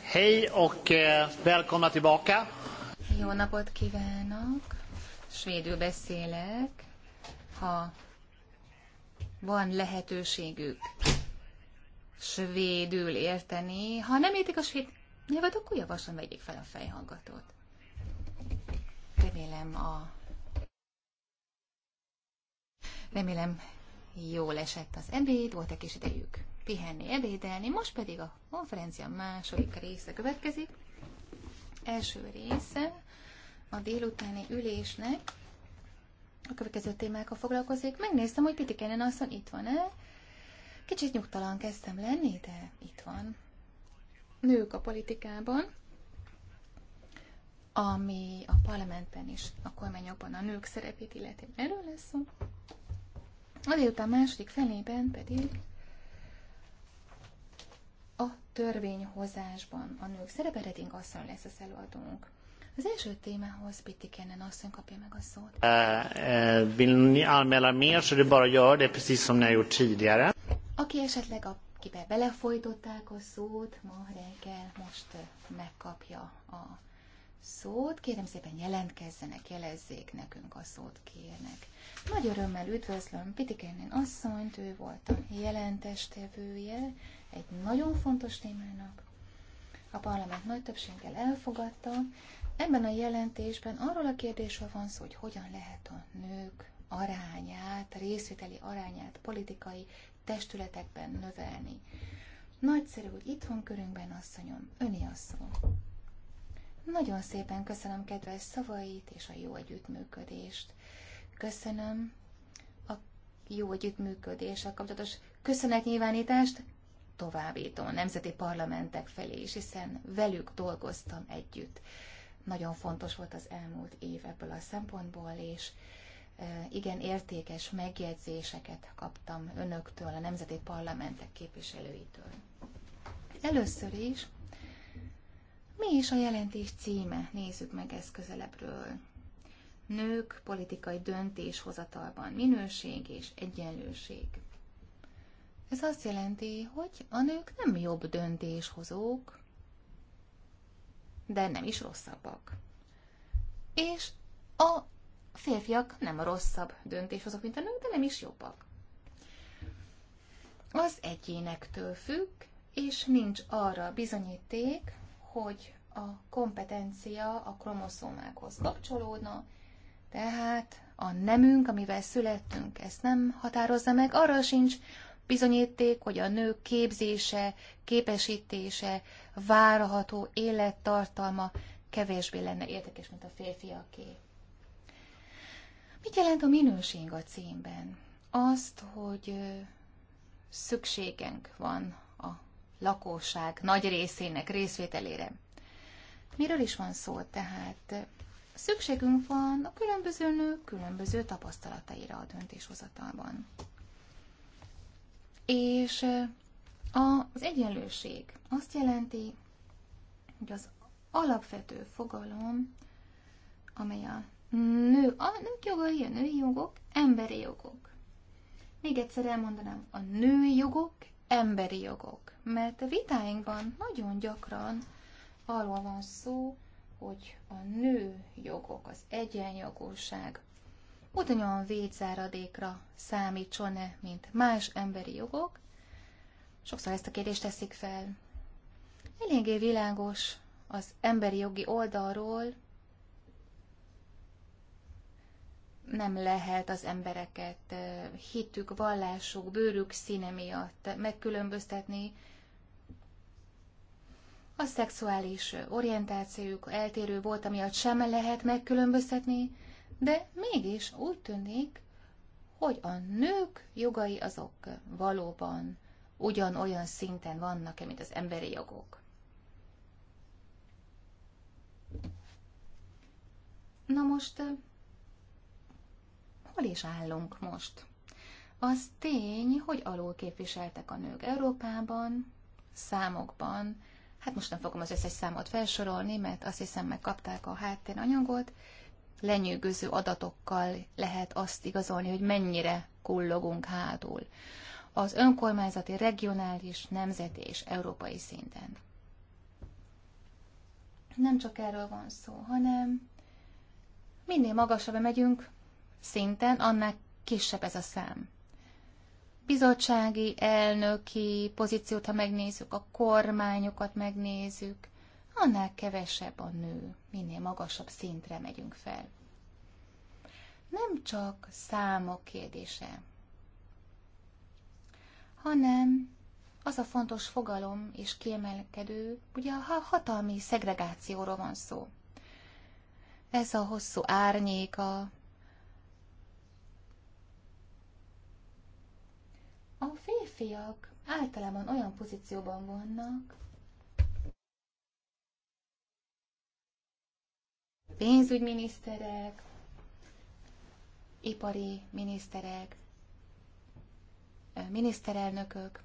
Hej och eh, välkomna tillbaka. Jó napot kívánok. Svédül beszélek. Ha van lehetőségük svédül érteni, ha nem értik a svéd vagy hát akkor javaslom, vegyék fel a fejhallgatót. Remélem a... Remélem jól esett az ebéd, volt egy kis idejük pihenni, ebédelni, most pedig a konferencia második része következik. Első része a délutáni ülésnek a következő témákkal foglalkozik. Megnéztem, hogy Piti Pitikenen asszony itt van-e. Kicsit nyugtalan kezdtem lenni, de itt van nők a politikában, ami a parlamentben is, a kormányokban a nők szerepét illeti. Erről lesz szó. A délután második felében pedig a törvényhozásban a nők szerepe Reding asszony lesz az előadónk. Az első témához Kennen asszony kapja meg a szót. Uh, uh, vill ni anmäla mer så det bara gör det precis som ni har gjort tidigare. Aki esetleg a akiben belefolytották a szót, ma reggel most megkapja a szót. Kérem szépen jelentkezzenek, jelezzék nekünk a szót, kérnek. Nagy örömmel üdvözlöm Pitikernén asszonyt, ő volt a jelentestevője egy nagyon fontos témának. A parlament nagy többséggel elfogadta. Ebben a jelentésben arról a kérdésről van szó, hogy hogyan lehet a nők arányát, részvételi arányát politikai testületekben növelni. Nagyszerű, hogy itthon körünkben, asszonyom, öni a szó. Nagyon szépen köszönöm kedves szavait és a jó együttműködést. Köszönöm a jó a kapcsolatos köszönetnyilvánítást továbbítom a nemzeti parlamentek felé is, hiszen velük dolgoztam együtt. Nagyon fontos volt az elmúlt év ebből a szempontból, és igen értékes megjegyzéseket kaptam önöktől, a nemzeti parlamentek képviselőitől. Először is, mi is a jelentés címe? Nézzük meg ezt közelebbről. Nők politikai döntéshozatalban minőség és egyenlőség. Ez azt jelenti, hogy a nők nem jobb döntéshozók, de nem is rosszabbak. És a a férfiak nem a rosszabb döntéshozók, mint a nők, de nem is jobbak. Az egyénektől függ, és nincs arra bizonyíték, hogy a kompetencia a kromoszómákhoz kapcsolódna, tehát a nemünk, amivel születtünk, ezt nem határozza meg, arra sincs bizonyíték, hogy a nők képzése, képesítése, várható élettartalma kevésbé lenne érdekes, mint a férfiaké. Mit jelent a minőség a címben? Azt, hogy szükségünk van a lakosság nagy részének részvételére. Miről is van szó tehát? Szükségünk van a különböző nők különböző tapasztalataira a döntéshozatalban. És az egyenlőség azt jelenti, hogy az alapvető fogalom, amely a nő, a nők jogai, a női jogok, emberi jogok. Még egyszer elmondanám, a női jogok, emberi jogok. Mert a vitáinkban nagyon gyakran arról van szó, hogy a nő jogok, az egyenjogúság ugyanolyan védzáradékra számítson-e, mint más emberi jogok. Sokszor ezt a kérdést teszik fel. Eléggé világos az emberi jogi oldalról, nem lehet az embereket hitük, vallásuk, bőrük színe miatt megkülönböztetni. A szexuális orientációjuk eltérő volt, amiatt sem lehet megkülönböztetni, de mégis úgy tűnik, hogy a nők jogai azok valóban ugyanolyan szinten vannak, mint az emberi jogok. Na most Hol is állunk most? Az tény, hogy alul képviseltek a nők Európában, számokban, hát most nem fogom az összes számot felsorolni, mert azt hiszem megkapták a háttéranyagot, lenyűgöző adatokkal lehet azt igazolni, hogy mennyire kullogunk hátul az önkormányzati, regionális, nemzeti és európai szinten. Nem csak erről van szó, hanem minél magasabbra megyünk, szinten, annál kisebb ez a szám. Bizottsági, elnöki pozíciót, ha megnézzük, a kormányokat megnézzük, annál kevesebb a nő, minél magasabb szintre megyünk fel. Nem csak számok kérdése, hanem az a fontos fogalom és kiemelkedő, ugye a hatalmi szegregációról van szó. Ez a hosszú árnyék a A férfiak általában olyan pozícióban vannak, pénzügyminiszterek, ipari miniszterek, miniszterelnökök.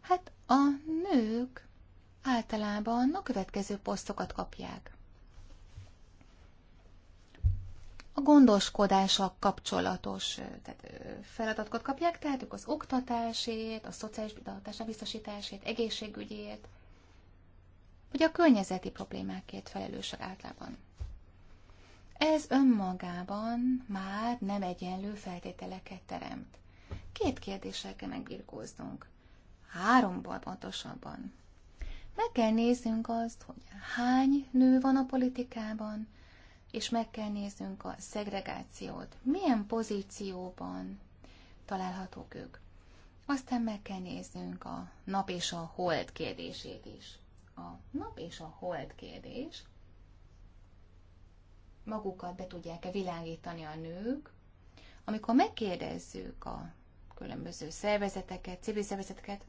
Hát a nők általában a következő posztokat kapják. a gondoskodással kapcsolatos tehát feladatokat kapják, tehát ők az oktatásét, a szociális biztosítását, egészségügyét, vagy a környezeti problémákért felelősek általában. Ez önmagában már nem egyenlő feltételeket teremt. Két kérdéssel kell megbirkóznunk. Háromban pontosabban. Meg kell néznünk azt, hogy hány nő van a politikában, és meg kell néznünk a szegregációt. Milyen pozícióban találhatók ők? Aztán meg kell néznünk a nap és a hold kérdését is. A nap és a hold kérdés magukat be tudják-e világítani a nők, amikor megkérdezzük a különböző szervezeteket, civil szervezeteket,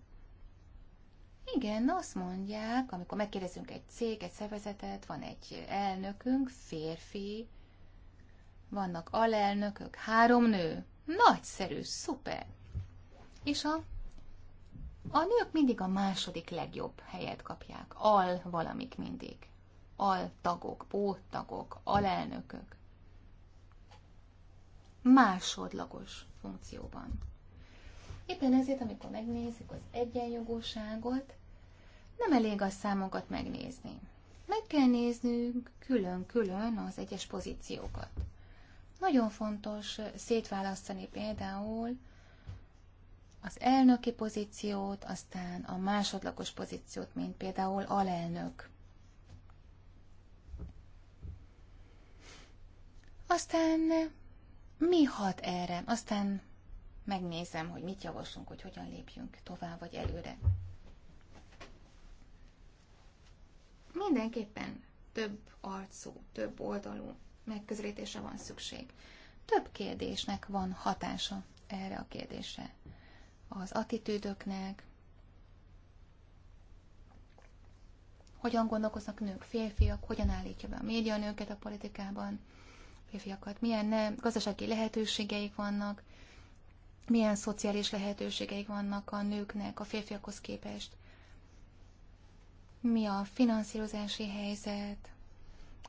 igen, azt mondják, amikor megkérdezünk egy cég, egy szervezetet, van egy elnökünk, férfi, vannak alelnökök, három nő. Nagyszerű, szuper. És a, a nők mindig a második legjobb helyet kapják. Al valamik mindig. Al tagok, tagok, alelnökök. Másodlagos funkcióban. Éppen ezért, amikor megnézzük az egyenjogúságot, nem elég a számokat megnézni. Meg kell néznünk külön-külön az egyes pozíciókat. Nagyon fontos szétválasztani például az elnöki pozíciót, aztán a másodlagos pozíciót, mint például alelnök. Aztán mi hat erre? Aztán megnézem, hogy mit javaslunk, hogy hogyan lépjünk tovább vagy előre. mindenképpen több arcú, több oldalú megközelítésre van szükség. Több kérdésnek van hatása erre a kérdésre. Az attitűdöknek, hogyan gondolkoznak nők, férfiak, hogyan állítja be a média nőket a politikában, férfiakat, milyen ne, gazdasági lehetőségeik vannak, milyen szociális lehetőségeik vannak a nőknek a férfiakhoz képest mi a finanszírozási helyzet,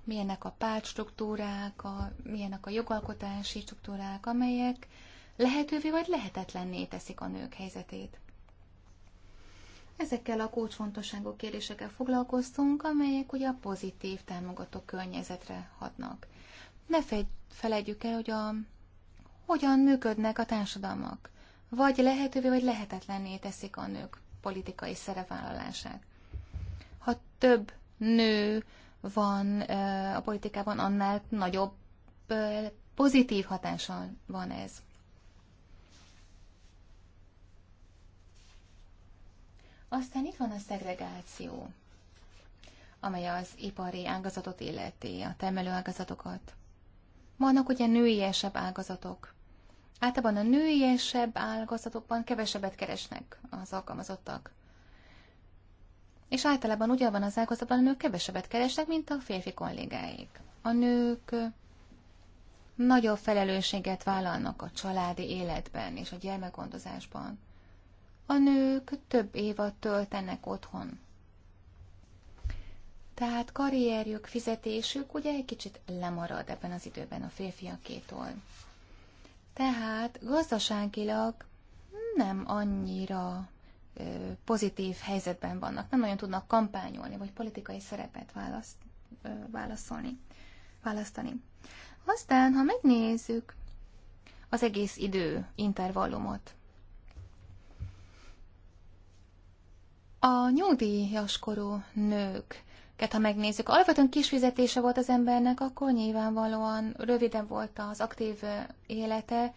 milyenek a pártstruktúrák, a, milyenek a jogalkotási struktúrák, amelyek lehetővé vagy lehetetlenné teszik a nők helyzetét. Ezekkel a kulcsfontosságú kérdésekkel foglalkoztunk, amelyek ugye a pozitív támogató környezetre hatnak. Ne felejtjük el, hogy a, hogyan működnek a társadalmak. Vagy lehetővé, vagy lehetetlenné teszik a nők politikai szerepvállalását. Ha több nő van a politikában, annál nagyobb pozitív hatással van ez. Aztán itt van a szegregáció, amely az ipari ágazatot illeti, a termelő ágazatokat. Vannak ugye nőiesebb ágazatok. Általában a nőiesebb ágazatokban kevesebbet keresnek az alkalmazottak és általában ugyanabban az ágazatban a nők kevesebbet keresnek, mint a férfi kollégáik. A nők nagyobb felelősséget vállalnak a családi életben és a gyermekgondozásban. A nők több évat töltenek otthon. Tehát karrierjük, fizetésük ugye egy kicsit lemarad ebben az időben a férfiakétól. Tehát gazdaságilag nem annyira pozitív helyzetben vannak, nem nagyon tudnak kampányolni, vagy politikai szerepet választ, válaszolni, választani. Aztán, ha megnézzük az egész idő intervallumot, a nyugdíjas korú nők Ket, ha megnézzük, alapvetően kis fizetése volt az embernek, akkor nyilvánvalóan röviden volt az aktív élete,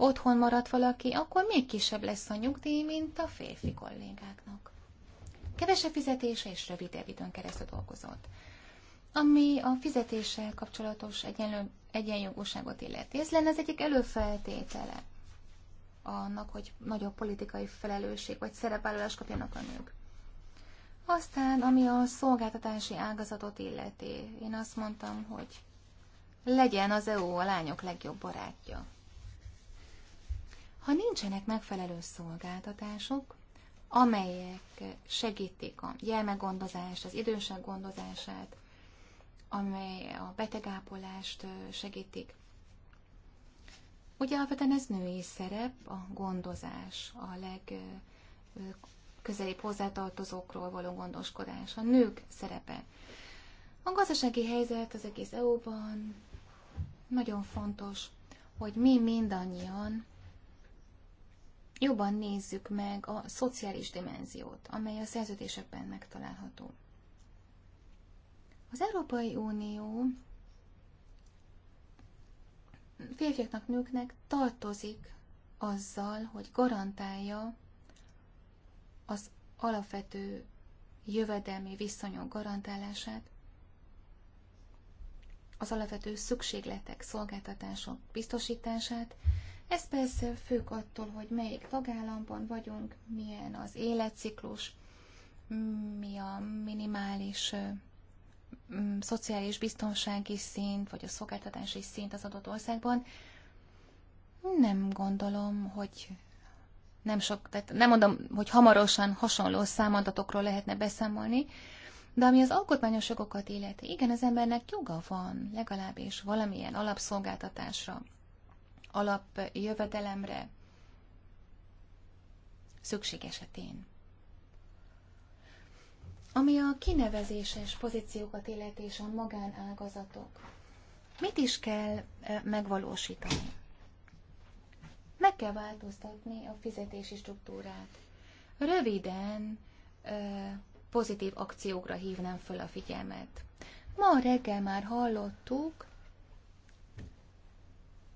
otthon marad valaki, akkor még kisebb lesz a nyugdíj, mint a férfi kollégáknak. Kevesebb fizetése és rövidebb időn keresztül dolgozott. Ami a fizetéssel kapcsolatos egyenlő, egyenjogúságot illeti, ez lenne az egyik előfeltétele annak, hogy nagyobb politikai felelősség vagy szerepvállalás kapjanak a nők. Aztán, ami a szolgáltatási ágazatot illeti, én azt mondtam, hogy legyen az EU a lányok legjobb barátja. Ha nincsenek megfelelő szolgáltatások, amelyek segítik a gyermekgondozást, az idősek gondozását, amely a betegápolást segítik. Ugye alapvetően ez női szerep, a gondozás, a legközelibb hozzátartozókról való gondoskodás, a nők szerepe. A gazdasági helyzet az egész EU-ban nagyon fontos, hogy mi mindannyian jobban nézzük meg a szociális dimenziót, amely a szerződésekben megtalálható. Az Európai Unió férfiaknak, nőknek tartozik azzal, hogy garantálja az alapvető jövedelmi viszonyok garantálását, az alapvető szükségletek, szolgáltatások biztosítását, ez persze függ attól, hogy melyik tagállamban vagyunk, milyen az életciklus, mi a minimális mm, szociális biztonsági szint, vagy a szolgáltatási szint az adott országban. Nem gondolom, hogy nem sok, tehát nem mondom, hogy hamarosan hasonló számadatokról lehetne beszámolni, de ami az alkotmányos jogokat illeti, igen, az embernek joga van legalábbis valamilyen alapszolgáltatásra, alapjövedelemre szükség esetén. Ami a kinevezéses pozíciókat illeti és a magánágazatok. Mit is kell megvalósítani? Meg kell változtatni a fizetési struktúrát. Röviden pozitív akciókra hívnám föl a figyelmet. Ma reggel már hallottuk,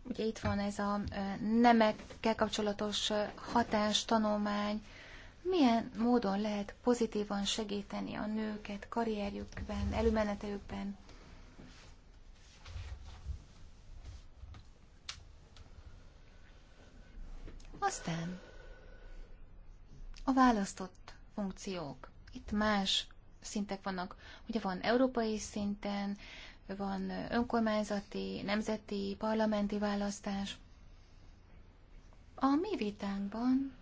Ugye itt van ez a nemekkel kapcsolatos hatás, tanulmány, milyen módon lehet pozitívan segíteni a nőket karrierjükben, előmenetelükben? Aztán a választott funkciók. Itt más szintek vannak. Ugye van európai szinten, van önkormányzati, nemzeti, parlamenti választás. A mi vitánkban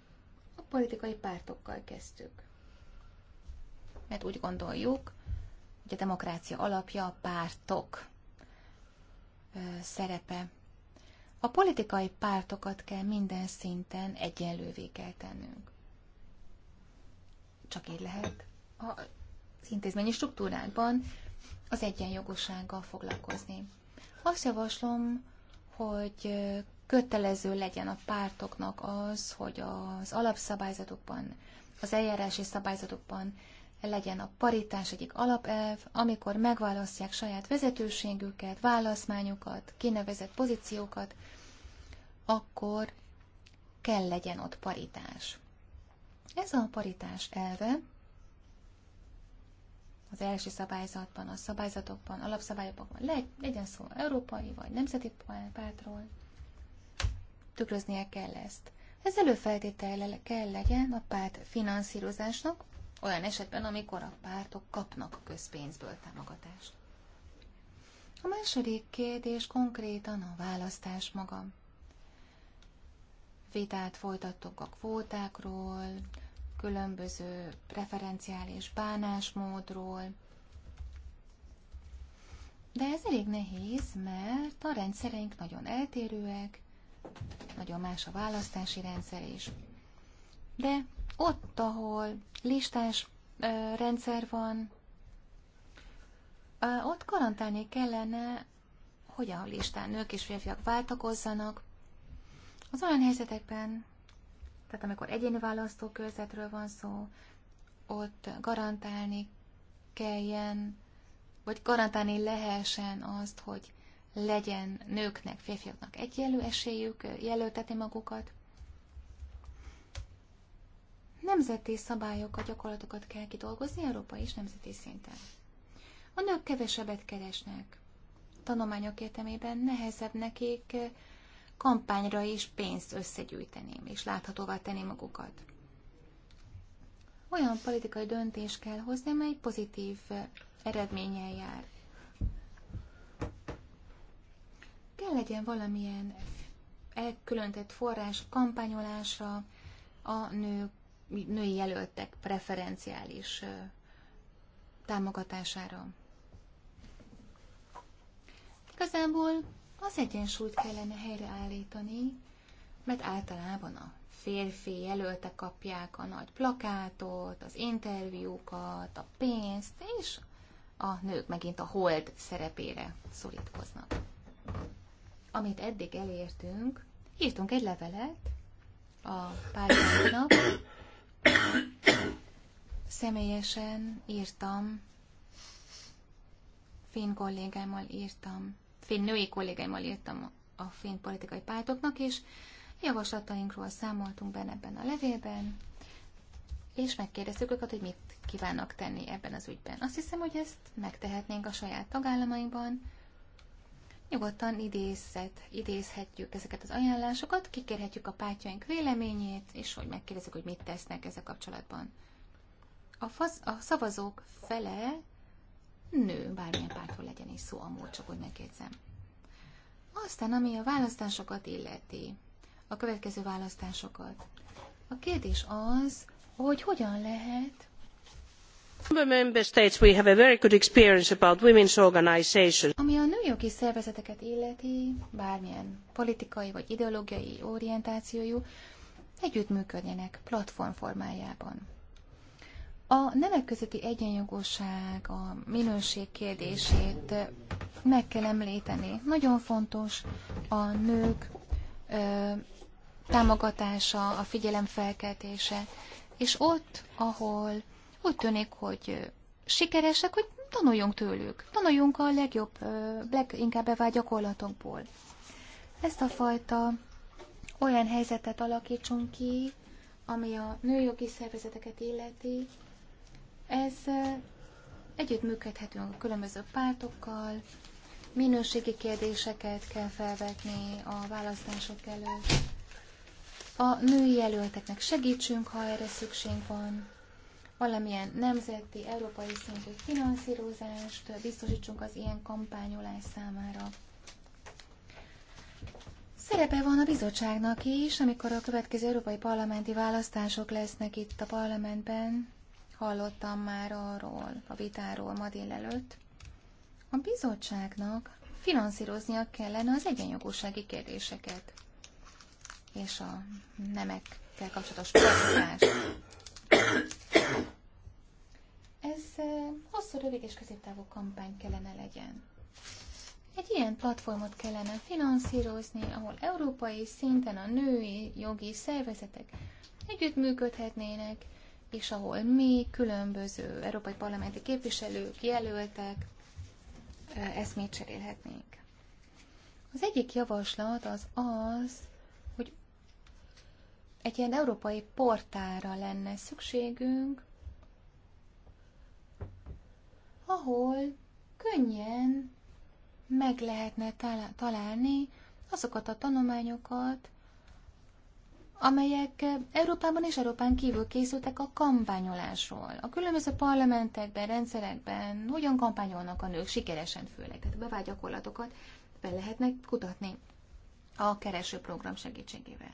a politikai pártokkal kezdtük. Mert úgy gondoljuk, hogy a demokrácia alapja a pártok szerepe. A politikai pártokat kell minden szinten egyenlővé kell tennünk. Csak így lehet. A, intézményi struktúrákban az egyenjogúsággal foglalkozni. Azt javaslom, hogy kötelező legyen a pártoknak az, hogy az alapszabályzatokban, az eljárási szabályzatokban legyen a paritás egyik alapelv, amikor megválasztják saját vezetőségüket, válaszmányukat, kinevezett pozíciókat, akkor kell legyen ott paritás. Ez a paritás elve az első szabályzatban, a szabályzatokban, alapszabályokban, legyen szó európai vagy nemzeti pártról, tükröznie kell ezt. Ez előfeltétele kell legyen a párt finanszírozásnak, olyan esetben, amikor a pártok kapnak közpénzből támogatást. A második kérdés konkrétan a választás maga. Vitát folytattunk a kvótákról, különböző preferenciális bánásmódról. De ez elég nehéz, mert a rendszereink nagyon eltérőek, nagyon más a választási rendszer is. De ott, ahol listás rendszer van, ott garantálni kellene, hogy a listán nők és férfiak váltakozzanak. Az olyan helyzetekben, tehát amikor egyéni választókörzetről van szó, ott garantálni kelljen, vagy garantálni lehessen azt, hogy legyen nőknek, férfiaknak egyenlő esélyük jelöltetni magukat. Nemzeti szabályokat, gyakorlatokat kell kidolgozni Európa és nemzeti szinten. A nők kevesebbet keresnek. Tanományok értelmében nehezebb nekik kampányra is pénzt összegyűjteném, és láthatóvá tenném magukat. Olyan politikai döntés kell hozni, amely pozitív eredménnyel jár. Kell legyen valamilyen elkülönített forrás kampányolása a nő, női jelöltek preferenciális támogatására. Igazából az egyensúlyt kellene helyreállítani, mert általában a férfi jelölte kapják a nagy plakátot, az interjúkat, a pénzt, és a nők megint a hold szerepére szorítkoznak. Amit eddig elértünk, írtunk egy levelet a párjának. Személyesen írtam, finn kollégámmal írtam fény női kollégáimmal írtam a finn politikai pártoknak, és javaslatainkról számoltunk benne ebben a levélben, és megkérdeztük őket, hogy mit kívánnak tenni ebben az ügyben. Azt hiszem, hogy ezt megtehetnénk a saját tagállamainkban. Nyugodtan idézhet, idézhetjük ezeket az ajánlásokat, kikérhetjük a pártjaink véleményét, és hogy megkérdezzük, hogy mit tesznek ezzel kapcsolatban. A, faz, a szavazók fele nő, bármilyen pártról legyen is szó, amúgy csak úgy megjegyzem. Aztán, ami a választásokat illeti, a következő választásokat. A kérdés az, hogy hogyan lehet member states we have a very good experience about women's organizations. Ami a nőjogi szervezeteket illeti, bármilyen politikai vagy ideológiai orientációjú, együttműködjenek platform formájában. A nemek közötti egyenjogosság, a minőség kérdését meg kell említeni. Nagyon fontos a nők ö, támogatása, a figyelem felkeltése és ott, ahol úgy tűnik, hogy sikeresek, hogy tanuljunk tőlük, tanuljunk a legjobb, leginkább bevált gyakorlatokból. Ezt a fajta olyan helyzetet alakítsunk ki, ami a nőjogi szervezeteket illeti, ez együttműködhetünk a különböző pártokkal, minőségi kérdéseket kell felvetni a választások előtt. A női jelölteknek segítsünk, ha erre szükség van. Valamilyen nemzeti, európai szintű finanszírozást biztosítsunk az ilyen kampányolás számára. Szerepe van a bizottságnak is, amikor a következő európai parlamenti választások lesznek itt a parlamentben, hallottam már arról, a vitáról ma délelőtt. A bizottságnak finanszíroznia kellene az egyenjogúsági kérdéseket és a nemekkel kapcsolatos politikást. Ez eh, hosszú, rövid és középtávú kampány kellene legyen. Egy ilyen platformot kellene finanszírozni, ahol európai szinten a női jogi szervezetek együttműködhetnének, és ahol mi különböző európai parlamenti képviselők, jelöltek még cserélhetnénk. Az egyik javaslat az az, hogy egy ilyen európai portára lenne szükségünk, ahol könnyen meg lehetne találni azokat a tanulmányokat, amelyek eh, Európában és Európán kívül készültek a kampányolásról. A különböző parlamentekben, rendszerekben hogyan kampányolnak a nők, sikeresen főleg, tehát bevált gyakorlatokat be lehetnek kutatni a keresőprogram segítségével.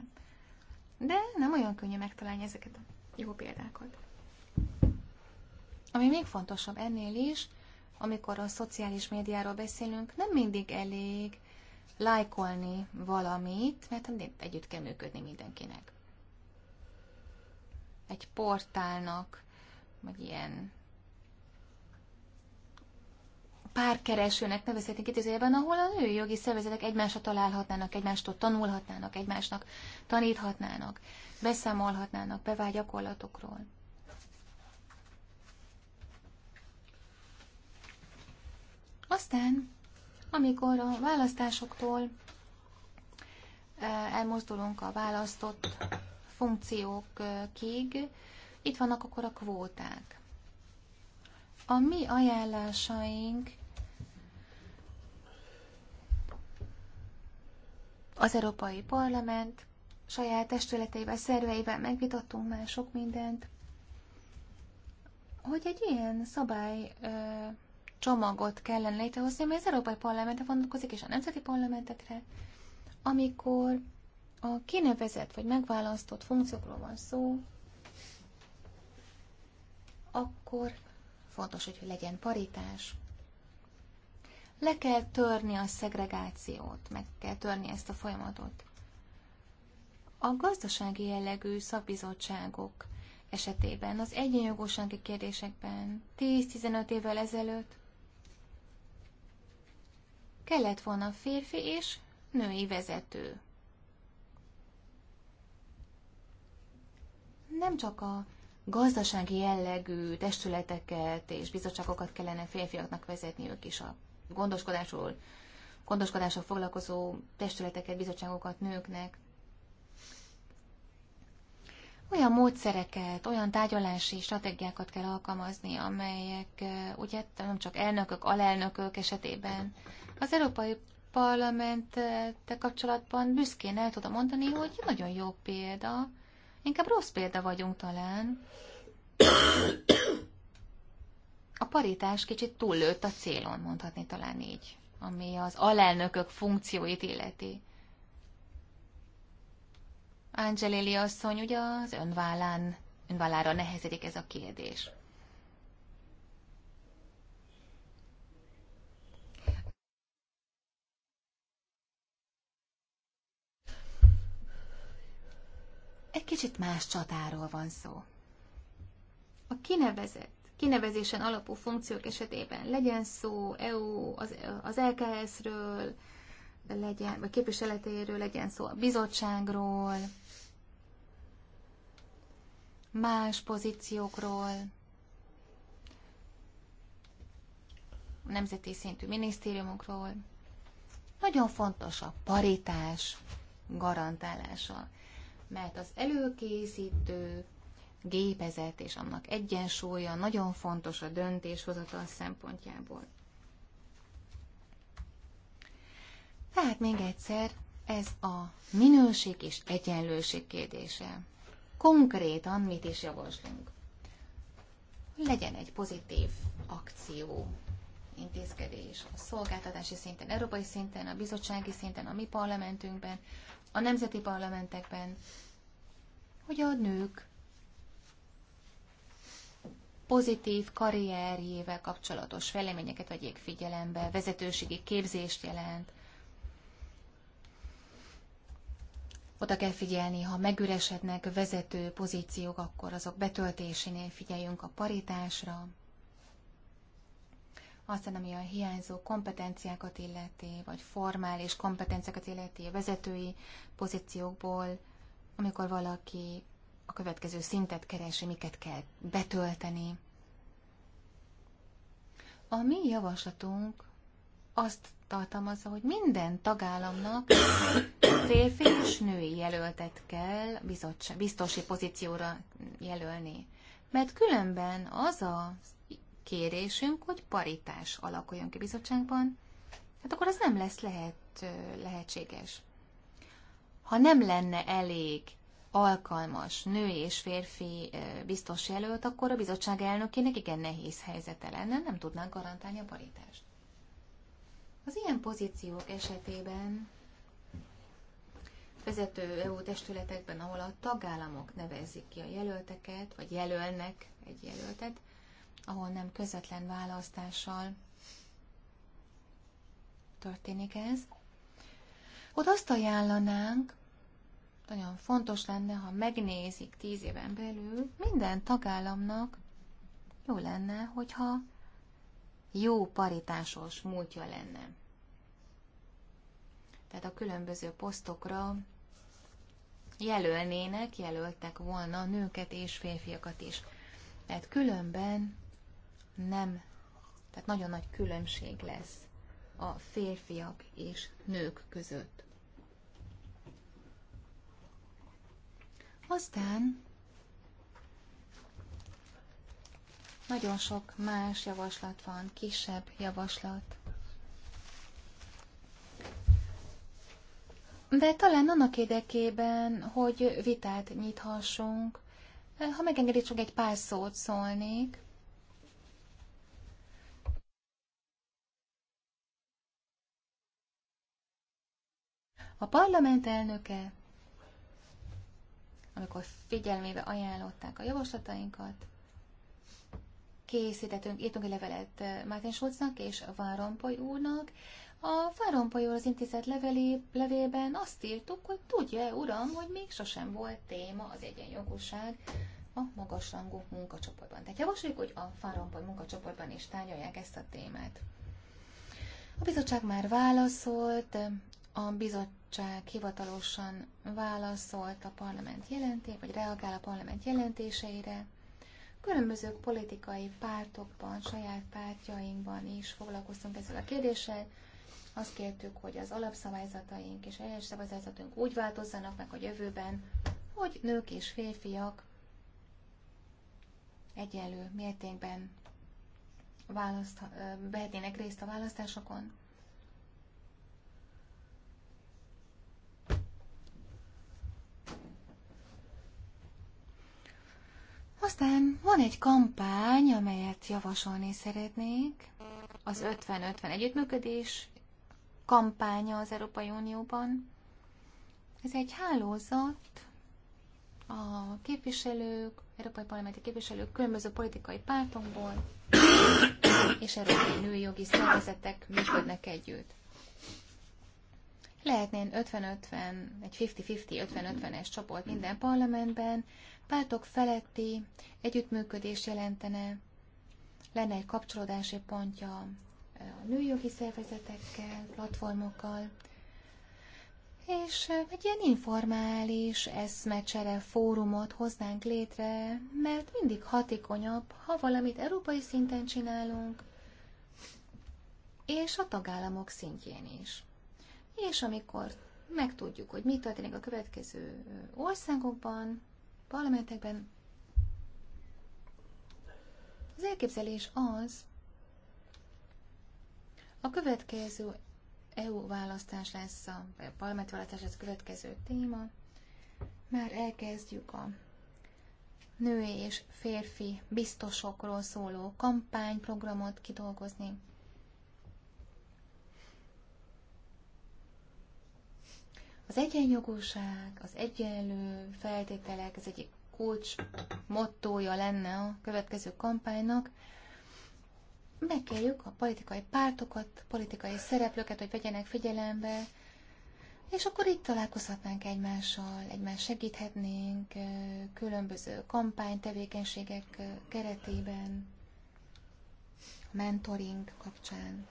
De nem olyan könnyű megtalálni ezeket a jó példákat. Ami még fontosabb ennél is, amikor a szociális médiáról beszélünk, nem mindig elég lájkolni valamit, mert hát együtt kell működni mindenkinek. Egy portálnak, vagy ilyen párkeresőnek nevezhetnénk itt az idézőjelben, ahol a női jogi szervezetek egymásra találhatnának, egymástól tanulhatnának, egymásnak taníthatnának, beszámolhatnának bevált gyakorlatokról. Aztán amikor a választásoktól eh, elmozdulunk a választott funkciókig, itt vannak akkor a kvóták. A mi ajánlásaink az Európai Parlament saját testületeivel, szerveivel megvitattunk már sok mindent, hogy egy ilyen szabály eh, csomagot kellene létrehozni, amely az Európai Parlamentre vonatkozik, és a nemzeti parlamentekre, amikor a kinevezett vagy megválasztott funkciókról van szó, akkor fontos, hogy legyen paritás. Le kell törni a szegregációt, meg kell törni ezt a folyamatot. A gazdasági jellegű szakbizottságok esetében, az egyenjogósági kérdésekben 10-15 évvel ezelőtt Kellett volna férfi és női vezető. Nem csak a gazdasági jellegű testületeket és bizottságokat kellene férfiaknak vezetniük is a gondoskodásról, gondoskodással foglalkozó testületeket, bizottságokat nőknek. Olyan módszereket, olyan tárgyalási stratégiákat kell alkalmazni, amelyek eh, ugye nem csak elnökök, alelnökök esetében, az Európai Parlamenttel kapcsolatban büszkén el tudom mondani, hogy nagyon jó példa, inkább rossz példa vagyunk talán. A paritás kicsit túllőtt a célon, mondhatni talán így, ami az alelnökök funkcióit illeti. Angelili asszony, ugye az önvállán, önvállára nehezedik ez a kérdés. egy kicsit más csatáról van szó. A kinevezett, kinevezésen alapú funkciók esetében legyen szó EU, az, az LKS-ről, legyen, vagy képviseletéről legyen szó a bizottságról, más pozíciókról, a nemzeti szintű minisztériumokról. Nagyon fontos a paritás garantálása mert az előkészítő gépezet és annak egyensúlya nagyon fontos a döntéshozatal szempontjából. Tehát még egyszer, ez a minőség és egyenlőség kérdése. Konkrétan mit is javaslunk? Legyen egy pozitív akció, intézkedés a szolgáltatási szinten, európai szinten, a bizottsági szinten, a mi parlamentünkben, a nemzeti parlamentekben, hogy a nők pozitív karrierjével kapcsolatos fejleményeket vegyék figyelembe, vezetőségi képzést jelent. Oda kell figyelni, ha megüresednek vezető pozíciók, akkor azok betöltésénél figyeljünk a paritásra aztán ami a hiányzó kompetenciákat illeti, vagy formális kompetenciákat illeti, vezetői pozíciókból, amikor valaki a következő szintet keresi, miket kell betölteni. A mi javaslatunk azt tartalmazza, hogy minden tagállamnak férfi és női jelöltet kell biztosi pozícióra jelölni. Mert különben az az kérésünk, hogy paritás alakuljon ki bizottságban, hát akkor az nem lesz lehet, lehetséges. Ha nem lenne elég alkalmas női és férfi biztos jelölt, akkor a bizottság elnökének igen nehéz helyzete lenne, nem tudnánk garantálni a paritást. Az ilyen pozíciók esetében vezető EU testületekben, ahol a tagállamok nevezik ki a jelölteket, vagy jelölnek egy jelöltet, ahol nem közvetlen választással történik ez. Ott azt ajánlanánk, nagyon fontos lenne, ha megnézik tíz éven belül, minden tagállamnak jó lenne, hogyha jó paritásos múltja lenne. Tehát a különböző posztokra jelölnének, jelöltek volna nőket és férfiakat is. Tehát különben nem, tehát nagyon nagy különbség lesz a férfiak és nők között. Aztán nagyon sok más javaslat van, kisebb javaslat. De talán annak érdekében, hogy vitát nyithassunk, ha megengedik, csak egy pár szót szólnék. A parlament elnöke, amikor figyelmébe ajánlották a javaslatainkat, készítettünk, írtunk egy levelet eh, Martin Schulznak és Várompoly úrnak. A Várompoly úr az intézet leveli, levélben azt írtuk, hogy tudja, uram, hogy még sosem volt téma az egyenjogúság a magasrangú munkacsoportban. Tehát javasoljuk, hogy a Várompoly munkacsoportban is tárgyalják ezt a témát. A bizottság már válaszolt, a bizottság hivatalosan válaszolt a parlament jelenté, vagy reagál a parlament jelentéseire. Különböző politikai pártokban, saját pártjainkban is foglalkoztunk ezzel a kérdéssel. Azt kértük, hogy az alapszabályzataink és egyes szabályzatunk úgy változzanak meg a jövőben, hogy nők és férfiak egyenlő mértékben választ, vehetnének részt a választásokon. Aztán van egy kampány, amelyet javasolni szeretnék, az 50-50 együttműködés kampánya az Európai Unióban. Ez egy hálózat, a képviselők, európai parlamenti képviselők különböző politikai pártokból és európai női jogi szervezetek működnek együtt. Lehetnén 50-50, egy 50-50, 50-50-es csoport minden parlamentben, pártok feletti együttműködés jelentene, lenne egy kapcsolódási pontja a nőjogi szervezetekkel, platformokkal, és egy ilyen informális eszmecsere fórumot hoznánk létre, mert mindig hatékonyabb, ha valamit európai szinten csinálunk, és a tagállamok szintjén is. És amikor megtudjuk, hogy mi történik a következő országokban, parlamentekben. Az elképzelés az, a következő EU választás lesz, a, a parlamenti választás lesz a következő téma. Már elkezdjük a női és férfi biztosokról szóló kampányprogramot kidolgozni. Az egyenjogúság, az egyenlő feltételek, ez egyik kulcs mottója lenne a következő kampánynak. Megkérjük a politikai pártokat, politikai szereplőket, hogy vegyenek figyelembe, és akkor itt találkozhatnánk egymással, egymás segíthetnénk különböző kampánytevékenységek keretében, mentoring kapcsán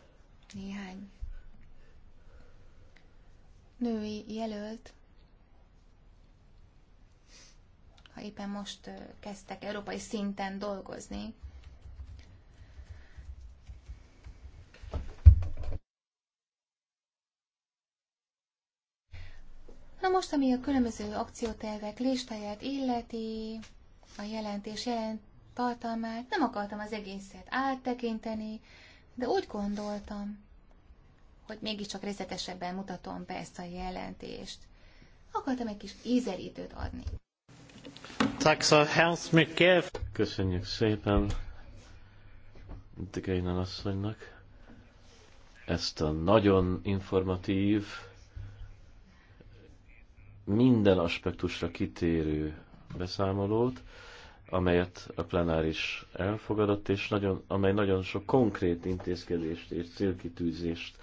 néhány női jelölt, ha éppen most kezdtek európai szinten dolgozni, Na most, ami a különböző akciótervek listáját illeti, a jelentés jelent tartalmát, nem akartam az egészet áttekinteni, de úgy gondoltam, hogy mégiscsak részletesebben mutatom be ezt a jelentést. Akartam egy kis ízelítőt adni. Köszönjük szépen Degeinen asszonynak ezt a nagyon informatív, minden aspektusra kitérő beszámolót, amelyet a plenáris elfogadott, és nagyon, amely nagyon sok konkrét intézkedést és célkitűzést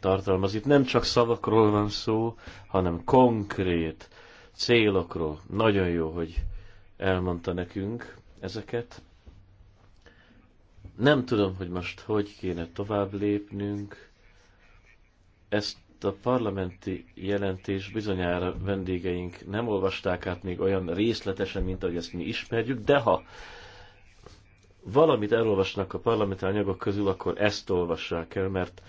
tartalmaz. Itt nem csak szavakról van szó, hanem konkrét célokról. Nagyon jó, hogy elmondta nekünk ezeket. Nem tudom, hogy most hogy kéne tovább lépnünk. Ezt a parlamenti jelentés bizonyára vendégeink nem olvasták át még olyan részletesen, mint ahogy ezt mi ismerjük, de ha valamit elolvasnak a parlamenti anyagok közül, akkor ezt olvassák el, mert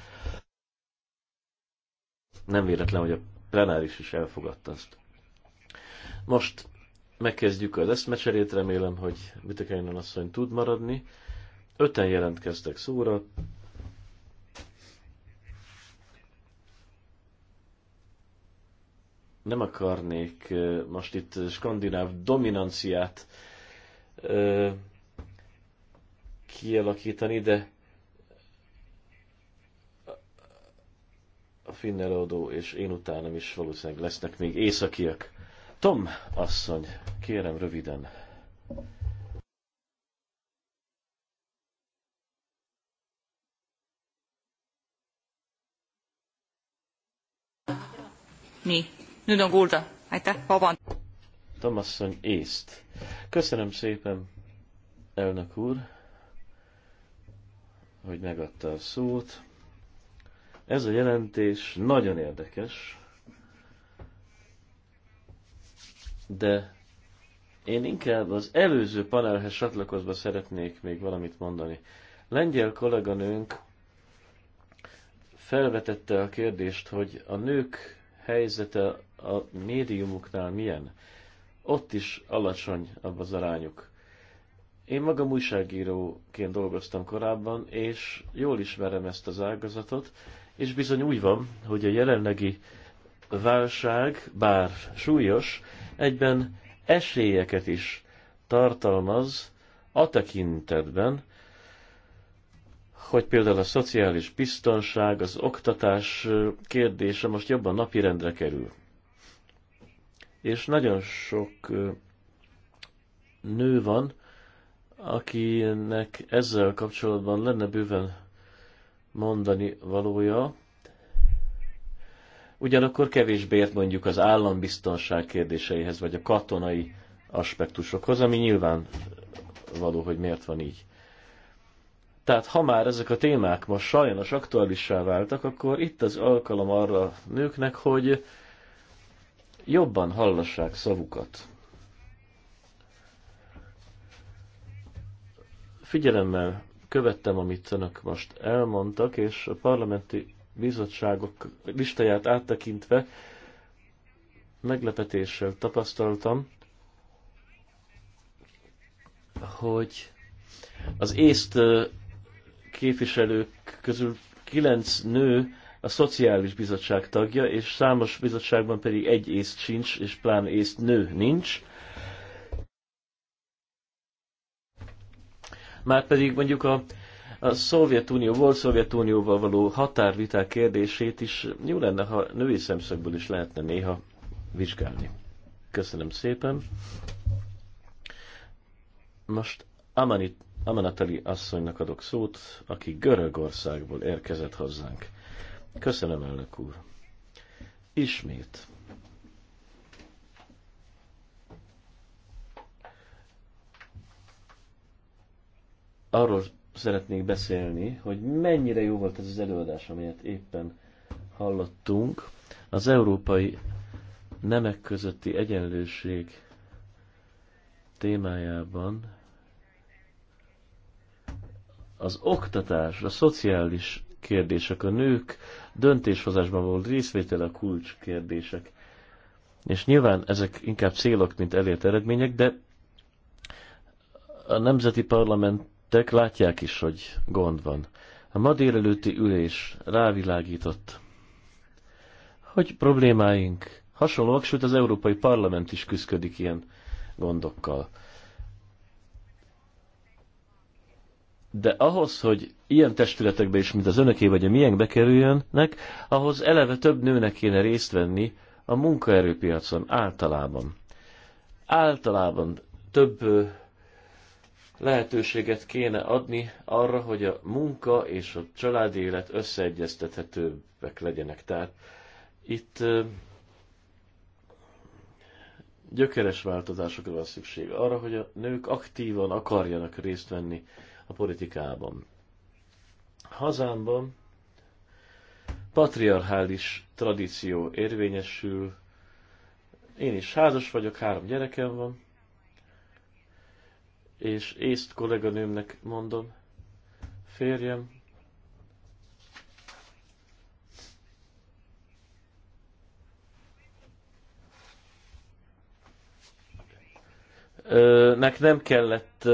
nem véletlen, hogy a plenáris is elfogadta azt. Most megkezdjük az eszmecserét, remélem, hogy Bitekeinen asszony tud maradni. Öten jelentkeztek szóra. Nem akarnék most itt skandináv dominanciát kialakítani, de a finn előadó és én utánam is valószínűleg lesznek még északiak. Tom asszony, kérem röviden. Nii, nüüd on kuulda. Aitäh, Tom asszony észt. Köszönöm szépen, elnök úr, hogy megadta a szót. Ez a jelentés nagyon érdekes, de én inkább az előző panelhez csatlakozva szeretnék még valamit mondani. Lengyel kolléganőnk felvetette a kérdést, hogy a nők helyzete a médiumuknál milyen. Ott is alacsony az arányuk. Én magam újságíróként dolgoztam korábban, és jól ismerem ezt az ágazatot, és bizony úgy van, hogy a jelenlegi válság, bár súlyos, egyben esélyeket is tartalmaz a tekintetben, hogy például a szociális biztonság, az oktatás kérdése most jobban napirendre kerül. És nagyon sok nő van, akinek ezzel kapcsolatban lenne bőven mondani valója. Ugyanakkor kevésbé ért mondjuk az állambiztonság kérdéseihez, vagy a katonai aspektusokhoz, ami nyilván való, hogy miért van így. Tehát ha már ezek a témák most sajnos aktuálissá váltak, akkor itt az alkalom arra nőknek, hogy jobban hallassák szavukat. Figyelemmel követtem, amit önök most elmondtak, és a parlamenti bizottságok listáját áttekintve meglepetéssel tapasztaltam, hogy az észt képviselők közül kilenc nő a Szociális Bizottság tagja, és számos bizottságban pedig egy észt sincs, és plán észt nő nincs. Már pedig mondjuk a, a Szovjetunió, volt Szovjetunióval való határviták kérdését is jó lenne, ha női szemszögből is lehetne néha vizsgálni. Köszönöm szépen. Most Amanit, Amanatali asszonynak adok szót, aki Görögországból érkezett hozzánk. Köszönöm, elnök úr. Ismét arról szeretnék beszélni, hogy mennyire jó volt ez az előadás, amelyet éppen hallottunk. Az európai nemek közötti egyenlőség témájában az oktatás, a szociális kérdések, a nők döntéshozásban volt részvétel a kulcs kérdések. És nyilván ezek inkább célok, mint elért eredmények, de a nemzeti parlament jöttek, látják is, hogy gond van. A ma délelőtti ülés rávilágított, hogy problémáink hasonlóak, sőt az Európai Parlament is küzdik ilyen gondokkal. De ahhoz, hogy ilyen testületekbe is, mint az önöké vagy a miénk bekerüljönnek, ahhoz eleve több nőnek kéne részt venni a munkaerőpiacon általában. Általában több lehetőséget kéne adni arra, hogy a munka és a családi élet összeegyeztethetőbbek legyenek. Tehát itt gyökeres változásokra van szükség. Arra, hogy a nők aktívan akarjanak részt venni a politikában. Hazámban patriarchális tradíció érvényesül. Én is házas vagyok, három gyerekem van, és észt kolléganőmnek mondom, férjem, nek nem kellett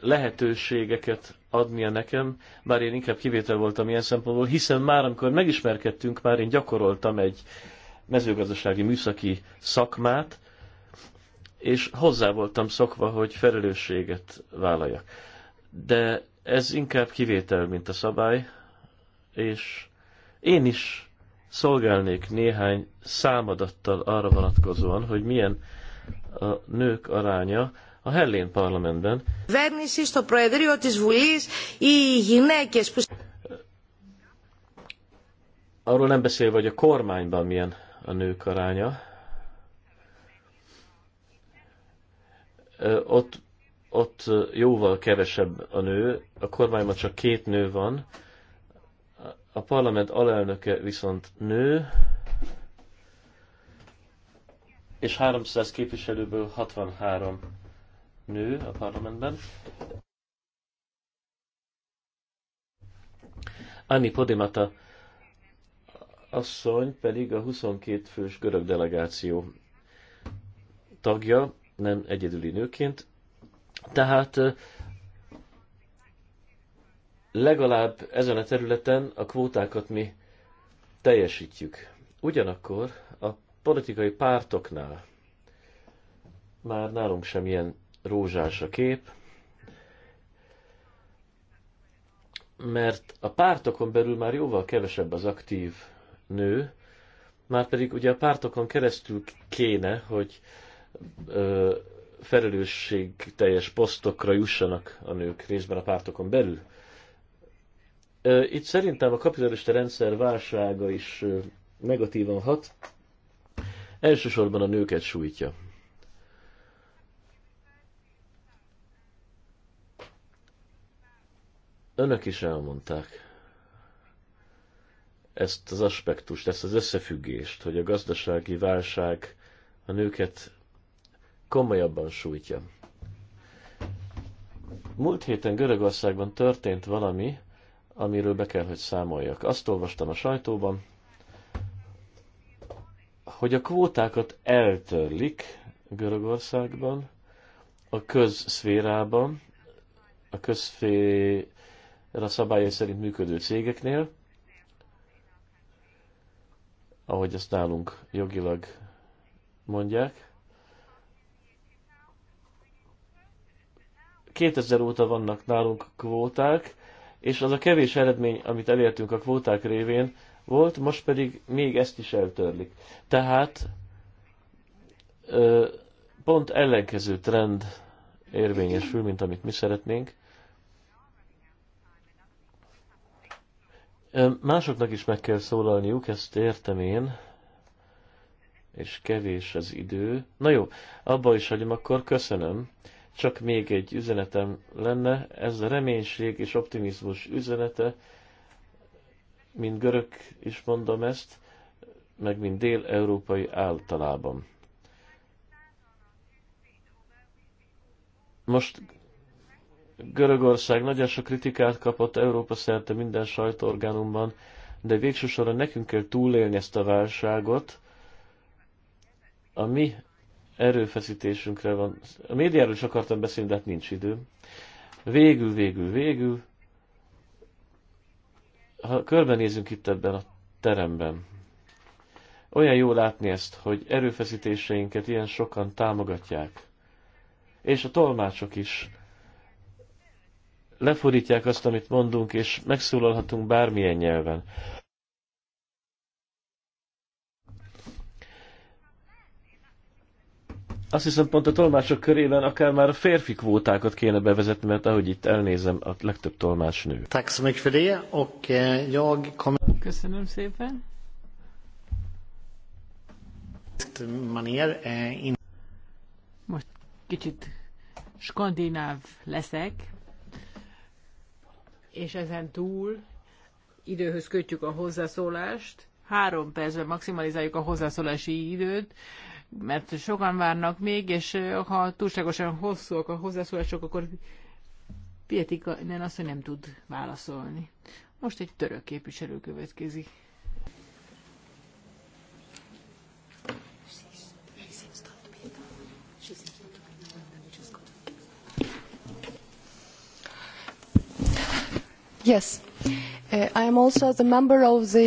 lehetőségeket adnia nekem, bár én inkább kivétel voltam ilyen szempontból, hiszen már amikor megismerkedtünk, már én gyakoroltam egy mezőgazdasági műszaki szakmát, és hozzá voltam szokva, hogy felelősséget vállaljak. De ez inkább kivétel, mint a szabály, és én is szolgálnék néhány számadattal arra vonatkozóan, hogy milyen a nők aránya a Hellén parlamentben. Arról nem beszélve, hogy a kormányban milyen a nők aránya, ott, ott jóval kevesebb a nő, a kormányban csak két nő van, a parlament alelnöke viszont nő, és 300 képviselőből 63 nő a parlamentben. Anni Podimata asszony pedig a 22 fős görög delegáció tagja, nem egyedüli nőként. Tehát legalább ezen a területen a kvótákat mi teljesítjük. Ugyanakkor a politikai pártoknál már nálunk sem ilyen rózsás a kép, mert a pártokon belül már jóval kevesebb az aktív nő, már pedig ugye a pártokon keresztül kéne, hogy teljes posztokra jussanak a nők részben a pártokon belül. Itt szerintem a kapitalista rendszer válsága is negatívan hat, elsősorban a nőket sújtja. Önök is elmondták ezt az aspektust, ezt az összefüggést, hogy a gazdasági válság a nőket komolyabban sújtja. Múlt héten Görögországban történt valami, amiről be kell, hogy számoljak. Azt olvastam a sajtóban, hogy a kvótákat eltörlik Görögországban, a közszférában, a közszféra szabályai szerint működő cégeknél, ahogy azt nálunk jogilag mondják, 2000 óta vannak nálunk kvóták, és az a kevés eredmény, amit elértünk a kvóták révén, volt, most pedig még ezt is eltörlik. Tehát pont ellenkező trend érvényesül, mint amit mi szeretnénk. Másoknak is meg kell szólalniuk, ezt értem én, és kevés az idő. Na jó, abba is hagyom, akkor köszönöm. Csak még egy üzenetem lenne, ez a reménység és optimizmus üzenete, mint görög is mondom ezt, meg mint dél-európai általában. Most Görögország nagyon sok kritikát kapott Európa szerte minden sajtóorganumban, de végső soron nekünk kell túlélni ezt a válságot. A mi erőfeszítésünkre van. A médiáról is akartam beszélni, de hát nincs idő. Végül, végül, végül, ha körbenézünk itt ebben a teremben, olyan jó látni ezt, hogy erőfeszítéseinket ilyen sokan támogatják. És a tolmácsok is lefordítják azt, amit mondunk, és megszólalhatunk bármilyen nyelven. Azt hiszem pont a tolmácsok körében akár már a férfi kvótákat kéne bevezetni, mert ahogy itt elnézem, a legtöbb tolmács nő. Eh, Köszönöm szépen. Eh, Most kicsit skandináv leszek, és ezen túl időhöz kötjük a hozzászólást. Három percben maximalizáljuk a hozzászólási időt mert sokan várnak még, és ha túlságosan hosszúak a hozzászólások, akkor Pietika nem azt, hogy nem tud válaszolni. Most egy török képviselő következik. Yes. Uh, I am also the member of the...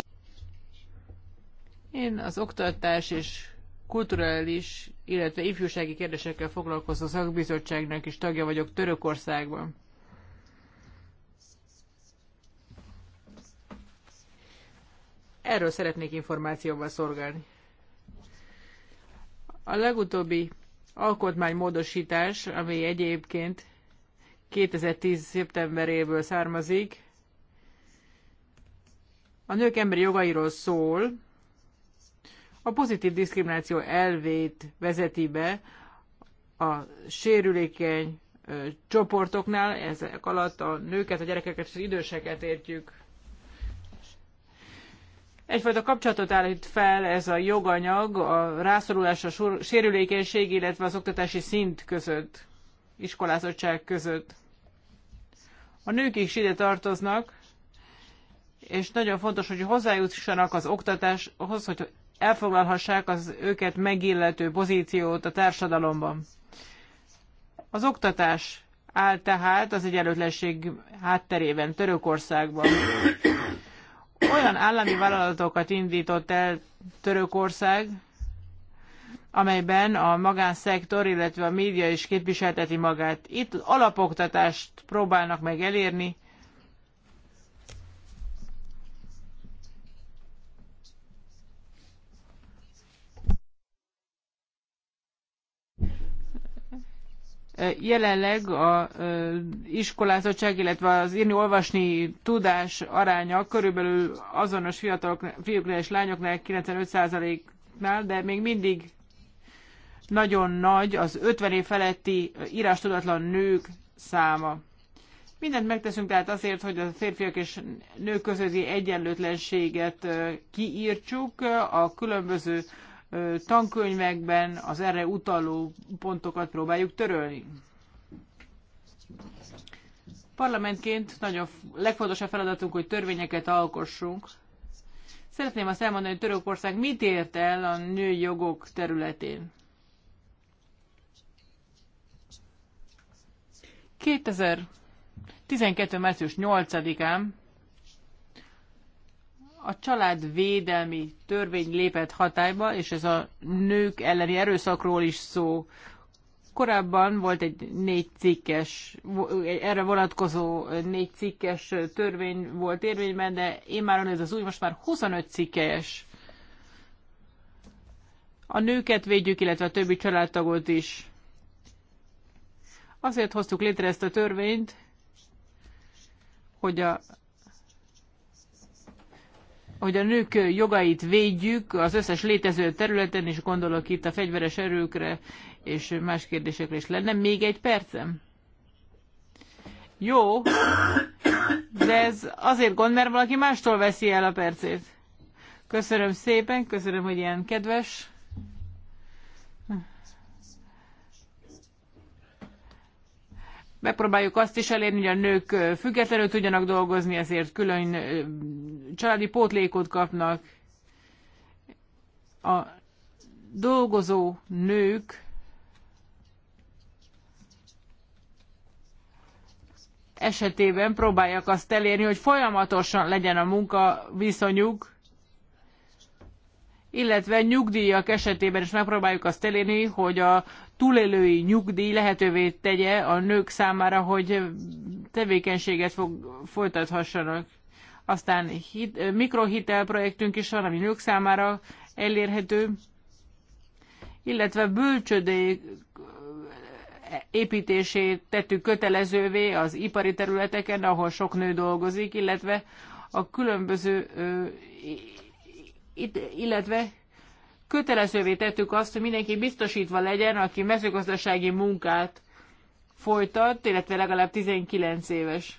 Én az oktatás és kulturális, illetve ifjúsági kérdésekkel foglalkozó szakbizottságnak is tagja vagyok Törökországban. Erről szeretnék információval szolgálni. A legutóbbi alkotmánymódosítás, ami egyébként 2010. szeptemberéből származik, a nők emberi jogairól szól, a pozitív diszkrimináció elvét vezeti be a sérülékeny csoportoknál, ezek alatt a nőket, a gyerekeket és az időseket értjük. Egyfajta kapcsolatot állít fel ez a joganyag a rászorulás, a sérülékenység, illetve az oktatási szint között, iskolázottság között. A nők is ide tartoznak, és nagyon fontos, hogy hozzájussanak az oktatáshoz, hogy elfoglalhassák az őket megillető pozíciót a társadalomban. Az oktatás áll tehát az egyenlőtlenség hátterében Törökországban. Olyan állami vállalatokat indított el Törökország, amelyben a magánszektor, illetve a média is képviselteti magát. Itt alapoktatást próbálnak meg elérni, Jelenleg a iskolázottság, illetve az írni-olvasni tudás aránya körülbelül azonos fiatalok, fiúknál és lányoknál 95%-nál, de még mindig nagyon nagy az 50 év feletti írástudatlan nők száma. Mindent megteszünk tehát azért, hogy a férfiak és nők közötti egyenlőtlenséget kiírtsuk, a különböző tankönyvekben az erre utaló pontokat próbáljuk törölni. Parlamentként nagyon legfontosabb feladatunk, hogy törvényeket alkossunk. Szeretném azt elmondani, hogy Törökország mit ért el a női jogok területén. 2012. március 8-án a család védelmi törvény lépett hatályba, és ez a nők elleni erőszakról is szó. Korábban volt egy négy cikkes, erre vonatkozó négy cikkes törvény volt érvényben, de én már ez az új, most már 25 cikkes. A nőket védjük, illetve a többi családtagot is. Azért hoztuk létre ezt a törvényt, hogy a hogy a nők jogait védjük az összes létező területen, és gondolok itt a fegyveres erőkre és más kérdésekre is lenne. Még egy percem? Jó, de ez azért gond, mert valaki mástól veszi el a percét. Köszönöm szépen, köszönöm, hogy ilyen kedves. Megpróbáljuk azt is elérni, hogy a nők függetlenül tudjanak dolgozni, ezért külön családi pótlékot kapnak. A dolgozó nők esetében próbálják azt elérni, hogy folyamatosan legyen a munka viszonyuk, illetve nyugdíjak esetében is megpróbáljuk azt elérni, hogy a túlélői nyugdíj lehetővé tegye a nők számára, hogy tevékenységet fog, folytathassanak. Aztán hit, projektünk is van, ami nők számára elérhető, illetve bölcsödék építését tettük kötelezővé az ipari területeken, ahol sok nő dolgozik, illetve a különböző, illetve kötelezővé tettük azt, hogy mindenki biztosítva legyen, aki mezőgazdasági munkát folytat, illetve legalább 19 éves.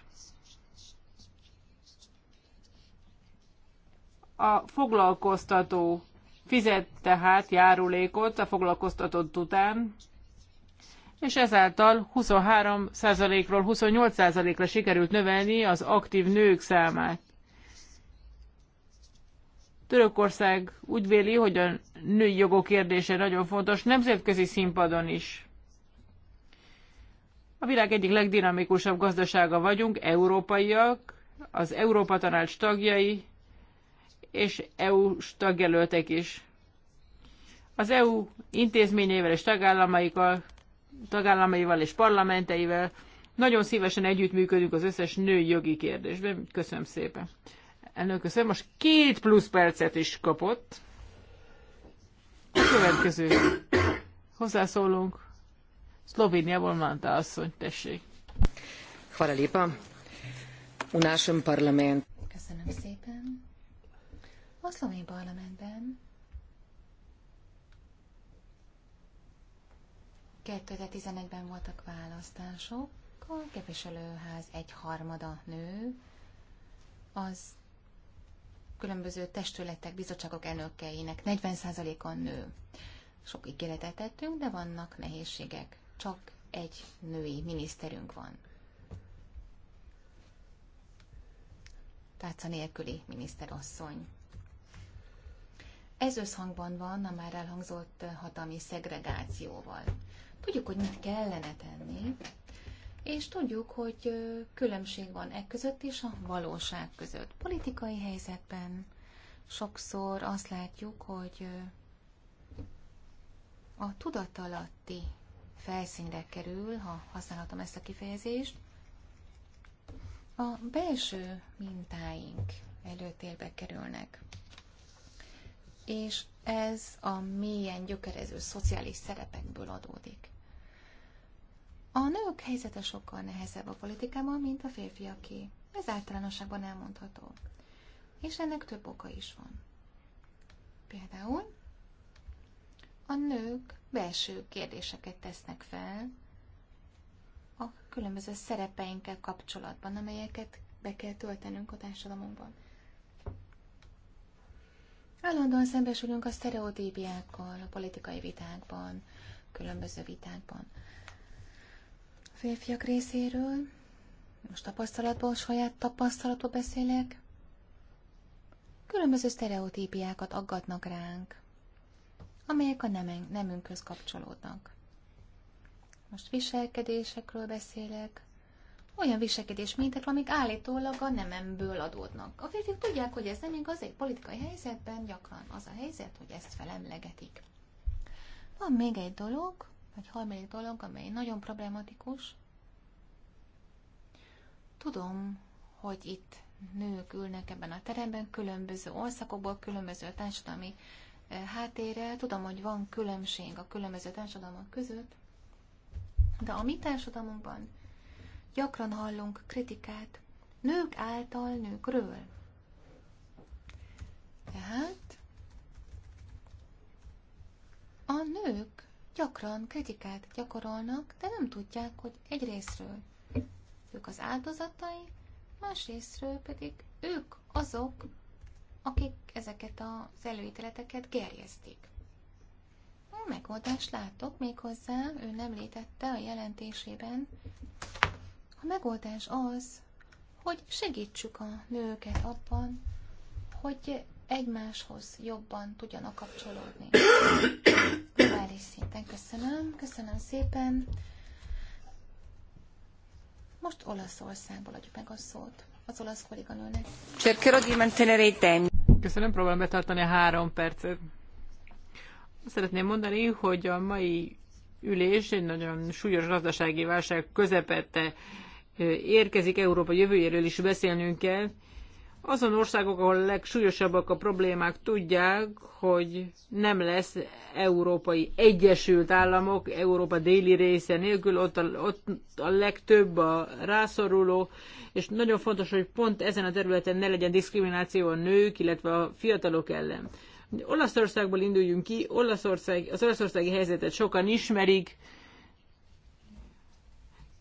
A foglalkoztató fizet tehát járulékot a foglalkoztatott után, és ezáltal 23%-ról 28%-ra sikerült növelni az aktív nők számát. Törökország úgy véli, hogy a női jogok kérdése nagyon fontos nemzetközi színpadon is. A világ egyik legdinamikusabb gazdasága vagyunk, európaiak, az Európa Tanács tagjai és EU-s tagjelöltek is. Az EU intézményeivel és tagállamaikkal, tagállamaival és parlamenteivel nagyon szívesen együttműködünk az összes női jogi kérdésben. Köszönöm szépen. Elnök, köszönöm. Most két plusz percet is kapott. A következő hozzászólunk. Szlovénia Volmánta asszony, tessék. Hvala lépa. U našem parlament. Köszönöm szépen. A szlovén parlamentben 2011-ben voltak választások, a képviselőház harmada nő, az különböző testületek, bizottságok elnökeinek 40%-a nő. Sok ígéretet tettünk, de vannak nehézségek. Csak egy női miniszterünk van. Tárca nélküli miniszterasszony. Ez összhangban van a már elhangzott hatalmi szegregációval. Tudjuk, hogy mit kellene tenni, és tudjuk, hogy különbség van e között és a valóság között. Politikai helyzetben sokszor azt látjuk, hogy a tudatalatti felszínre kerül, ha használhatom ezt a kifejezést, a belső mintáink előtérbe kerülnek. És ez a mélyen gyökerező szociális szerepekből adódik. A nők helyzete sokkal nehezebb a politikában, mint a férfiaké. Ez általánosságban elmondható. És ennek több oka is van. Például a nők belső kérdéseket tesznek fel a különböző szerepeinkkel kapcsolatban, amelyeket be kell töltenünk a társadalomban. Állandóan szembesülünk a sztereotípiákkal, a politikai vitákban, különböző vitákban férfiak részéről, most tapasztalatból, saját tapasztalatból beszélek, különböző sztereotípiákat aggatnak ránk, amelyek a nemen, nemünkhöz kapcsolódnak. Most viselkedésekről beszélek, olyan viselkedés mintek, amik állítólag a nememből adódnak. A férfiak tudják, hogy ez nem igaz, egy politikai helyzetben gyakran az a helyzet, hogy ezt felemlegetik. Van még egy dolog, vagy harmadik dolog, amely nagyon problematikus. Tudom, hogy itt nők ülnek ebben a teremben, különböző országokból, különböző társadalmi eh, háttérrel. Tudom, hogy van különbség a különböző társadalmak között, de a mi társadalmunkban gyakran hallunk kritikát nők által nőkről. Tehát a nők gyakran kritikát gyakorolnak, de nem tudják, hogy egyrésztről ők az áldozatai, másrésztről pedig ők azok, akik ezeket az előítéleteket gerjesztik. A megoldást látok méghozzá, ő nem létette a jelentésében. A megoldás az, hogy segítsük a nőket abban, hogy egymáshoz jobban tudjanak kapcsolódni. Globális szinten köszönöm, köszönöm szépen. Most Olaszországból adjuk meg a szót az olasz kolléganőnek. di Köszönöm, próbálom betartani a három percet. Szeretném mondani, hogy a mai ülés egy nagyon súlyos gazdasági válság közepette érkezik, Európa jövőjéről is beszélnünk kell, azon országok, ahol legsúlyosabbak a problémák, tudják, hogy nem lesz európai Egyesült Államok, Európa déli része nélkül, ott a, ott a legtöbb a rászoruló, és nagyon fontos, hogy pont ezen a területen ne legyen diszkrimináció a nők, illetve a fiatalok ellen. Olaszországból induljunk ki, Olaszország, az olaszországi helyzetet sokan ismerik,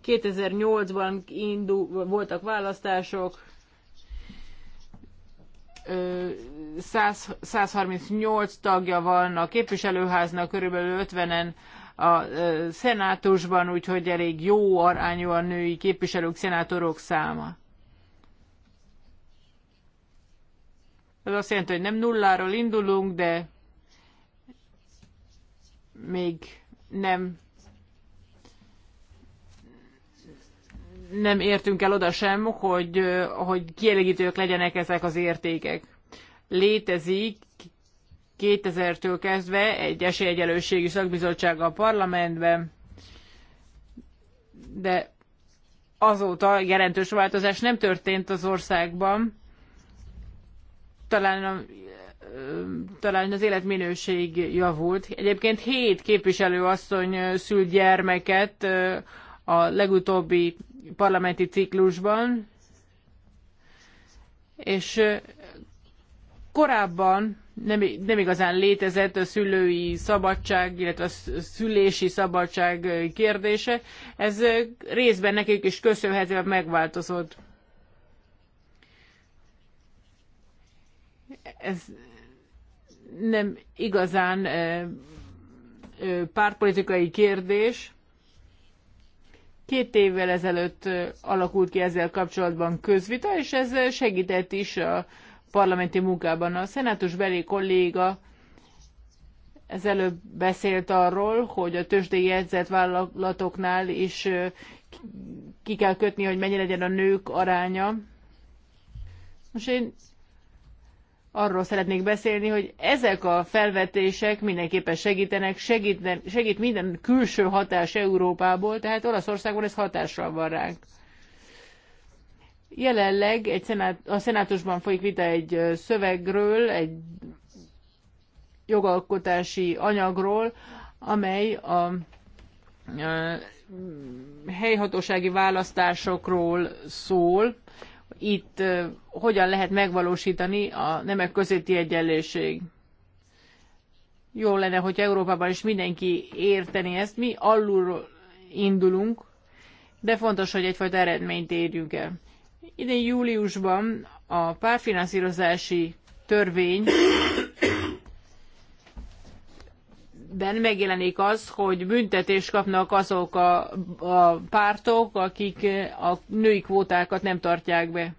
2008-ban indul, voltak választások, 138 tagja van a képviselőháznak, körülbelül 50-en a szenátusban, úgyhogy elég jó arányú a női képviselők, szenátorok száma. Ez azt jelenti, hogy nem nulláról indulunk, de még nem nem értünk el oda sem, hogy, hogy kielégítők legyenek ezek az értékek. Létezik 2000-től kezdve egy esélyegyelőségi szakbizottság a parlamentben, de azóta jelentős változás nem történt az országban. Talán a talán az életminőség javult. Egyébként hét képviselőasszony szült gyermeket a legutóbbi parlamenti ciklusban, és korábban nem, nem igazán létezett a szülői szabadság, illetve a szülési szabadság kérdése. Ez részben nekik is köszönhetően megváltozott. Ez nem igazán pártpolitikai kérdés, Két évvel ezelőtt alakult ki ezzel kapcsolatban közvita, és ez segített is a parlamenti munkában. A szenátus belé kolléga ez előbb beszélt arról, hogy a tőzsdei jegyzett vállalatoknál is ki kell kötni, hogy mennyi legyen a nők aránya. Most én arról szeretnék beszélni, hogy ezek a felvetések mindenképpen segítenek, segíten, segít minden külső hatás Európából, tehát Olaszországban ez hatással van ránk. Jelenleg egy szenát, a szenátusban folyik vita egy szövegről, egy jogalkotási anyagról, amely a, a helyhatósági választásokról szól, itt hogyan lehet megvalósítani a nemek közötti egyenlőség. Jó lenne, hogy Európában is mindenki érteni ezt. Mi alulról indulunk, de fontos, hogy egyfajta eredményt érjünk el. Idén júliusban a párfinanszírozási törvény ben megjelenik az, hogy büntetést kapnak azok a, a pártok, akik a női kvótákat nem tartják be.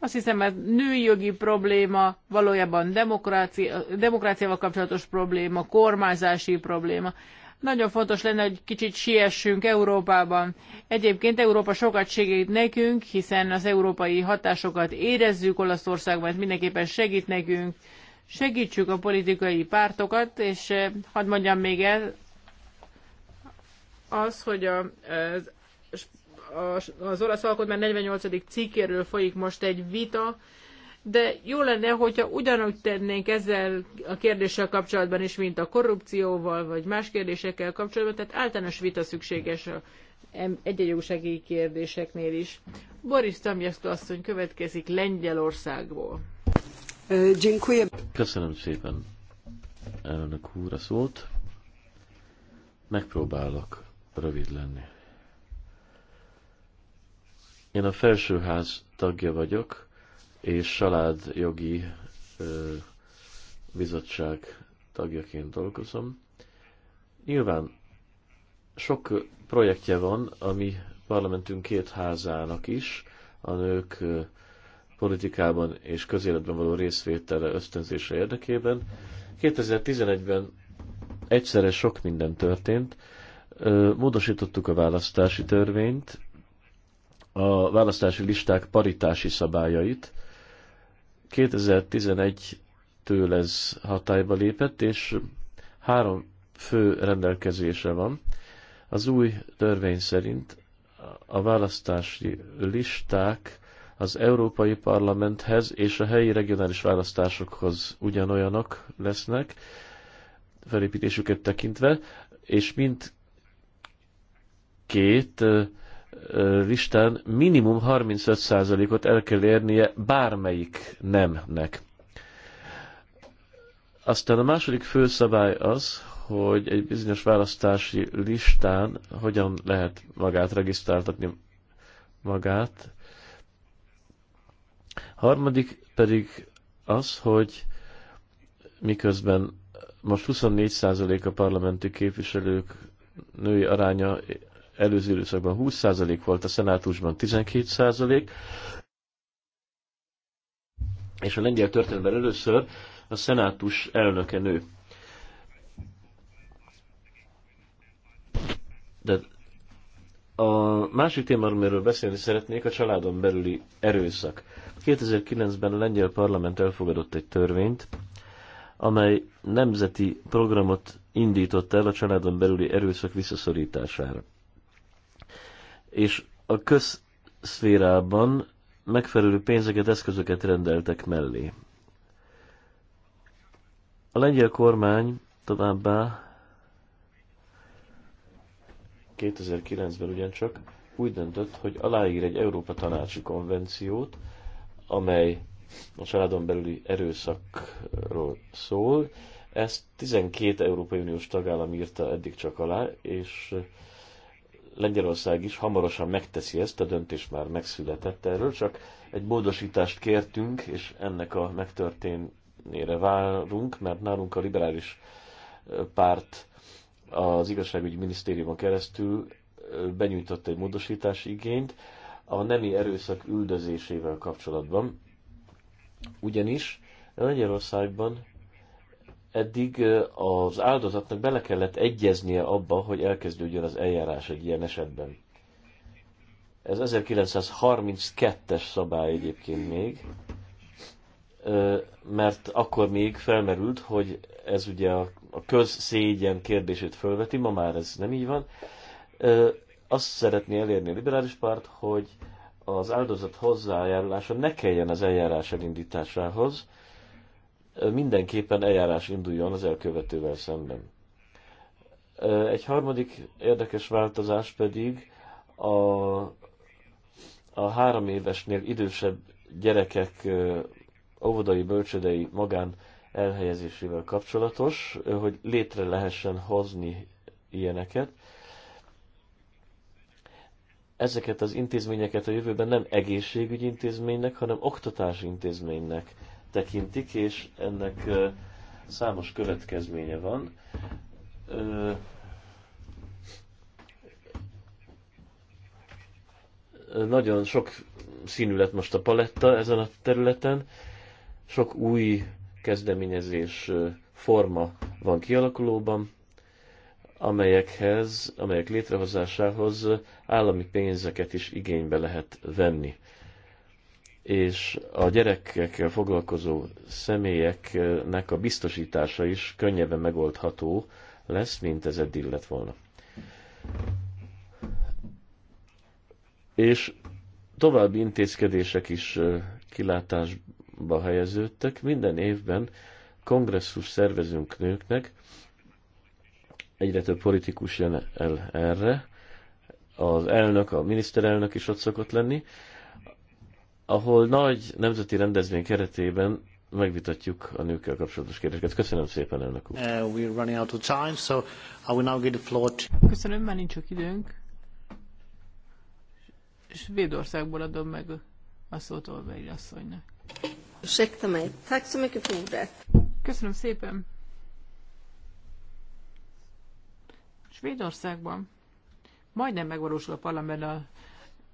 Azt hiszem, ez női jogi probléma, valójában demokrácia, demokráciával kapcsolatos probléma, kormányzási probléma. Nagyon fontos lenne, hogy kicsit siessünk Európában. Egyébként Európa sokat segít nekünk, hiszen az európai hatásokat érezzük Olaszországban, ez mindenképpen segít nekünk Segítsük a politikai pártokat, és eh, hadd mondjam még el, az, hogy a, az, az olasz alkotmány 48. cikkéről folyik most egy vita, de jó lenne, hogyha ugyanúgy tennénk ezzel a kérdéssel kapcsolatban is, mint a korrupcióval, vagy más kérdésekkel kapcsolatban, tehát általános vita szükséges a egyenjogúsági kérdéseknél is. Boris Tamjaszka asszony következik Lengyelországból. Dziękuję. Köszönöm szépen, elnök úr, a szót. Megpróbálok rövid lenni. Én a felsőház tagja vagyok, és jogi ö, bizottság tagjaként dolgozom. Nyilván sok projektje van, ami parlamentünk két házának is, a nők politikában és közéletben való részvétele ösztönzése érdekében. 2011-ben egyszerre sok minden történt. Módosítottuk a választási törvényt, a választási listák paritási szabályait. 2011-től ez hatályba lépett, és három fő rendelkezése van. Az új törvény szerint a választási listák az Európai Parlamenthez és a helyi regionális választásokhoz ugyanolyanok lesznek, felépítésüket tekintve, és mind két listán minimum 35%-ot el kell érnie bármelyik nemnek. Aztán a második fő szabály az, hogy egy bizonyos választási listán hogyan lehet magát regisztráltatni magát, Harmadik pedig az, hogy miközben most 24% a parlamenti képviselők női aránya előző időszakban 20% volt, a szenátusban 12%, és a lengyel történetben először a szenátus elnöke nő. De a másik téma, amiről beszélni szeretnék, a családon belüli erőszak. 2009-ben a lengyel parlament elfogadott egy törvényt, amely nemzeti programot indított el a családon belüli erőszak visszaszorítására. És a közszférában megfelelő pénzeket, eszközöket rendeltek mellé. A lengyel kormány továbbá 2009-ben ugyancsak úgy döntött, hogy aláír egy Európa Tanácsi konvenciót, amely a családon belüli erőszakról szól. Ezt 12 Európai Uniós tagállam írta eddig csak alá, és Lengyelország is hamarosan megteszi ezt, a döntés már megszületett erről, csak egy módosítást kértünk, és ennek a megtörténére várunk, mert nálunk a liberális párt az igazságügyi minisztériumon keresztül benyújtott egy módosítási igényt a nemi erőszak üldözésével kapcsolatban. Ugyanis Magyarországban eddig az áldozatnak bele kellett egyeznie abba, hogy elkezdődjön az eljárás egy ilyen esetben. Ez 1932-es szabály egyébként még, mert akkor még felmerült, hogy ez ugye a a közszégyen kérdését fölveti, ma már ez nem így van. Azt szeretné elérni a liberális párt, hogy az áldozat hozzájárulása ne kelljen az eljárás elindításához, mindenképpen eljárás induljon az elkövetővel szemben. Egy harmadik érdekes változás pedig a, a három évesnél idősebb gyerekek óvodai, bölcsödei magán elhelyezésével kapcsolatos, hogy létre lehessen hozni ilyeneket. Ezeket az intézményeket a jövőben nem egészségügyi intézménynek, hanem oktatási intézménynek tekintik, és ennek számos következménye van. Nagyon sok színű lett most a paletta ezen a területen, sok új kezdeményezés forma van kialakulóban, amelyekhez, amelyek létrehozásához állami pénzeket is igénybe lehet venni. És a gyerekekkel foglalkozó személyeknek a biztosítása is könnyebben megoldható lesz, mint ez eddig lett volna. És további intézkedések is kilátásban nyugdíjba helyeződtek. Minden évben kongresszus szervezünk nőknek, egyre több politikus jön el erre, az elnök, a miniszterelnök is ott szokott lenni, ahol nagy nemzeti rendezvény keretében megvitatjuk a nőkkel kapcsolatos kérdéseket. Köszönöm szépen, elnök úr. Uh, we're running out of time, so I will now the floor Köszönöm, már nincs sok időnk. Svédországból adom meg a szót Olvei asszonynak. Ursäkta mig. Tack så mycket för ordet. Köszönöm szépen. Svédországban majdnem megvalósul a parlament a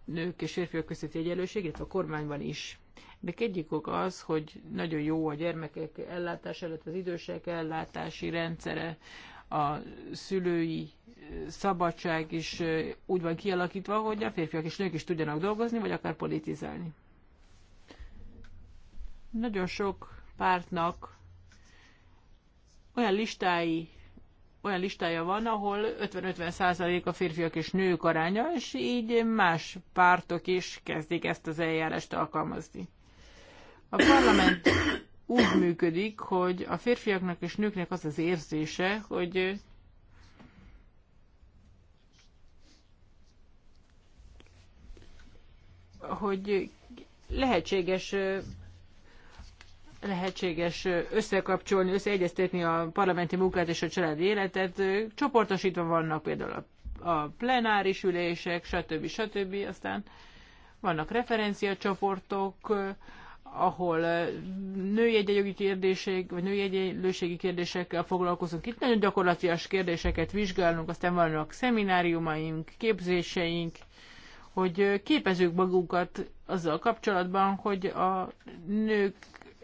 nők és férfiak közötti egyenlőség, illetve a kormányban is. De egyik ok az, hogy nagyon jó a gyermekek ellátása, illetve az idősek ellátási rendszere, a szülői szabadság is úgy van kialakítva, hogy a férfiak és nők is tudjanak dolgozni, vagy akár politizálni. Nagyon sok pártnak olyan listái olyan listája van, ahol 50-50 százalék -50 a férfiak és nők aránya, és így más pártok is kezdik ezt az eljárást alkalmazni. A parlament úgy működik, hogy a férfiaknak és nőknek az az érzése, hogy hogy lehetséges lehetséges összekapcsolni, összeegyeztetni a parlamenti munkát és a családi életet. Csoportosítva vannak például a, a plenáris ülések, stb. stb. Aztán vannak referenciacsoportok, ahol női egyenjogi kérdések, vagy női egyenlőségi kérdésekkel foglalkozunk. Itt nagyon gyakorlatias kérdéseket vizsgálunk, aztán vannak szemináriumaink, képzéseink, hogy képezzük magunkat azzal kapcsolatban, hogy a nők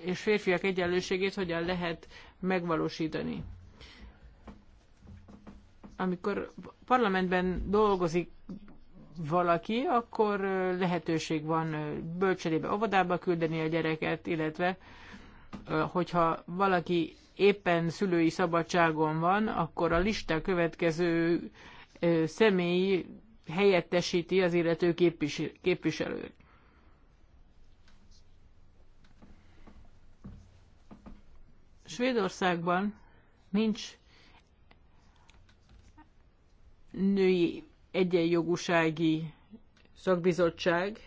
és férfiak egyenlőségét hogyan lehet megvalósítani. Amikor parlamentben dolgozik valaki, akkor lehetőség van bölcsödébe, óvodába küldeni a gyereket, illetve hogyha valaki éppen szülői szabadságon van, akkor a lista következő személy helyettesíti az illető képviselőt. Svédországban nincs női egyenjogúsági szakbizottság,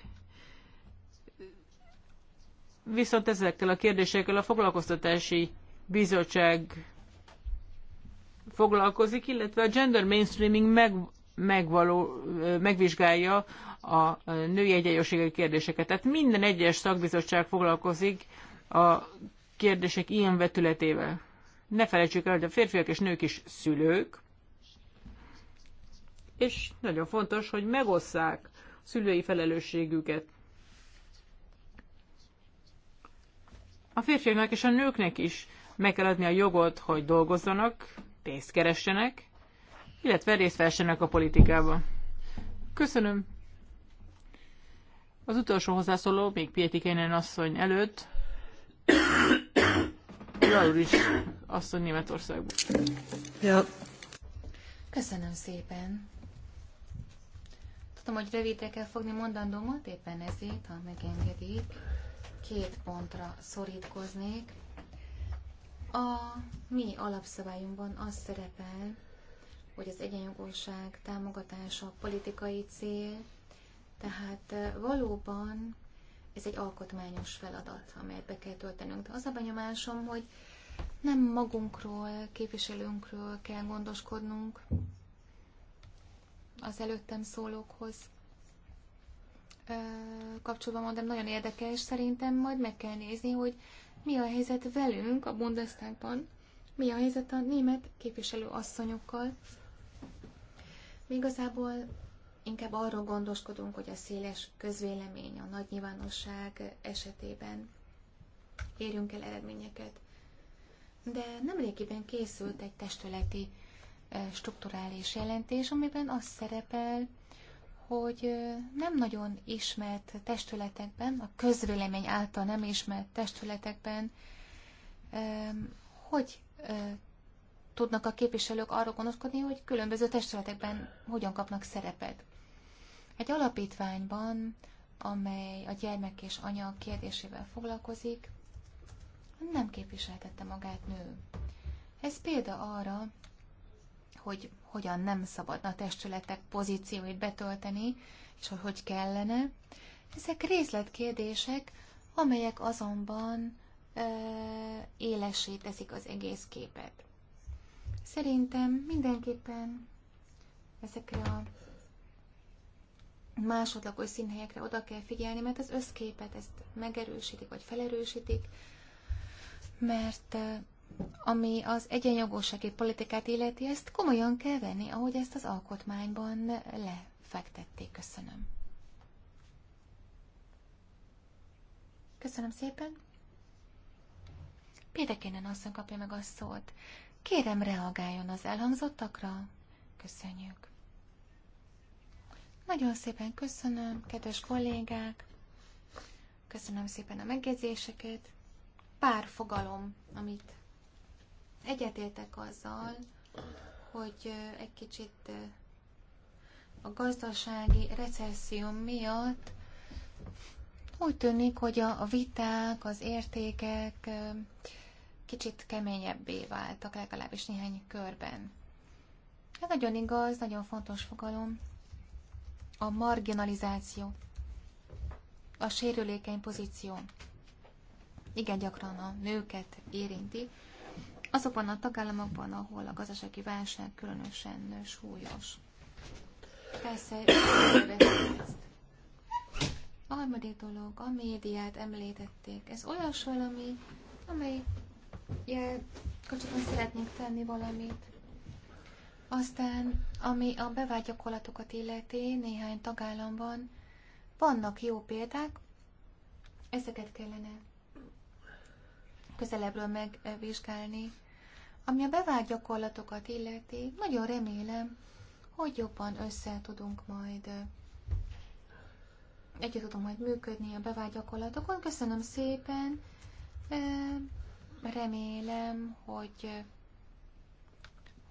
viszont ezekkel a kérdésekkel a foglalkoztatási bizottság foglalkozik, illetve a gender mainstreaming meg, megvaló, megvizsgálja a női egyenjogúsági kérdéseket. Tehát minden egyes szakbizottság foglalkozik a kérdések ilyen vetületével. Ne felejtsük el, hogy a férfiak és nők is szülők, és nagyon fontos, hogy megosszák szülői felelősségüket. A férfiaknak és a nőknek is meg kell adni a jogot, hogy dolgozzanak, pénzt keressenek, illetve részt vessenek a politikába. Köszönöm. Az utolsó hozzászóló, még Pietikénen asszony előtt, asszony Németországban. Ja. Köszönöm szépen. Tudom, hogy rövidre kell fogni mondandómat, éppen ezért, ha megengedik, két pontra szorítkoznék. A mi alapszabályunkban az szerepel, hogy az egyenjogosság támogatása politikai cél, tehát eh, valóban ez egy alkotmányos feladat, amelyet be kell töltenünk. De az a benyomásom, hogy nem magunkról, képviselőnkről kell gondoskodnunk az előttem szólókhoz kapcsolva, mondom, nagyon érdekes, szerintem majd meg kell nézni, hogy mi a helyzet velünk a Bundestagban, mi a helyzet a német képviselő asszonyokkal. Mi igazából inkább arról gondoskodunk, hogy a széles közvélemény, a nagy nyilvánosság esetében érjünk el eredményeket. De nemrégiben készült egy testületi strukturális jelentés, amiben az szerepel, hogy nem nagyon ismert testületekben, a közvélemény által nem ismert testületekben, hogy tudnak a képviselők arról gondoskodni, hogy különböző testületekben hogyan kapnak szerepet. Egy alapítványban, amely a gyermek és anya kérdésével foglalkozik, nem képviseltette magát nő. Ez példa arra, hogy hogyan nem szabadna a testületek pozícióit betölteni, és hogy hogy kellene. Ezek részletkérdések, amelyek azonban ö, élessé teszik az egész képet. Szerintem mindenképpen ezekre a másodlagos színhelyekre oda kell figyelni, mert az összképet ezt megerősítik, vagy felerősítik, mert ami az egyenjogossági politikát illeti, ezt komolyan kell venni, ahogy ezt az alkotmányban lefektették. Köszönöm. Köszönöm szépen. Pédekénen asszony kapja meg a szót. Kérem, reagáljon az elhangzottakra. Köszönjük. Nagyon szépen köszönöm, kedves kollégák, köszönöm szépen a megjegyzéseket. Pár fogalom, amit egyetértek azzal, hogy egy kicsit a gazdasági recesszió miatt úgy tűnik, hogy a viták, az értékek kicsit keményebbé váltak, legalábbis néhány körben. Ez nagyon igaz, nagyon fontos fogalom, a marginalizáció, a sérülékeny pozíció igen gyakran a nőket érinti, azokban a tagállamokban, ahol a gazdasági válság különösen súlyos. Persze, A harmadik dolog, a médiát említették. Ez olyas valami, amely jel, kapcsolatban szeretnénk tenni valamit. Aztán, ami a bevált gyakorlatokat illeti néhány tagállamban, vannak jó példák, ezeket kellene közelebbről megvizsgálni. Ami a bevált gyakorlatokat illeti, nagyon remélem, hogy jobban össze tudunk majd együtt tudunk majd működni a bevált gyakorlatokon. Köszönöm szépen, remélem, hogy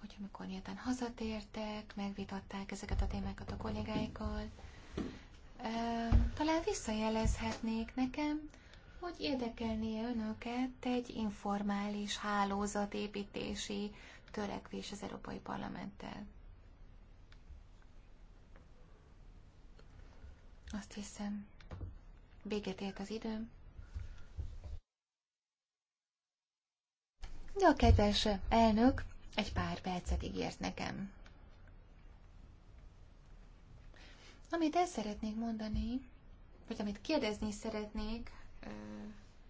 hogy amikor nyilván hazatértek, megvitatták ezeket a témákat a kollégáikkal, talán visszajelezhetnék nekem, hogy érdekelné önöket egy informális hálózatépítési törekvés az Európai Parlamenttel. Azt hiszem, véget ért az időm. Ja, kedves elnök, egy pár percet ígért nekem. Amit el szeretnék mondani, vagy amit kérdezni szeretnék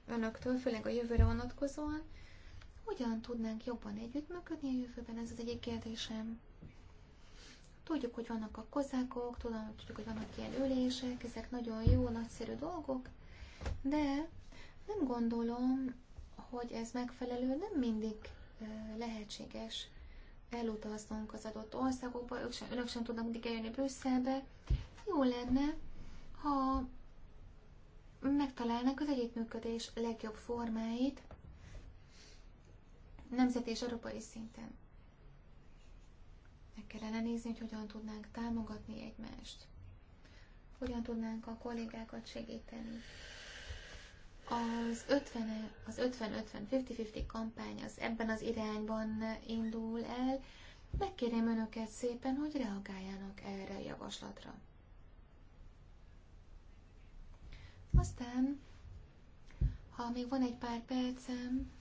önöktől, főleg a jövőre vonatkozóan, hogyan tudnánk jobban együttműködni a jövőben? Ez az egyik kérdésem. Tudjuk, hogy vannak a kozákok, tudom, tudjuk, hogy vannak ilyen ülések, ezek nagyon jó, nagyszerű dolgok, de nem gondolom, hogy ez megfelelő, nem mindig lehetséges elutaznunk az adott országokba, ők sem, önök sem tudnak mindig eljönni Brüsszelbe. Jó lenne, ha megtalálnák az együttműködés legjobb formáit nemzeti és európai szinten. Meg kellene nézni, hogy hogyan tudnánk támogatni egymást, hogyan tudnánk a kollégákat segíteni. Az 50, az 50-50-50-50 kampány az ebben az irányban indul el. Megkérném önöket szépen, hogy reagáljanak erre a javaslatra. Aztán, ha még van egy pár percem,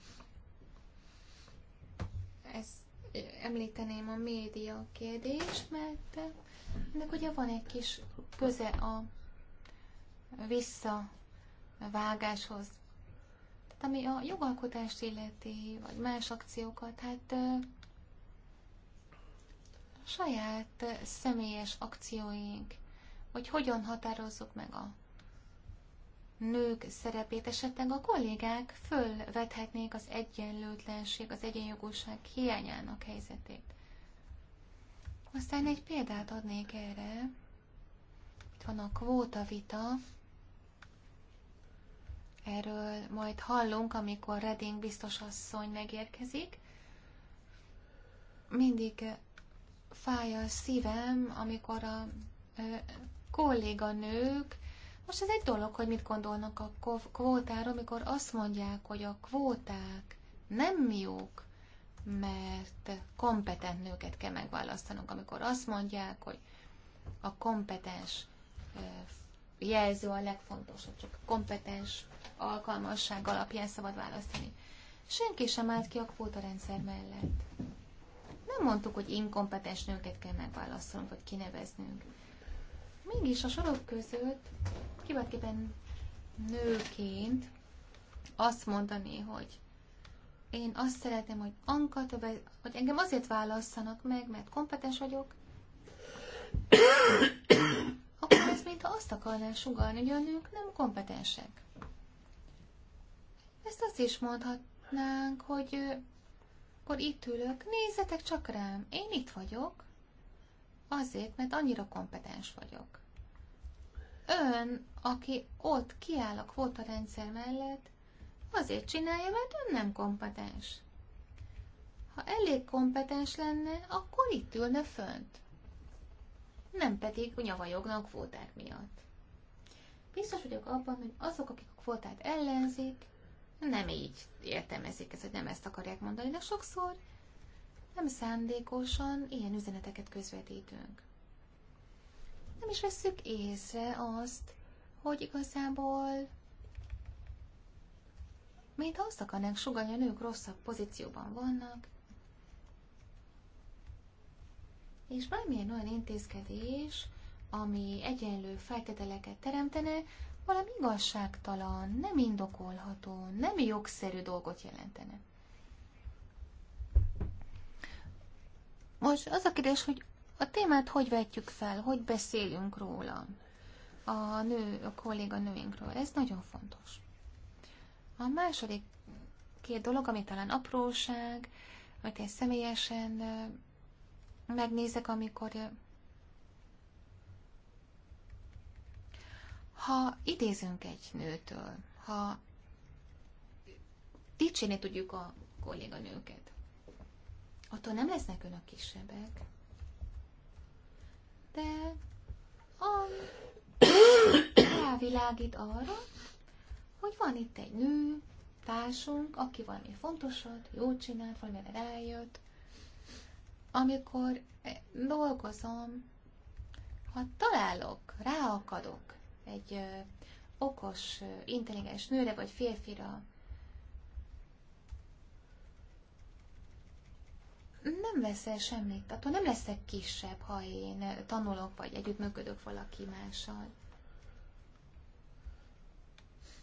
ezt említeném a média kérdés, mert ennek ugye van egy kis köze a vissza vágáshoz. Tehát ami a jogalkotást illeti, vagy más akciókat, hát saját személyes akcióink, hogy hogyan határozzuk meg a nők szerepét, esetleg a kollégák fölvethetnék az egyenlőtlenség, az egyenjogúság hiányának helyzetét. Aztán egy példát adnék erre. Itt van a kvóta vita, Erről majd hallunk, amikor Reding biztos asszony megérkezik. Mindig eh, fáj a szívem, amikor a eh, kolléganők, most ez egy dolog, hogy mit gondolnak a kvótáról, amikor azt mondják, hogy a kvóták nem jók, mert kompetent nőket kell megválasztanunk, amikor azt mondják, hogy a kompetens eh, jelző a legfontosabb, csak kompetens alkalmasság alapján szabad választani. Senki sem állt ki a kvótarendszer mellett. Nem mondtuk, hogy inkompetens nőket kell megválaszolnunk, vagy kineveznünk. Mégis a sorok között kivetképpen nőként azt mondani, hogy én azt szeretem, hogy Anka, hogy engem azért válasszanak meg, mert kompetens vagyok, mintha azt akarná sugalni, hogy a nők nem kompetensek. Ezt azt is mondhatnánk, hogy akkor itt ülök, nézzetek csak rám, én itt vagyok, azért, mert annyira kompetens vagyok. Ön, aki ott kiáll a kvóta rendszer mellett, azért csinálja, mert ön nem kompetens. Ha elég kompetens lenne, akkor itt ülne fönt nem pedig nyavajognak kvóták miatt. Biztos vagyok abban, hogy azok, akik a kvótát ellenzik, nem így értelmezik ezt, hogy nem ezt akarják mondani, de sokszor nem szándékosan ilyen üzeneteket közvetítünk. Nem is veszük észre azt, hogy igazából mint azt akarnánk sugalni, a nők rosszabb pozícióban vannak, és bármilyen olyan intézkedés, ami egyenlő feltételeket teremtene, valami igazságtalan, nem indokolható, nem jogszerű dolgot jelentene. Most az a kérdés, hogy a témát hogy vetjük fel, hogy beszélünk róla a nő, a kolléga nőinkről. Ez nagyon fontos. A második két dolog, ami talán apróság, amit én személyesen megnézek, amikor ha idézünk egy nőtől, ha dicsérni tudjuk a kolléganőket, attól nem lesznek önök kisebbek, de a rávilágít arra, hogy van itt egy nő, társunk, aki valami fontosat, jót csinált, valamire rájött, amikor eh, dolgozom, ha találok, ráakadok egy okos, intelligens nőre vagy férfira, nem veszel semmit, attól nem leszek kisebb, ha én tanulok vagy együttműködök valaki mással.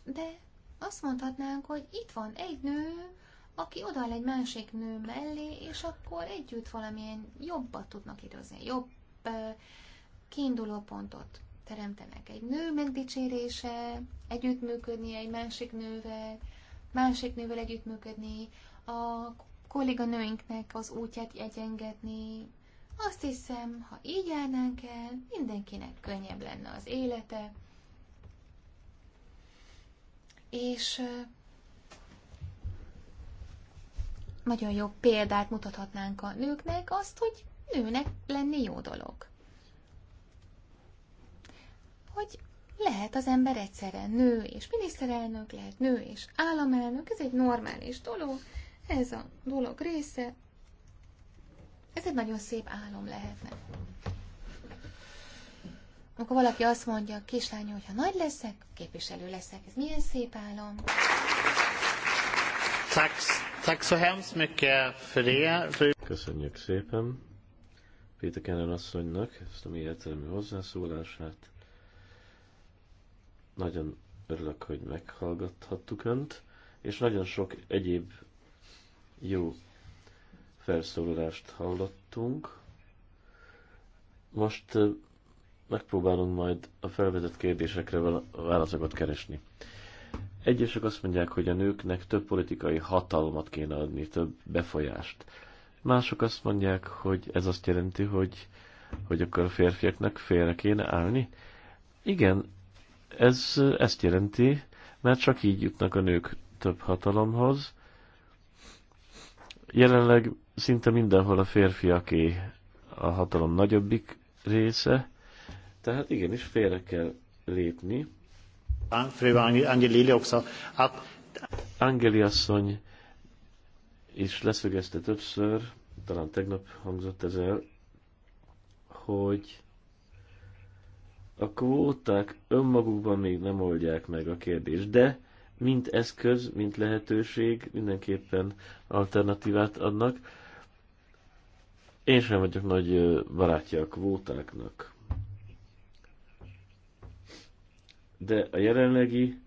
De azt mondhatnánk, hogy itt van egy nő, aki odaáll egy másik nő mellé, és akkor együtt valamilyen jobbat tudnak időzni, jobb kiinduló pontot teremtenek. Egy nő megdicsérése, együttműködni egy másik nővel, másik nővel együttműködni, a kolléganőinknek az útját egyengetni. Azt hiszem, ha így járnánk el, mindenkinek könnyebb lenne az élete. És nagyon jó példát mutathatnánk a nőknek, azt, hogy nőnek lenni jó dolog. Hogy lehet az ember egyszerre nő és miniszterelnök, lehet nő és államelnök, ez egy normális dolog, ez a dolog része, ez egy nagyon szép álom lehetne. Amikor valaki azt mondja, hogy hogyha nagy leszek, képviselő leszek. Ez milyen szép álom. Thanks. Tack så hemskt mycket för det, fru... Köszönjük szépen Péter Kennen asszonynak ezt a mi értelmi hozzászólását. Nagyon örülök, hogy meghallgathattuk Önt, és nagyon sok egyéb jó felszólalást hallottunk. Most megpróbálunk majd a felvetett kérdésekre válaszokat keresni. Egyesek azt mondják, hogy a nőknek több politikai hatalmat kéne adni, több befolyást. Mások azt mondják, hogy ez azt jelenti, hogy, hogy akkor a férfiaknak félre kéne állni. Igen, ez ezt jelenti, mert csak így jutnak a nők több hatalomhoz. Jelenleg szinte mindenhol a férfiaké a hatalom nagyobbik része, tehát igenis félre kell lépni Fru Angelili också, att... Angeli asszony is leszögezte többször, talán tegnap hangzott ez el, hogy a kvóták önmagukban még nem oldják meg a kérdést, de mint eszköz, mint lehetőség mindenképpen alternatívát adnak. Én sem vagyok nagy barátja a kvótáknak. de a jelenlegi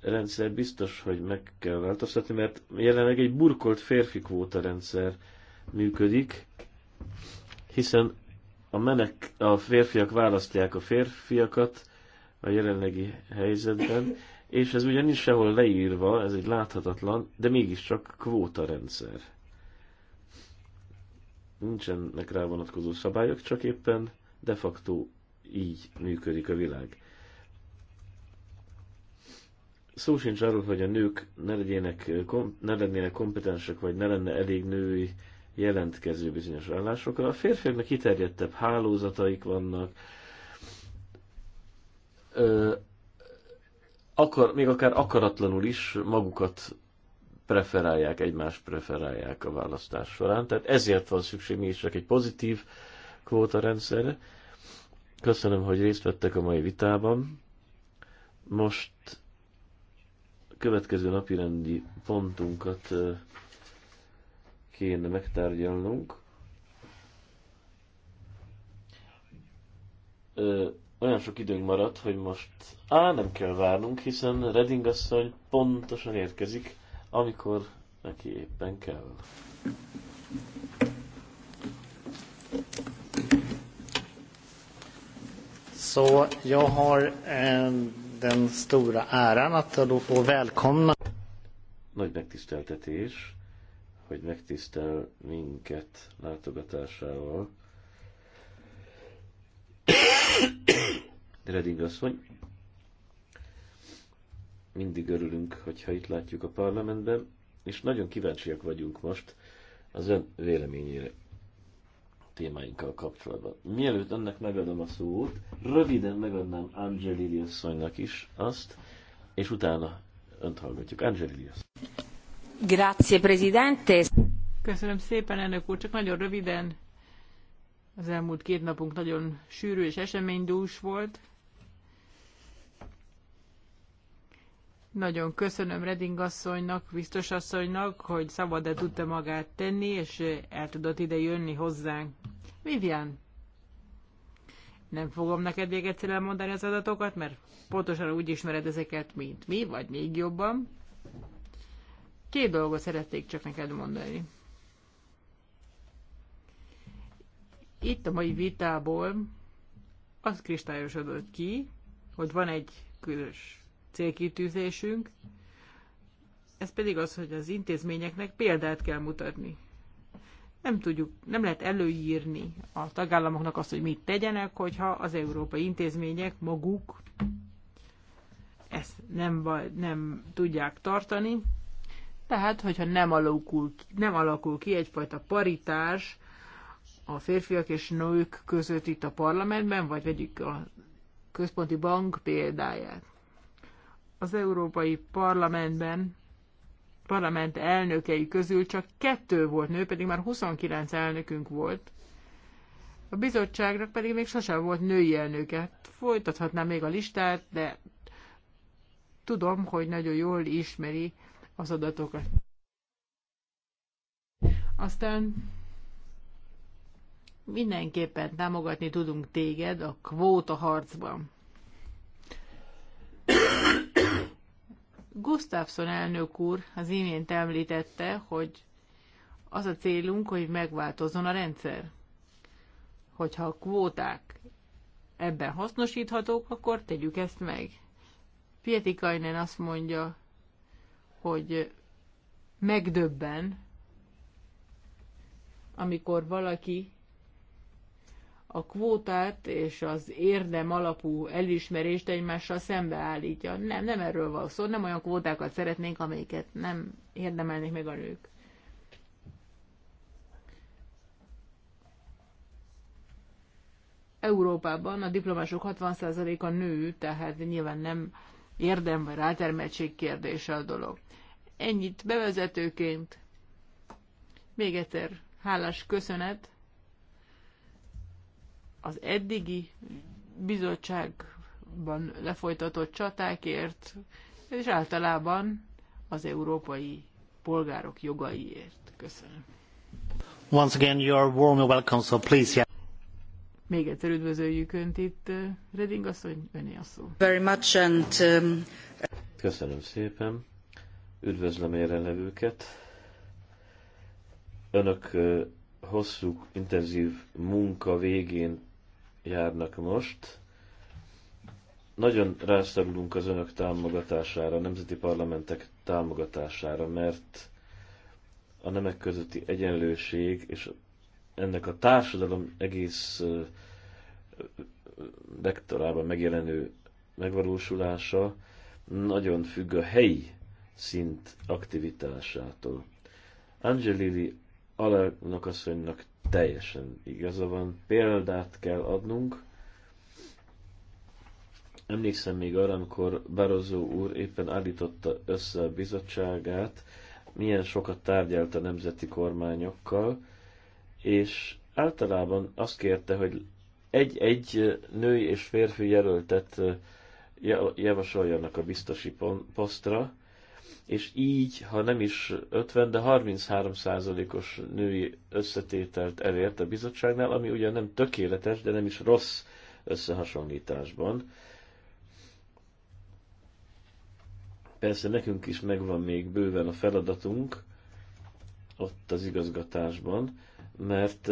rendszer biztos, hogy meg kell változtatni, mert jelenleg egy burkolt férfi kvóta rendszer működik, hiszen a, menek, a férfiak választják a férfiakat a jelenlegi helyzetben, és ez ugyanis nincs sehol leírva, ez egy láthatatlan, de mégiscsak kvóta rendszer. Nincsenek rá vonatkozó szabályok, csak éppen de facto így működik a világ szó sincs arról, hogy a nők ne, legyenek, ne lennének kompetensek, vagy ne lenne elég női jelentkező bizonyos állásokra. A férfiaknak kiterjedtebb hálózataik vannak, ö, akar, még akár akaratlanul is magukat preferálják, egymást preferálják a választás során. Tehát ezért van szükség mégis csak egy pozitív kvóta rendszerre. Köszönöm, hogy részt vettek a mai vitában. Most következő napirendi pontunkat kéne megtárgyalnunk. Olyan sok időnk maradt, hogy most á, nem kell várnunk, hiszen Reding asszony pontosan érkezik, amikor neki éppen kell. so, jag har en den stora äran att då få välkomna. Nagy megtiszteltetés, hogy megtisztel minket látogatásával. Reding asszony, mindig örülünk, hogyha itt látjuk a parlamentben, és nagyon kíváncsiak vagyunk most az ön véleményére témáinkkal kapcsolatban. Mielőtt ennek megadom a szót, röviden megadnám Angelili asszonynak is azt, és utána önt hallgatjuk. Angelili Grazie, Presidente. Köszönöm szépen, elnök úr. Csak nagyon röviden. Az elmúlt két napunk nagyon sűrű és eseménydús volt. Nagyon köszönöm Reding asszonynak, biztos asszonynak, hogy szabad-e tudta magát tenni, és el tudott ide jönni hozzánk. Vivian, nem fogom neked még egyszer elmondani az adatokat, mert pontosan úgy ismered ezeket, mint mi, vagy még jobban. Két dolgot szeretnék csak neked mondani. Itt a mai vitából az kristályosodott ki, hogy van egy közös célkitűzésünk, ez pedig az, hogy az intézményeknek példát kell mutatni. Nem tudjuk, nem lehet előírni a tagállamoknak azt, hogy mit tegyenek, hogyha az európai intézmények maguk ezt nem, nem tudják tartani. Tehát, hogyha nem alakul, nem alakul ki egyfajta paritás a férfiak és nők között itt a parlamentben, vagy vegyük a központi bank példáját az Európai Parlamentben parlament elnökei közül csak kettő volt nő, pedig már 29 elnökünk volt. A bizottságnak pedig még sosem volt női elnöke. Folytathatnám még a listát, de tudom, hogy nagyon jól ismeri az adatokat. Aztán mindenképpen támogatni tudunk téged a kvóta harcban. Gustafsson elnök úr az imént említette, hogy az a célunk, hogy megváltozzon a rendszer. Hogyha a kvóták ebben hasznosíthatók, akkor tegyük ezt meg. Pietikainen azt mondja, hogy megdöbben, amikor valaki a kvótát és az érdem alapú elismerést egymással szembeállítja. Nem, nem erről van szó, nem olyan kvótákat szeretnénk, amelyiket nem érdemelnék meg a nők. Európában a diplomások 60%-a nő, tehát nyilván nem érdem vagy rátermeltség kérdése a dolog. Ennyit bevezetőként. Még egyszer hálás köszönet az eddigi bizottságban lefolytatott csatákért, és általában az európai polgárok jogaiért. Köszönöm. Once again, you are warmly welcome, so please, yeah. Még egyszer üdvözöljük Önt itt, Reding asszony, Öné a szó. Very much and, um... Köszönöm szépen. Üdvözlöm jelenlevőket. Önök hosszú, intenzív munka végén járnak most. Nagyon rászorulunk az önök támogatására, a nemzeti parlamentek támogatására, mert a nemek közötti egyenlőség és ennek a társadalom egész vektorában megjelenő megvalósulása nagyon függ a helyi szint aktivitásától. Angelili Alagnak asszonynak teljesen igaza van. Példát kell adnunk. Emlékszem még arra, amikor Barozó úr éppen állította össze a bizottságát, milyen sokat tárgyalt a nemzeti kormányokkal, és általában azt kérte, hogy egy-egy női és férfi jelöltet eh, javasoljanak a biztosi posztra, és így, ha nem is 50, de 33 százalékos női összetételt elért a bizottságnál, ami ugye nem tökéletes, de nem is rossz összehasonlításban. Persze nekünk is megvan még bőven a feladatunk ott az igazgatásban, mert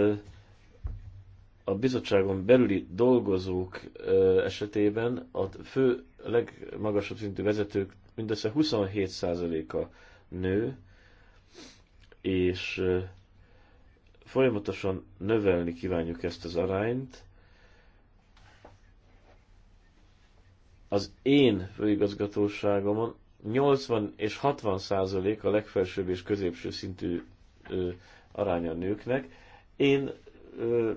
a bizottságon belüli dolgozók esetében a fő legmagasabb szintű vezetők mindössze 27%-a nő, és folyamatosan növelni kívánjuk ezt az arányt. Az én főigazgatóságomon 80 és 60 százalék a legfelsőbb és középső szintű ö, aránya a nőknek. Én ö,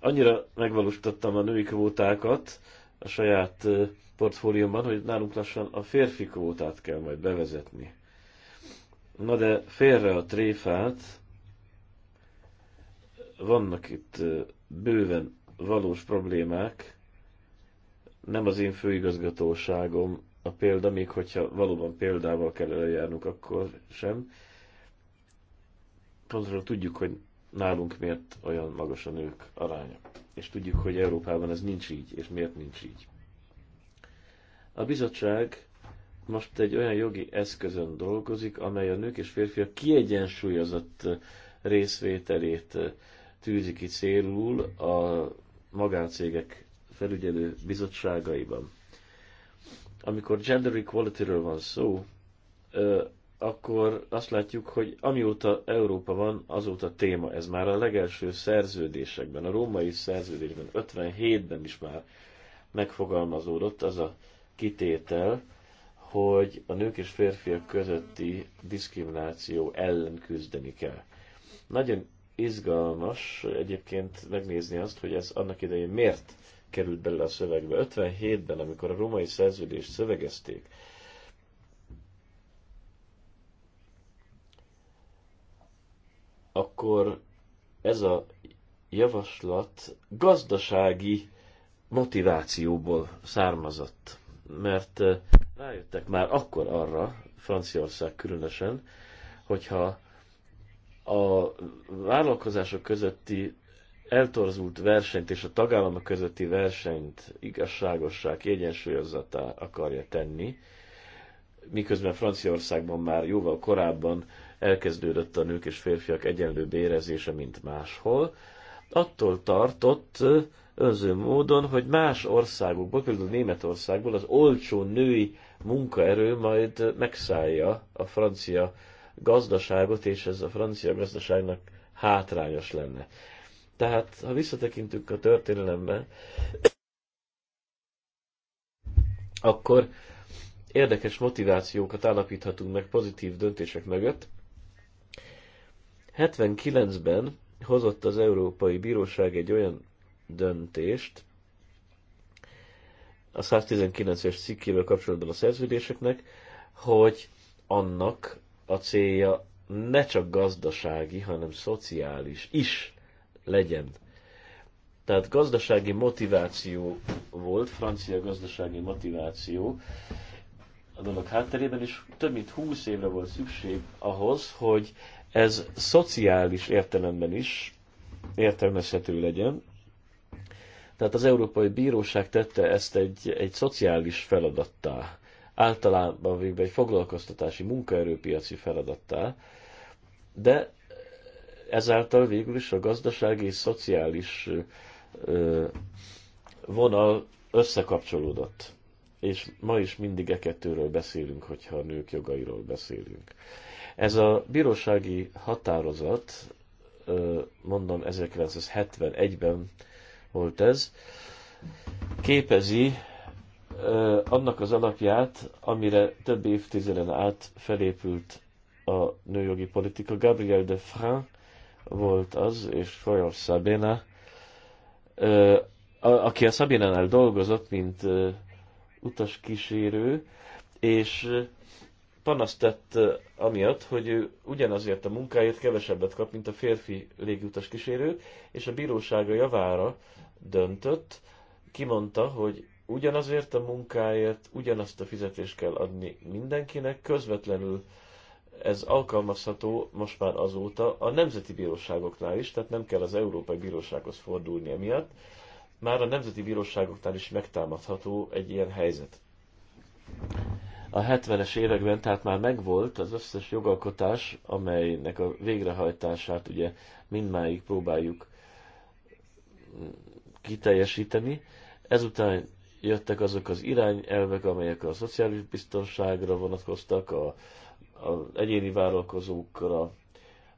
annyira megvalósítottam a női kvótákat a saját ö, portfóliumban, hogy nálunk lassan a férfi kvótát kell majd bevezetni. Na de félre a tréfát, vannak itt bőven valós problémák, nem az én főigazgatóságom a példa, még hogyha valóban példával kell eljárnunk, akkor sem. Pontosan tudjuk, hogy nálunk miért olyan magas a nők aránya. És tudjuk, hogy Európában ez nincs így, és miért nincs így. A bizottság most egy olyan jogi eszközön dolgozik, amely a nők és férfiak kiegyensúlyozott részvételét eh, tűzi ki célul a magáncégek felügyelő bizottságaiban. Amikor gender equality-ről van szó, eh, akkor azt látjuk, hogy amióta Európa van, azóta téma. Ez már a legelső szerződésekben, a római szerződésben, 57-ben is már megfogalmazódott az a kitétel, hogy a nők és férfiak közötti diszkrimináció ellen küzdeni kell. Nagyon izgalmas egyébként megnézni azt, hogy ez annak idején miért került bele a szövegbe. 57-ben, amikor a római szerződést szövegezték, akkor ez a javaslat gazdasági motivációból származott mert rájöttek már akkor arra, Franciaország különösen, hogyha a vállalkozások közötti eltorzult versenyt és a tagállamok közötti versenyt igazságosság kiegyensúlyozattá akarja tenni, miközben Franciaországban már jóval korábban elkezdődött a nők és férfiak egyenlő bérezése, mint máshol, attól tartott önző módon, hogy más országokból, például Németországból az olcsó női munkaerő majd megszállja a francia gazdaságot, és ez a francia gazdaságnak hátrányos lenne. Tehát, ha visszatekintünk a történelembe, akkor érdekes motivációkat állapíthatunk meg pozitív döntések mögött. 79-ben hozott az Európai Bíróság egy olyan döntést a 119-es cikkével kapcsolatban a szerződéseknek, hogy annak a célja ne csak gazdasági, hanem szociális is legyen. Tehát gazdasági motiváció volt, francia gazdasági motiváció a dolog hátterében, és több mint húsz évre volt szükség ahhoz, hogy ez szociális értelemben is értelmezhető legyen, tehát az Európai Bíróság tette ezt egy, egy szociális feladattá, általában végben egy foglalkoztatási munkaerőpiaci feladattá, de ezáltal végül is a gazdasági és szociális ö, vonal összekapcsolódott. És ma is mindig e kettőről beszélünk, hogyha a nők jogairól beszélünk. Ez a bírósági határozat, mondom, 1971-ben volt ez, képezi annak az alapját, amire több évtizeden át felépült a nőjogi politika. Gabriel de Fran volt az, és Fajor Sabina, aki a Sabinánál dolgozott, mint utaskísérő és panaszt tett amiatt, hogy ő ugyanazért a munkáért kevesebbet kap, mint a férfi légutas kísérő, és a bírósága javára döntött, kimondta, hogy ugyanazért a munkáért ugyanazt a fizetést kell adni mindenkinek, közvetlenül ez alkalmazható most már azóta a nemzeti bíróságoknál is, tehát nem kell az Európai Bírósághoz fordulni emiatt, már a nemzeti bíróságoknál is megtámadható egy ilyen helyzet. A 70-es években tehát már megvolt az összes jogalkotás, amelynek a végrehajtását ugye mindmáig próbáljuk kiteljesíteni. Ezután jöttek azok az irányelvek, amelyek a szociális biztonságra vonatkoztak, a, a egyéni vállalkozókra,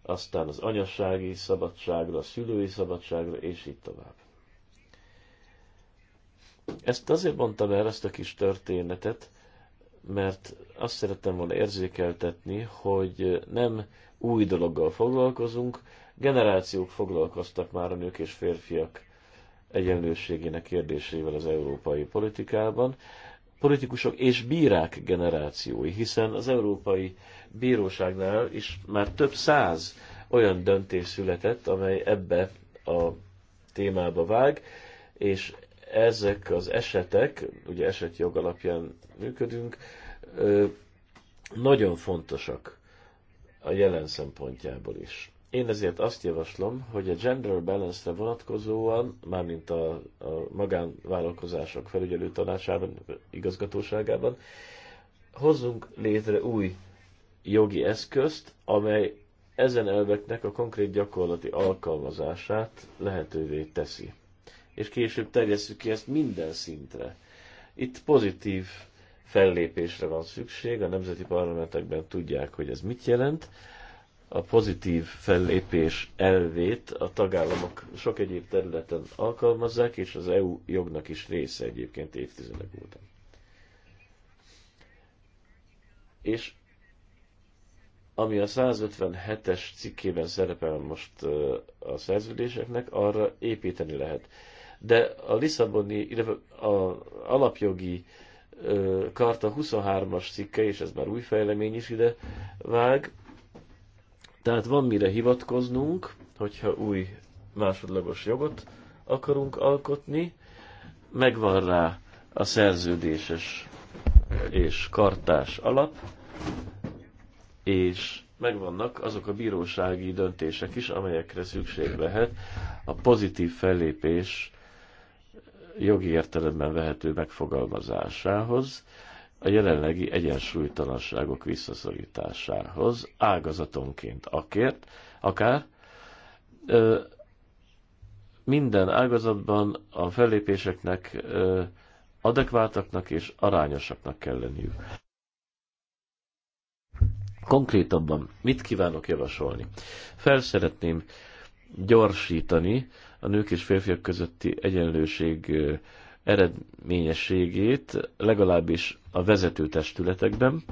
aztán az anyassági szabadságra, a szülői szabadságra, és így tovább. Ezt azért mondtam el, ezt a kis történetet, mert azt szerettem volna érzékeltetni, hogy nem új dologgal foglalkozunk, generációk foglalkoztak már a nők és férfiak egyenlőségének kérdésével az európai politikában, politikusok és bírák generációi, hiszen az Európai Bíróságnál is már több száz olyan döntés született, amely ebbe a témába vág, és ezek az esetek, ugye esetjog alapján működünk, nagyon fontosak a jelen szempontjából is. Én ezért azt javaslom, hogy a gender balance-re vonatkozóan, mármint a, a magánvállalkozások felügyelő tanácsában, igazgatóságában, hozzunk létre új jogi eszközt, amely ezen elveknek a konkrét gyakorlati alkalmazását lehetővé teszi és később terjesszük ki ezt minden szintre. Itt pozitív fellépésre van szükség, a nemzeti parlamentekben tudják, hogy ez mit jelent. A pozitív fellépés elvét a tagállamok sok egyéb területen alkalmazzák, és az EU jognak is része egyébként évtizedek óta. És ami a 157-es cikkében szerepel most a szerződéseknek, arra építeni lehet de a Lisszaboni, illetve a alapjogi karta 23-as cikke, és ez már új fejlemény is ide vág, tehát van mire hivatkoznunk, hogyha új másodlagos jogot akarunk alkotni, megvan rá a szerződéses és kartás alap, és megvannak azok a bírósági döntések is, amelyekre szükség lehet a pozitív fellépés jogi értelemben vehető megfogalmazásához, a jelenlegi egyensúlytalanságok visszaszorításához, ágazatonként akért, akár ö, minden ágazatban a fellépéseknek ö, adekváltaknak és arányosaknak kell lenniük. Konkrétabban mit kívánok javasolni? Felszeretném gyorsítani a nők és férfiak közötti egyenlőség eredményességét, legalábbis a vezető testületekben,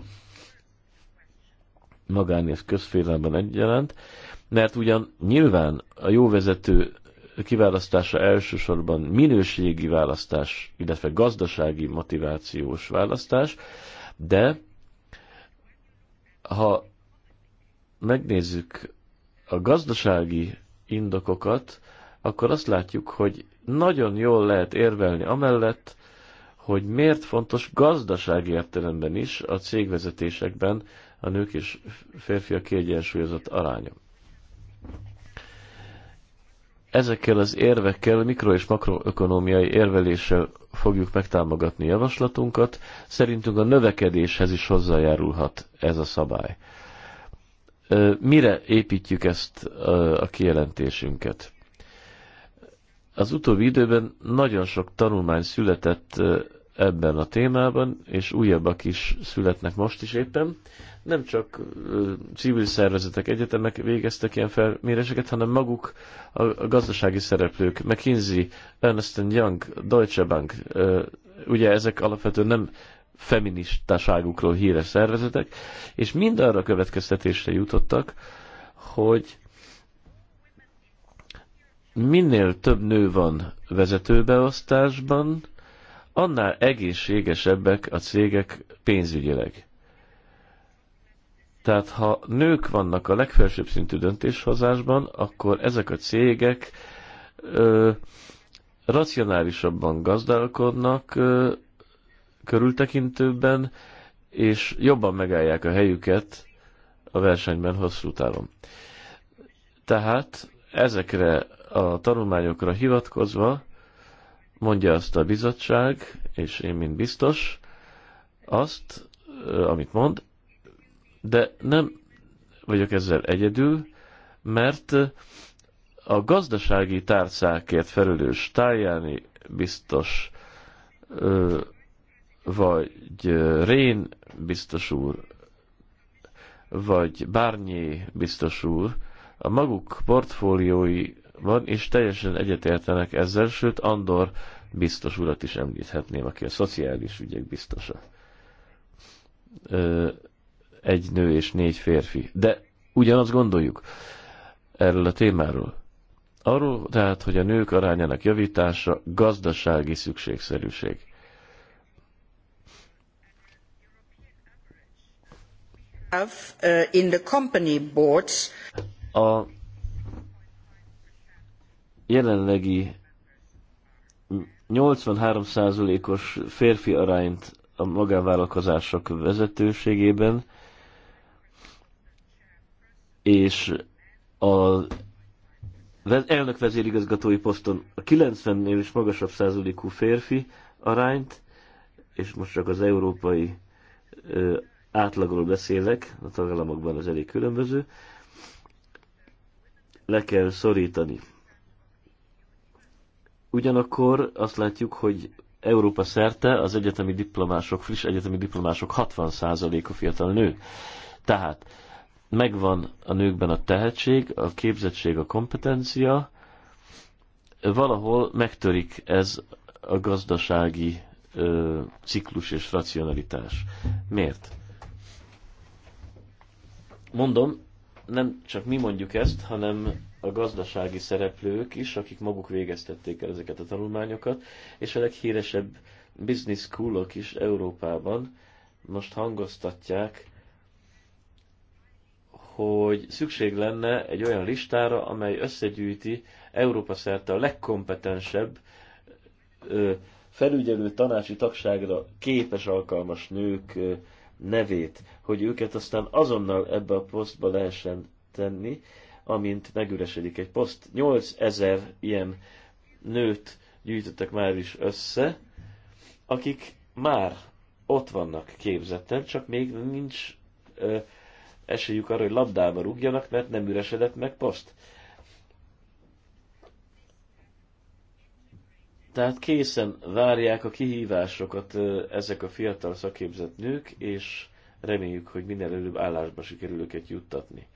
magán és közfélelben egyaránt, mert ugyan nyilván a jó vezető kiválasztása elsősorban minőségi választás, illetve gazdasági motivációs választás, de ha megnézzük a gazdasági indokokat, akkor azt látjuk, hogy nagyon jól lehet érvelni amellett, hogy miért fontos gazdasági értelemben is a cégvezetésekben a nők és férfiak kiegyensúlyozott aránya. Ezekkel az érvekkel, mikro- és makroökonomiai érveléssel fogjuk megtámogatni javaslatunkat. Szerintünk a növekedéshez is hozzájárulhat ez a szabály. Mire építjük ezt a kijelentésünket? Az utóbbi időben nagyon sok tanulmány született ebben a témában, és újabbak is születnek most is éppen. Nem csak civil szervezetek, egyetemek végeztek ilyen felméréseket, hanem maguk a gazdasági szereplők, McKinsey, Ernst Young, Deutsche Bank, ugye ezek alapvetően nem feministaságukról híres szervezetek, és mind arra következtetésre jutottak, hogy minél több nő van vezetőbeosztásban, annál egészségesebbek a cégek pénzügyileg. Tehát ha nők vannak a legfelsőbb szintű döntéshozásban, akkor ezek a cégek ö, racionálisabban gazdálkodnak, ö, körültekintőbben, és jobban megállják a helyüket a versenyben hosszú távon. Tehát ezekre a tanulmányokra hivatkozva, mondja azt a bizottság, és én mint biztos, azt, amit mond, de nem vagyok ezzel egyedül, mert a gazdasági tárcákért felelős tájáni biztos, vagy Rén biztos úr, vagy Bárnyé biztos úr, a maguk portfóliói van, és teljesen egyetértenek ezzel, sőt Andor biztos urat is említhetném, aki a szociális ügyek biztosa. Egy nő és négy férfi. De ugyanazt gondoljuk erről a témáról. Arról tehát, hogy a nők arányának javítása gazdasági szükségszerűség. Uh, a jelenlegi 83%-os férfi arányt a magánvállalkozások vezetőségében, és a elnök vezérigazgatói poszton a 90-nél is magasabb százalékú férfi arányt, és most csak az európai ö, átlagról beszélek, a tagállamokban az elég különböző, le kell szorítani. Ugyanakkor azt látjuk, hogy Európa szerte az egyetemi diplomások, friss egyetemi diplomások 60%-a fiatal nő. Tehát megvan a nőkben a tehetség, a képzettség, a kompetencia, valahol megtörik ez a gazdasági ö, ciklus és racionalitás. Miért? Mondom, nem csak mi mondjuk ezt, hanem a gazdasági szereplők is, akik maguk végeztették el ezeket a tanulmányokat, és a leghíresebb business schoolok is Európában most hangoztatják, hogy szükség lenne egy olyan listára, amely összegyűjti Európa szerte a legkompetensebb felügyelő tanácsi tagságra képes alkalmas nők nevét, hogy őket aztán azonnal ebbe a posztba lehessen tenni, amint megüresedik egy poszt. 8000 ilyen nőt gyűjtöttek már is össze, akik már ott vannak képzetten, csak még nincs ö, esélyük arra, hogy labdába rúgjanak, mert nem üresedett meg poszt. Tehát készen várják a kihívásokat ezek a fiatal szakképzett nők, és reméljük, hogy minél előbb állásba sikerül őket juttatni.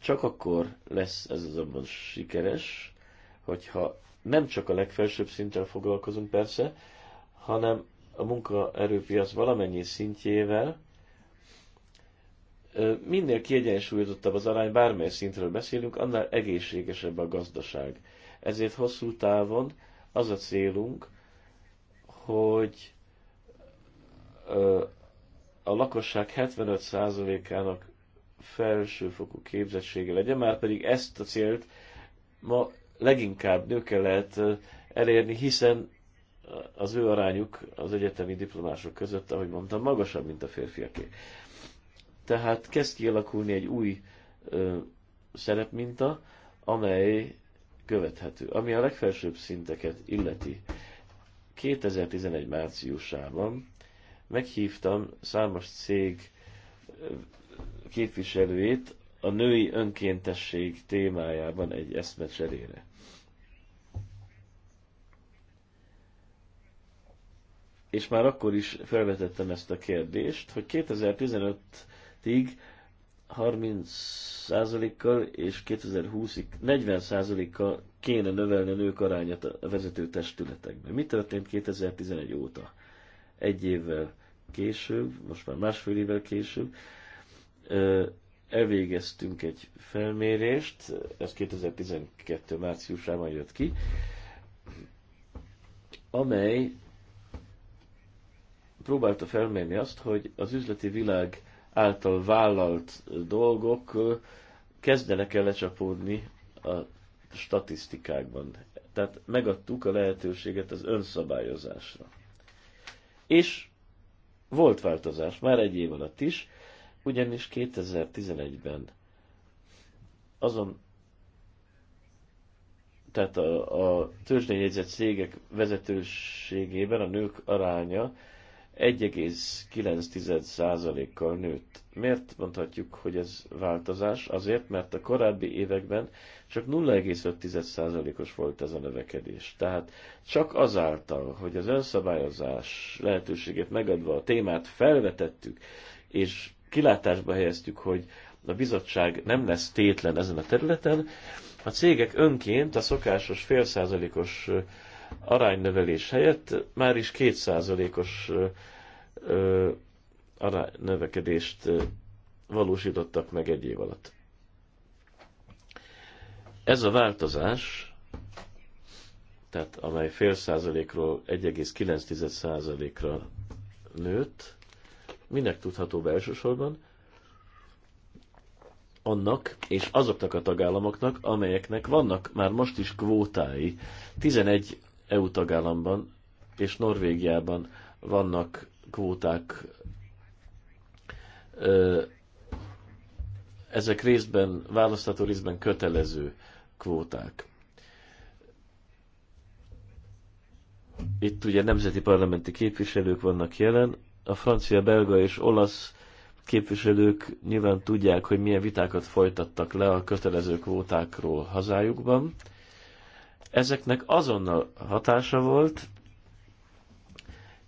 Csak akkor lesz ez azonban sikeres, hogyha nem csak a legfelsőbb szinten foglalkozunk persze, hanem a munkaerőpiac valamennyi szintjével, minél kiegyensúlyozottabb az arány, bármely szintről beszélünk, annál egészségesebb a gazdaság. Ezért hosszú távon az a célunk, hogy a lakosság 75%-ának felsőfokú képzettsége legyen, már pedig ezt a célt ma leginkább nőkkel lehet elérni, hiszen az ő arányuk az egyetemi diplomások között, ahogy mondtam, magasabb, mint a férfiaké. Tehát kezd kialakulni egy új ö, szerepminta, amely követhető. Ami a legfelsőbb szinteket illeti, 2011 márciusában meghívtam számos cég képviselőjét a női önkéntesség témájában egy eszmecserére. És már akkor is felvetettem ezt a kérdést, hogy 2015-ig 30%-kal és 2020-ig 40%-kal kéne növelni a nők arányát a vezető testületekben. Mi történt 2011 óta? Egy évvel később, most már másfél évvel később, elvégeztünk egy felmérést, ez 2012 márciusában jött ki, amely próbálta felmérni azt, hogy az üzleti világ által vállalt dolgok kezdenek el lecsapódni a statisztikákban. Tehát megadtuk a lehetőséget az önszabályozásra. És volt változás, már egy év alatt is, ugyanis 2011-ben azon, tehát a, a cégek vezetőségében a nők aránya 1,9%-kal nőtt. Miért mondhatjuk, hogy ez változás? Azért, mert a korábbi években csak 0,5%-os volt ez a növekedés. Tehát csak azáltal, hogy az önszabályozás lehetőségét megadva a témát felvetettük, és kilátásba helyeztük, hogy a bizottság nem lesz tétlen ezen a területen, a cégek önként a szokásos félszázalékos százalékos aránynövelés helyett már is kétszázalékos aránynövekedést valósítottak meg egy év alatt. Ez a változás, tehát amely fél százalékról 1,9 százalékra nőtt, minek tudható be elsősorban? Annak és azoknak a tagállamoknak, amelyeknek vannak már most is kvótái. 11 EU tagállamban és Norvégiában vannak kvóták. Ezek részben, választható részben kötelező kvóták. Itt ugye nemzeti parlamenti képviselők vannak jelen, a francia, belga és olasz képviselők nyilván tudják, hogy milyen vitákat folytattak le a kötelező kvótákról hazájukban. Ezeknek azonnal hatása volt,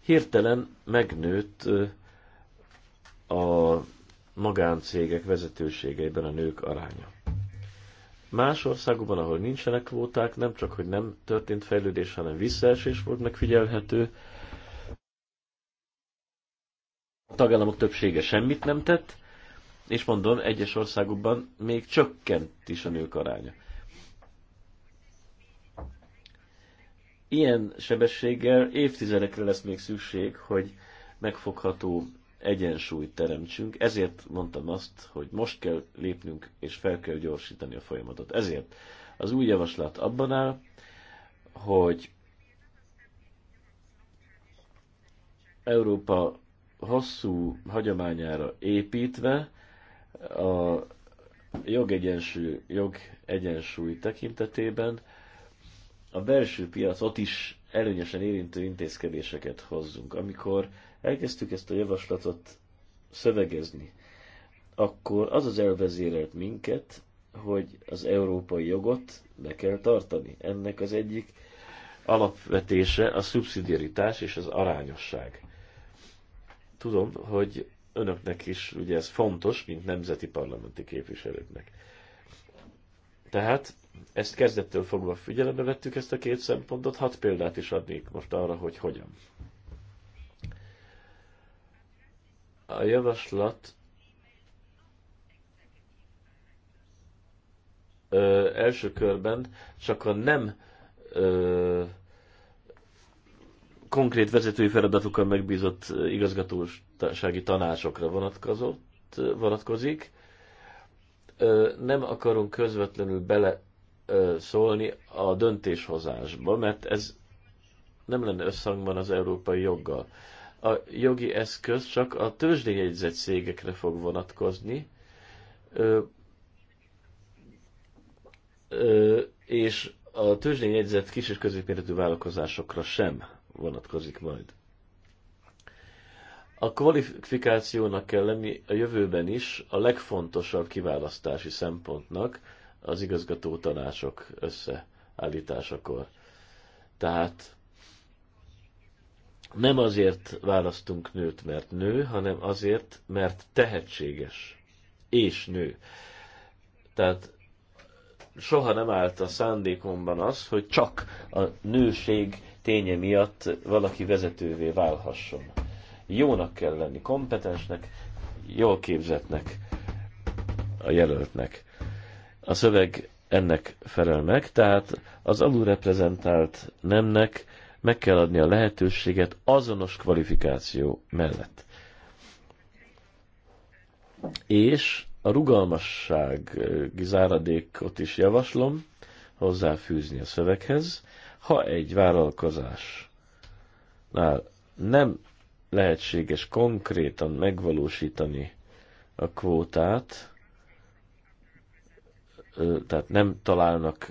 hirtelen megnőtt a magáncégek vezetőségeiben a nők aránya. Más országokban, ahol nincsenek kvóták, nem csak, hogy nem történt fejlődés, hanem visszaesés volt megfigyelhető. A tagállamok többsége semmit nem tett, és mondom, egyes országokban még csökkent is a nők aránya. ilyen sebességgel évtizedekre lesz még szükség, hogy megfogható egyensúlyt teremtsünk. Ezért mondtam azt, hogy most kell lépnünk és fel kell gyorsítani a folyamatot. Ezért az új javaslat abban áll, hogy Európa hosszú hagyományára építve a jogegyensúly, jogegyensúly tekintetében a belső piacot is előnyösen érintő intézkedéseket hozzunk. Amikor elkezdtük ezt a javaslatot szövegezni, akkor az az elvezérelt minket, hogy az európai jogot be kell tartani. Ennek az egyik alapvetése a szubszidiaritás és az arányosság. Tudom, hogy önöknek is ugye ez fontos, mint nemzeti parlamenti képviselőknek. Tehát ezt kezdettől fogva figyelembe vettük ezt a két szempontot, hat példát is adnék most arra, hogy hogyan. A javaslat ö, első körben csak a nem ö, konkrét vezetői feladatokkal megbízott igazgatósági tanácsokra vonatkozott, vonatkozik. Ö, nem akarunk közvetlenül bele szólni a döntéshozásba, mert ez nem lenne összhangban az európai joggal. A jogi eszköz csak a tőzsdéjegyzett cégekre fog vonatkozni, és a tőzsdéjegyzett kis és középméretű vállalkozásokra sem vonatkozik majd. A kvalifikációnak kell lenni a jövőben is a legfontosabb kiválasztási szempontnak, az igazgató tanácsok összeállításakor. Tehát nem azért választunk nőt, mert nő, hanem azért, mert tehetséges és nő. Tehát soha nem állt a szándékomban az, hogy csak a nőség ténye miatt valaki vezetővé válhasson. Jónak kell lenni, kompetensnek, jól képzetnek a jelöltnek. A szöveg ennek felel meg, tehát az alulreprezentált nemnek meg kell adni a lehetőséget azonos kvalifikáció mellett. És a rugalmasság záradékot is javaslom hozzáfűzni a szöveghez. Ha egy vállalkozásnál nem lehetséges konkrétan megvalósítani a kvótát, tehát nem találnak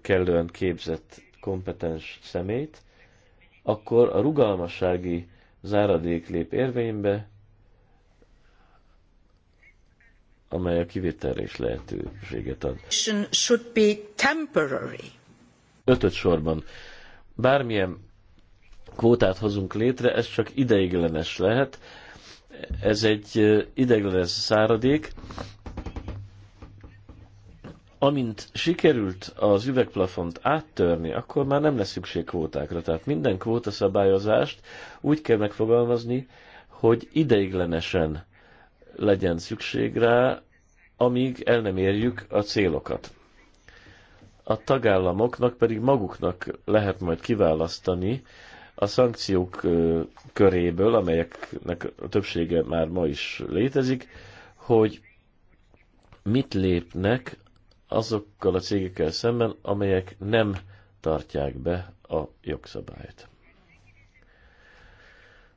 kellően képzett, kompetens szemét, akkor a rugalmassági záradék lép érvénybe, amely a kivételre is lehetőséget ad. Should be temporary. Ötöt sorban. Bármilyen kvótát hozunk létre, ez csak ideiglenes lehet. Ez egy ideiglenes száradék, amint sikerült az üvegplafont áttörni, akkor már nem lesz szükség kvótákra. Tehát minden kvótaszabályozást úgy kell megfogalmazni, hogy ideiglenesen legyen szükség rá, amíg el nem érjük a célokat. A tagállamoknak pedig maguknak lehet majd kiválasztani a szankciók köréből, amelyeknek a többsége már ma is létezik, hogy mit lépnek azokkal a cégekkel szemben, amelyek nem tartják be a jogszabályt.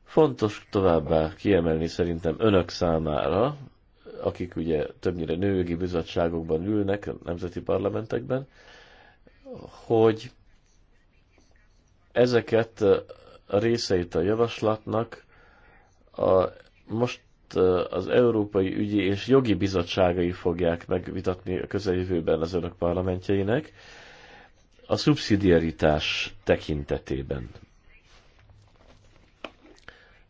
Fontos továbbá kiemelni szerintem önök számára, akik ugye többnyire nőjogi bizottságokban ülnek, a nemzeti parlamentekben, hogy ezeket a részeit a javaslatnak a most az Európai Ügyi és Jogi Bizottságai fogják megvitatni a közeljövőben az önök parlamentjeinek a szubszidiaritás tekintetében.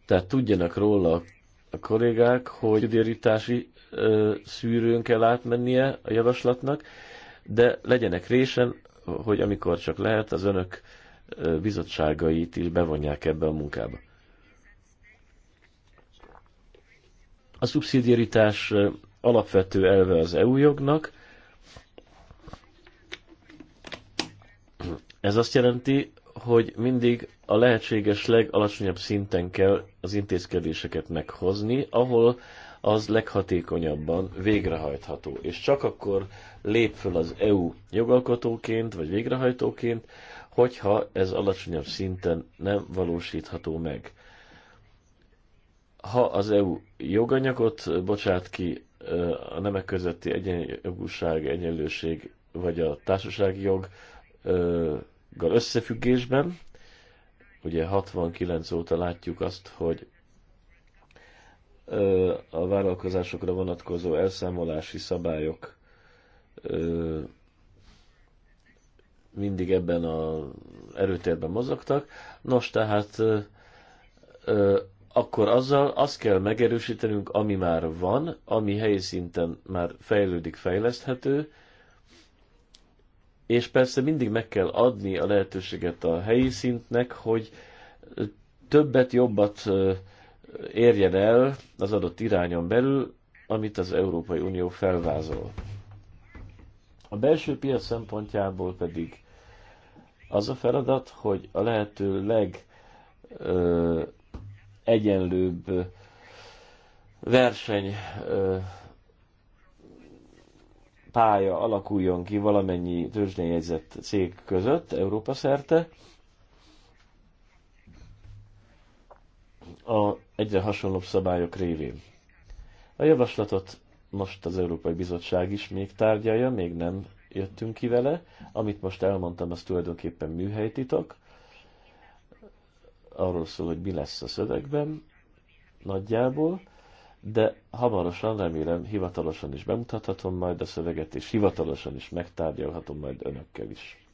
Tehát tudjanak róla a kollégák, hogy szubszidiaritási szűrőn kell átmennie a javaslatnak, de legyenek résen, hogy amikor csak lehet, az önök bizottságait is bevonják ebbe a munkába. A szubszidiaritás alapvető elve az EU jognak. Ez azt jelenti, hogy mindig a lehetséges legalacsonyabb szinten kell az intézkedéseket meghozni, ahol az leghatékonyabban végrehajtható. És csak akkor lép föl az EU jogalkotóként vagy végrehajtóként, hogyha ez alacsonyabb szinten nem valósítható meg ha az EU joganyagot bocsát ki a nemek közötti egyenjogúság, egyenlőség vagy a társasági joggal összefüggésben, ugye 69 óta látjuk azt, hogy a vállalkozásokra vonatkozó elszámolási szabályok mindig ebben a erőtérben mozogtak. Nos, tehát akkor azzal azt kell megerősítenünk, ami már van, ami helyi szinten már fejlődik, fejleszthető, és persze mindig meg kell adni a lehetőséget a helyi szintnek, hogy többet, jobbat érjen el az adott irányon belül, amit az Európai Unió felvázol. A belső piac szempontjából pedig az a feladat, hogy a lehető leg egyenlőbb verseny pálya alakuljon ki valamennyi tőzsdénjegyzett cég között Európa szerte. a egyre hasonlóbb szabályok révén. A javaslatot most az Európai Bizottság is még tárgyalja, még nem jöttünk ki vele. Amit most elmondtam, az tulajdonképpen műhelytitok arról szól, hogy mi lesz a szövegben nagyjából, de hamarosan remélem hivatalosan is bemutathatom majd a szöveget, és hivatalosan is megtárgyalhatom majd önökkel is.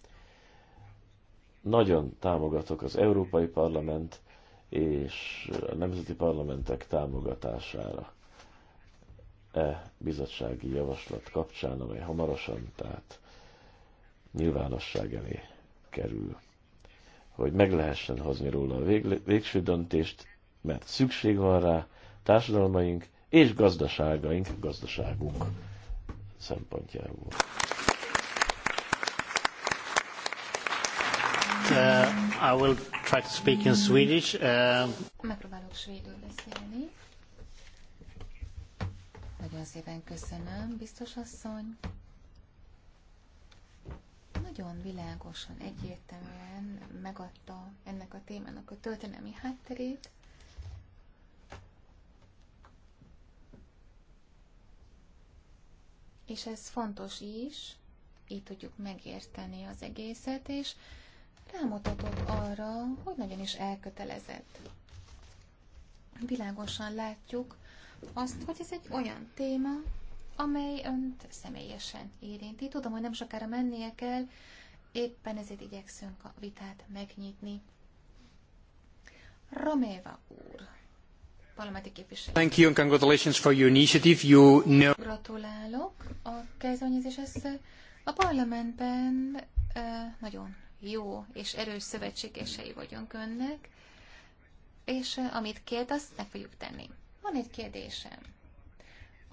Nagyon támogatok az Európai Parlament és a nemzeti parlamentek támogatására e bizottsági javaslat kapcsán, amely hamarosan, tehát nyilvánosság elé kerül hogy meg lehessen hozni róla a vég, végső döntést, mert szükség van rá társadalmaink és gazdaságaink, gazdaságunk szempontjából. Uh, I will try to speak in Swedish. Uh... Megpróbálok svédül beszélni. Nagyon szépen köszönöm, biztos asszony nagyon világosan, egyértelműen megadta ennek a témának a történelmi hátterét, és ez fontos is, így tudjuk megérteni az egészet, és rámutatott arra, hogy nagyon is elkötelezett. Világosan látjuk azt, hogy ez egy olyan téma, amely önt személyesen érinti. Tudom, hogy nem sokára mennie kell, éppen ezért igyekszünk a vitát megnyitni. Roméva úr, parlamenti képviselő. Thank you and congratulations for your initiative. You know... Gratulálok a kezdeményezéshez. A parlamentben nagyon jó és erős szövetségesei vagyunk önnek, és amit kért, azt meg fogjuk tenni. Van egy kérdésem.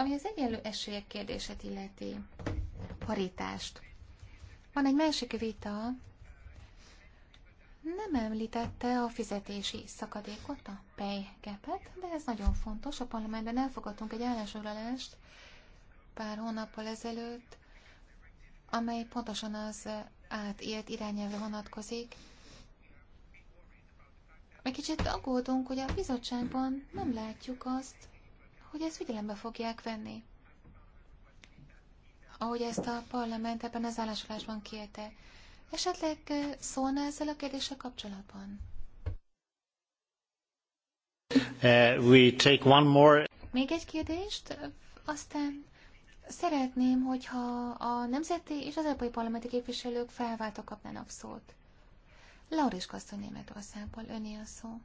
Ami az egyenlő esélyek kérdését illeti, paritást. Van egy másik vita, nem említette a fizetési szakadékot, a pay gap-et, de ez nagyon fontos. A parlamentben elfogadtunk egy állásfoglalást pár hónappal ezelőtt, amely pontosan az átélt irányelve vonatkozik. Egy kicsit aggódunk, hogy a bizottságban nem látjuk azt, hogy ezt figyelembe fogják venni. Ahogy ezt a parlament ebben az állásolásban kérte. Esetleg eh, szólna ezzel a kérdéssel kapcsolatban? Uh, we take one more. Még egy kérdést, aztán szeretném, hogyha a nemzeti és az európai parlamenti képviselők felváltó kapnának szót. Lauris Kasztó Németországból, öné a szó.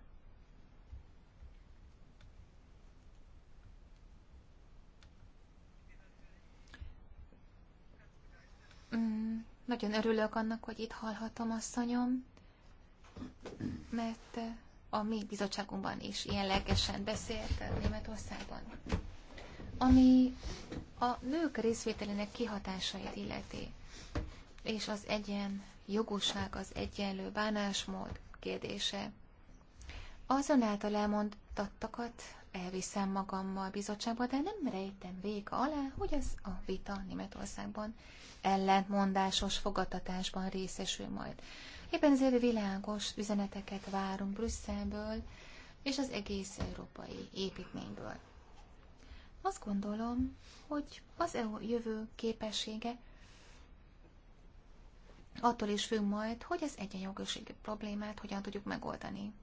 Mm, nagyon örülök annak, hogy itt hallhatom, asszonyom, mert eh, a mi bizottságunkban is ilyen lelkesen beszélt eh, Németországban. Ami a nők részvételének kihatásait illeti, és az egyen jogúság, az egyenlő bánásmód kérdése. Azonáltal elmondtattakat elviszem magammal bizottságba, de nem rejtem véka alá, hogy ez a vita Németországban ellentmondásos fogadtatásban részesül majd. Éppen ezért világos üzeneteket várunk Brüsszelből és az egész európai építményből. Azt gondolom, hogy az EU jövő képessége attól is függ majd, hogy az egyenjogoségi problémát hogyan tudjuk megoldani.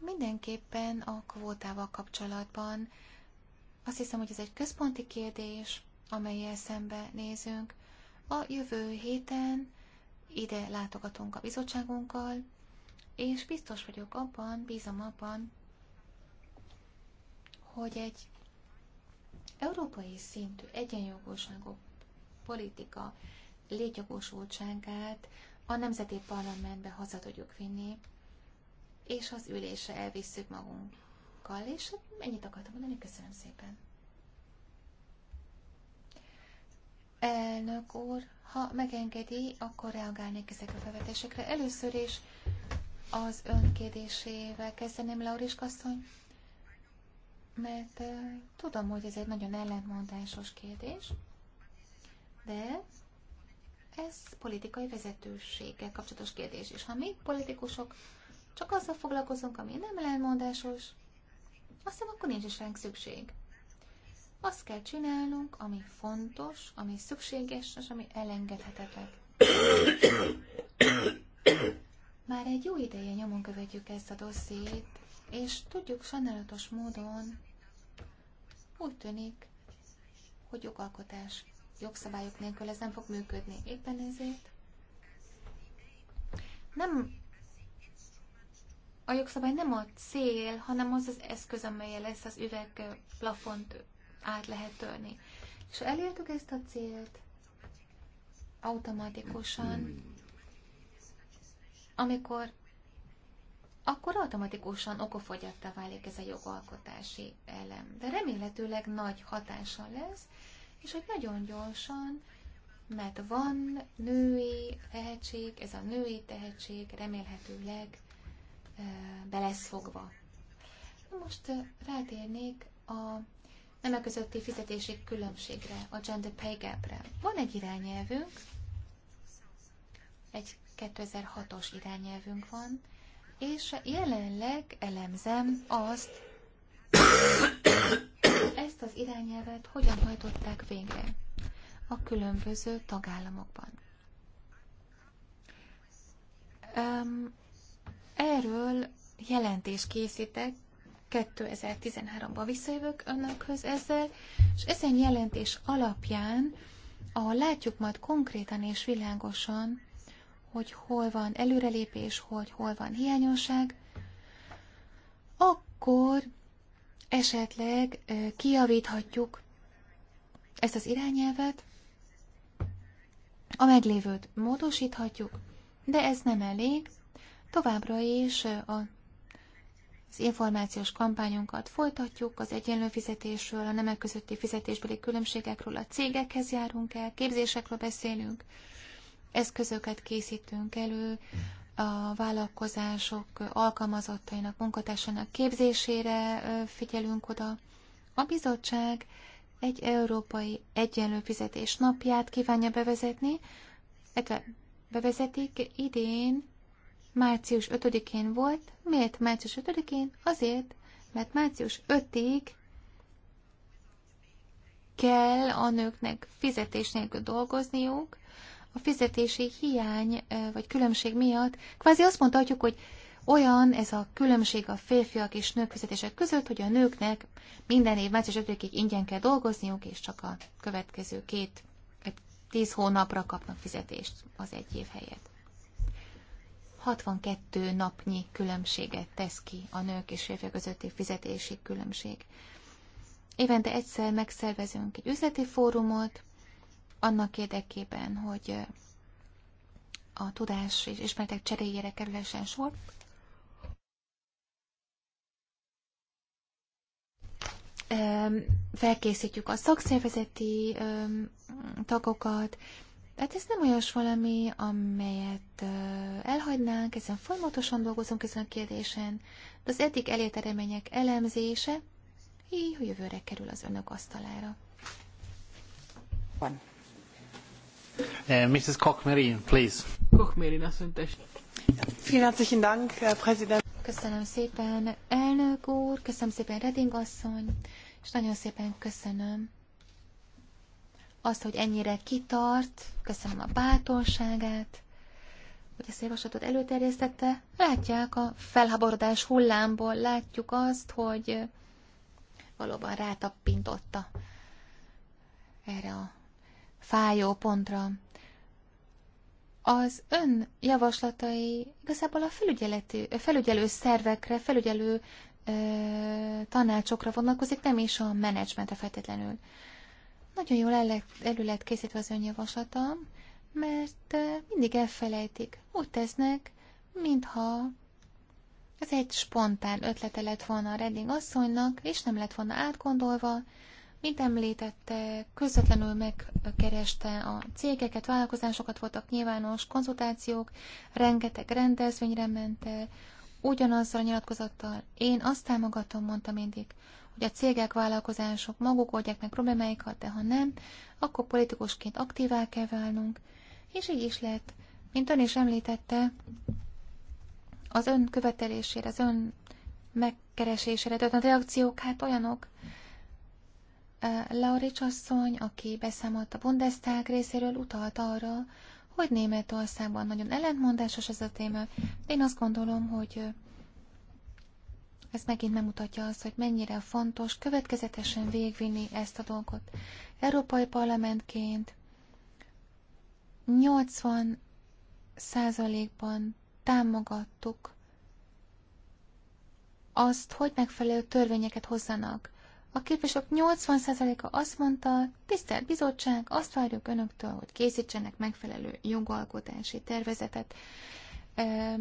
Mindenképpen a kvótával kapcsolatban azt hiszem, hogy ez egy központi kérdés, amelyel szembe nézünk. A jövő héten ide látogatunk a bizottságunkkal, és biztos vagyok abban, bízom abban, hogy egy európai szintű egyenjogúságok politika létjogosultságát a nemzeti parlamentbe haza tudjuk vinni és az ülésre elvisszük magunkkal, és ennyit akartam mondani, köszönöm szépen. Elnök úr, ha megengedi, akkor reagálnék ezekre a felvetésekre. Először is az önkérdésével kezdeném, Lauris Kasszony, mert uh, tudom, hogy ez egy nagyon ellentmondásos kérdés, de ez politikai vezetőséggel kapcsolatos kérdés. És ha mi politikusok csak azzal foglalkozunk, ami nem ellenmondásos, aztán akkor nincs is ránk szükség. Azt kell csinálnunk, ami fontos, ami szükséges, és ami elengedhetetlen. Már egy jó ideje nyomon követjük ezt a dossziét, és tudjuk sajnálatos módon, úgy tűnik, hogy jogalkotás, jogszabályok nélkül ez nem fog működni. Éppen ezért nem a jogszabály nem a cél, hanem az az eszköz, amelyel ezt az üveg plafont át lehet törni. És ha elértük ezt a célt, automatikusan, amikor akkor automatikusan okofogyatta válik ez a jogalkotási elem. De remélhetőleg nagy hatása lesz, és hogy nagyon gyorsan, mert van női tehetség, ez a női tehetség remélhetőleg be lesz fogva. Most rátérnék a nemek közötti fizetési különbségre, a gender pay gapre. Van egy irányelvünk, egy 2006-os irányelvünk van, és jelenleg elemzem azt, ezt az irányelvet hogyan hajtották végre a különböző tagállamokban. Erről jelentés készítek 2013-ban visszajövök önökhöz ezzel, és ezen jelentés alapján, ahol látjuk majd konkrétan és világosan, hogy hol van előrelépés, hogy hol van hiányosság, akkor esetleg kiavíthatjuk ezt az irányelvet, a meglévőt módosíthatjuk, de ez nem elég, Továbbra is a az információs kampányunkat folytatjuk, az egyenlő fizetésről, a nemek közötti fizetésbeli különbségekről, a cégekhez járunk el, képzésekről beszélünk, eszközöket készítünk elő, a vállalkozások alkalmazottainak, munkatársának képzésére figyelünk oda. A bizottság egy európai egyenlő fizetés napját kívánja bevezetni, illetve bevezetik idén március 5-én volt. Miért március 5-én? Azért, mert március 5-ig kell a nőknek fizetés nélkül dolgozniuk, a fizetési hiány vagy különbség miatt kvázi azt mondhatjuk, hogy olyan ez a különbség a férfiak és nők fizetések között, hogy a nőknek minden év március 5-ig ingyen kell dolgozniuk, és csak a következő két, tíz hónapra kapnak fizetést az egy év helyett. 62 napnyi különbséget tesz ki a nők és férfiak közötti fizetési különbség. Évente egyszer megszervezünk egy üzleti fórumot, annak érdekében, hogy a tudás és ismeretek cseréjére kerülhessen sor. Felkészítjük a szakszervezeti tagokat, tehát ez nem olyas valami, amelyet elhagynánk, ezen folyamatosan dolgozunk ezen a kérdésen, de az eddig elért eredmények elemzése így a jövőre kerül az önök asztalára. Van. Uh, Mrs. Kochmerin, please. Kochmerin, asszony, Vielen herzlichen Dank, Herr Präsident. Köszönöm szépen, elnök úr, köszönöm szépen, Reding asszony, és nagyon szépen köszönöm azt, hogy ennyire kitart, köszönöm a bátorságát, hogy ezt a javaslatot előterjesztette. Látják a felhaborodás hullámból, látjuk azt, hogy valóban rátappintotta erre a fájó pontra. Az ön javaslatai igazából a felügyelő szervekre, felügyelő ö, tanácsokra vonatkozik, nem is a menedzsmentre feltétlenül. Nagyon jól el, elő lett készítve az önjavaslata, mert mindig elfelejtik. Úgy tesznek, mintha ez egy spontán ötlete lett volna a Redding asszonynak, és nem lett volna átgondolva. Mint említette, közvetlenül megkereste a cégeket, vállalkozásokat, voltak nyilvános konzultációk, rengeteg rendezvényre ment el, ugyanazzal a nyilatkozattal. Én azt támogatom, mondta mindig, hogy a cégek, vállalkozások maguk oldják meg problémáikat, de ha nem, akkor politikusként aktívá kell válnunk, és így is lehet. Mint ön is említette, az ön követelésére, az ön megkeresésére történt reakciók, hát olyanok. Laurics asszony, aki beszámolt a Bundestag részéről, utalt arra, hogy Németországban nagyon ellentmondásos ez a téma. Én azt gondolom, hogy ez megint megmutatja azt, hogy mennyire fontos következetesen végvinni ezt a dolgot. Európai Parlamentként 80 százalékban támogattuk azt, hogy megfelelő törvényeket hozzanak. A képviselők 80%-a azt mondta, tisztelt bizottság, azt várjuk önöktől, hogy készítsenek megfelelő jogalkotási tervezetet.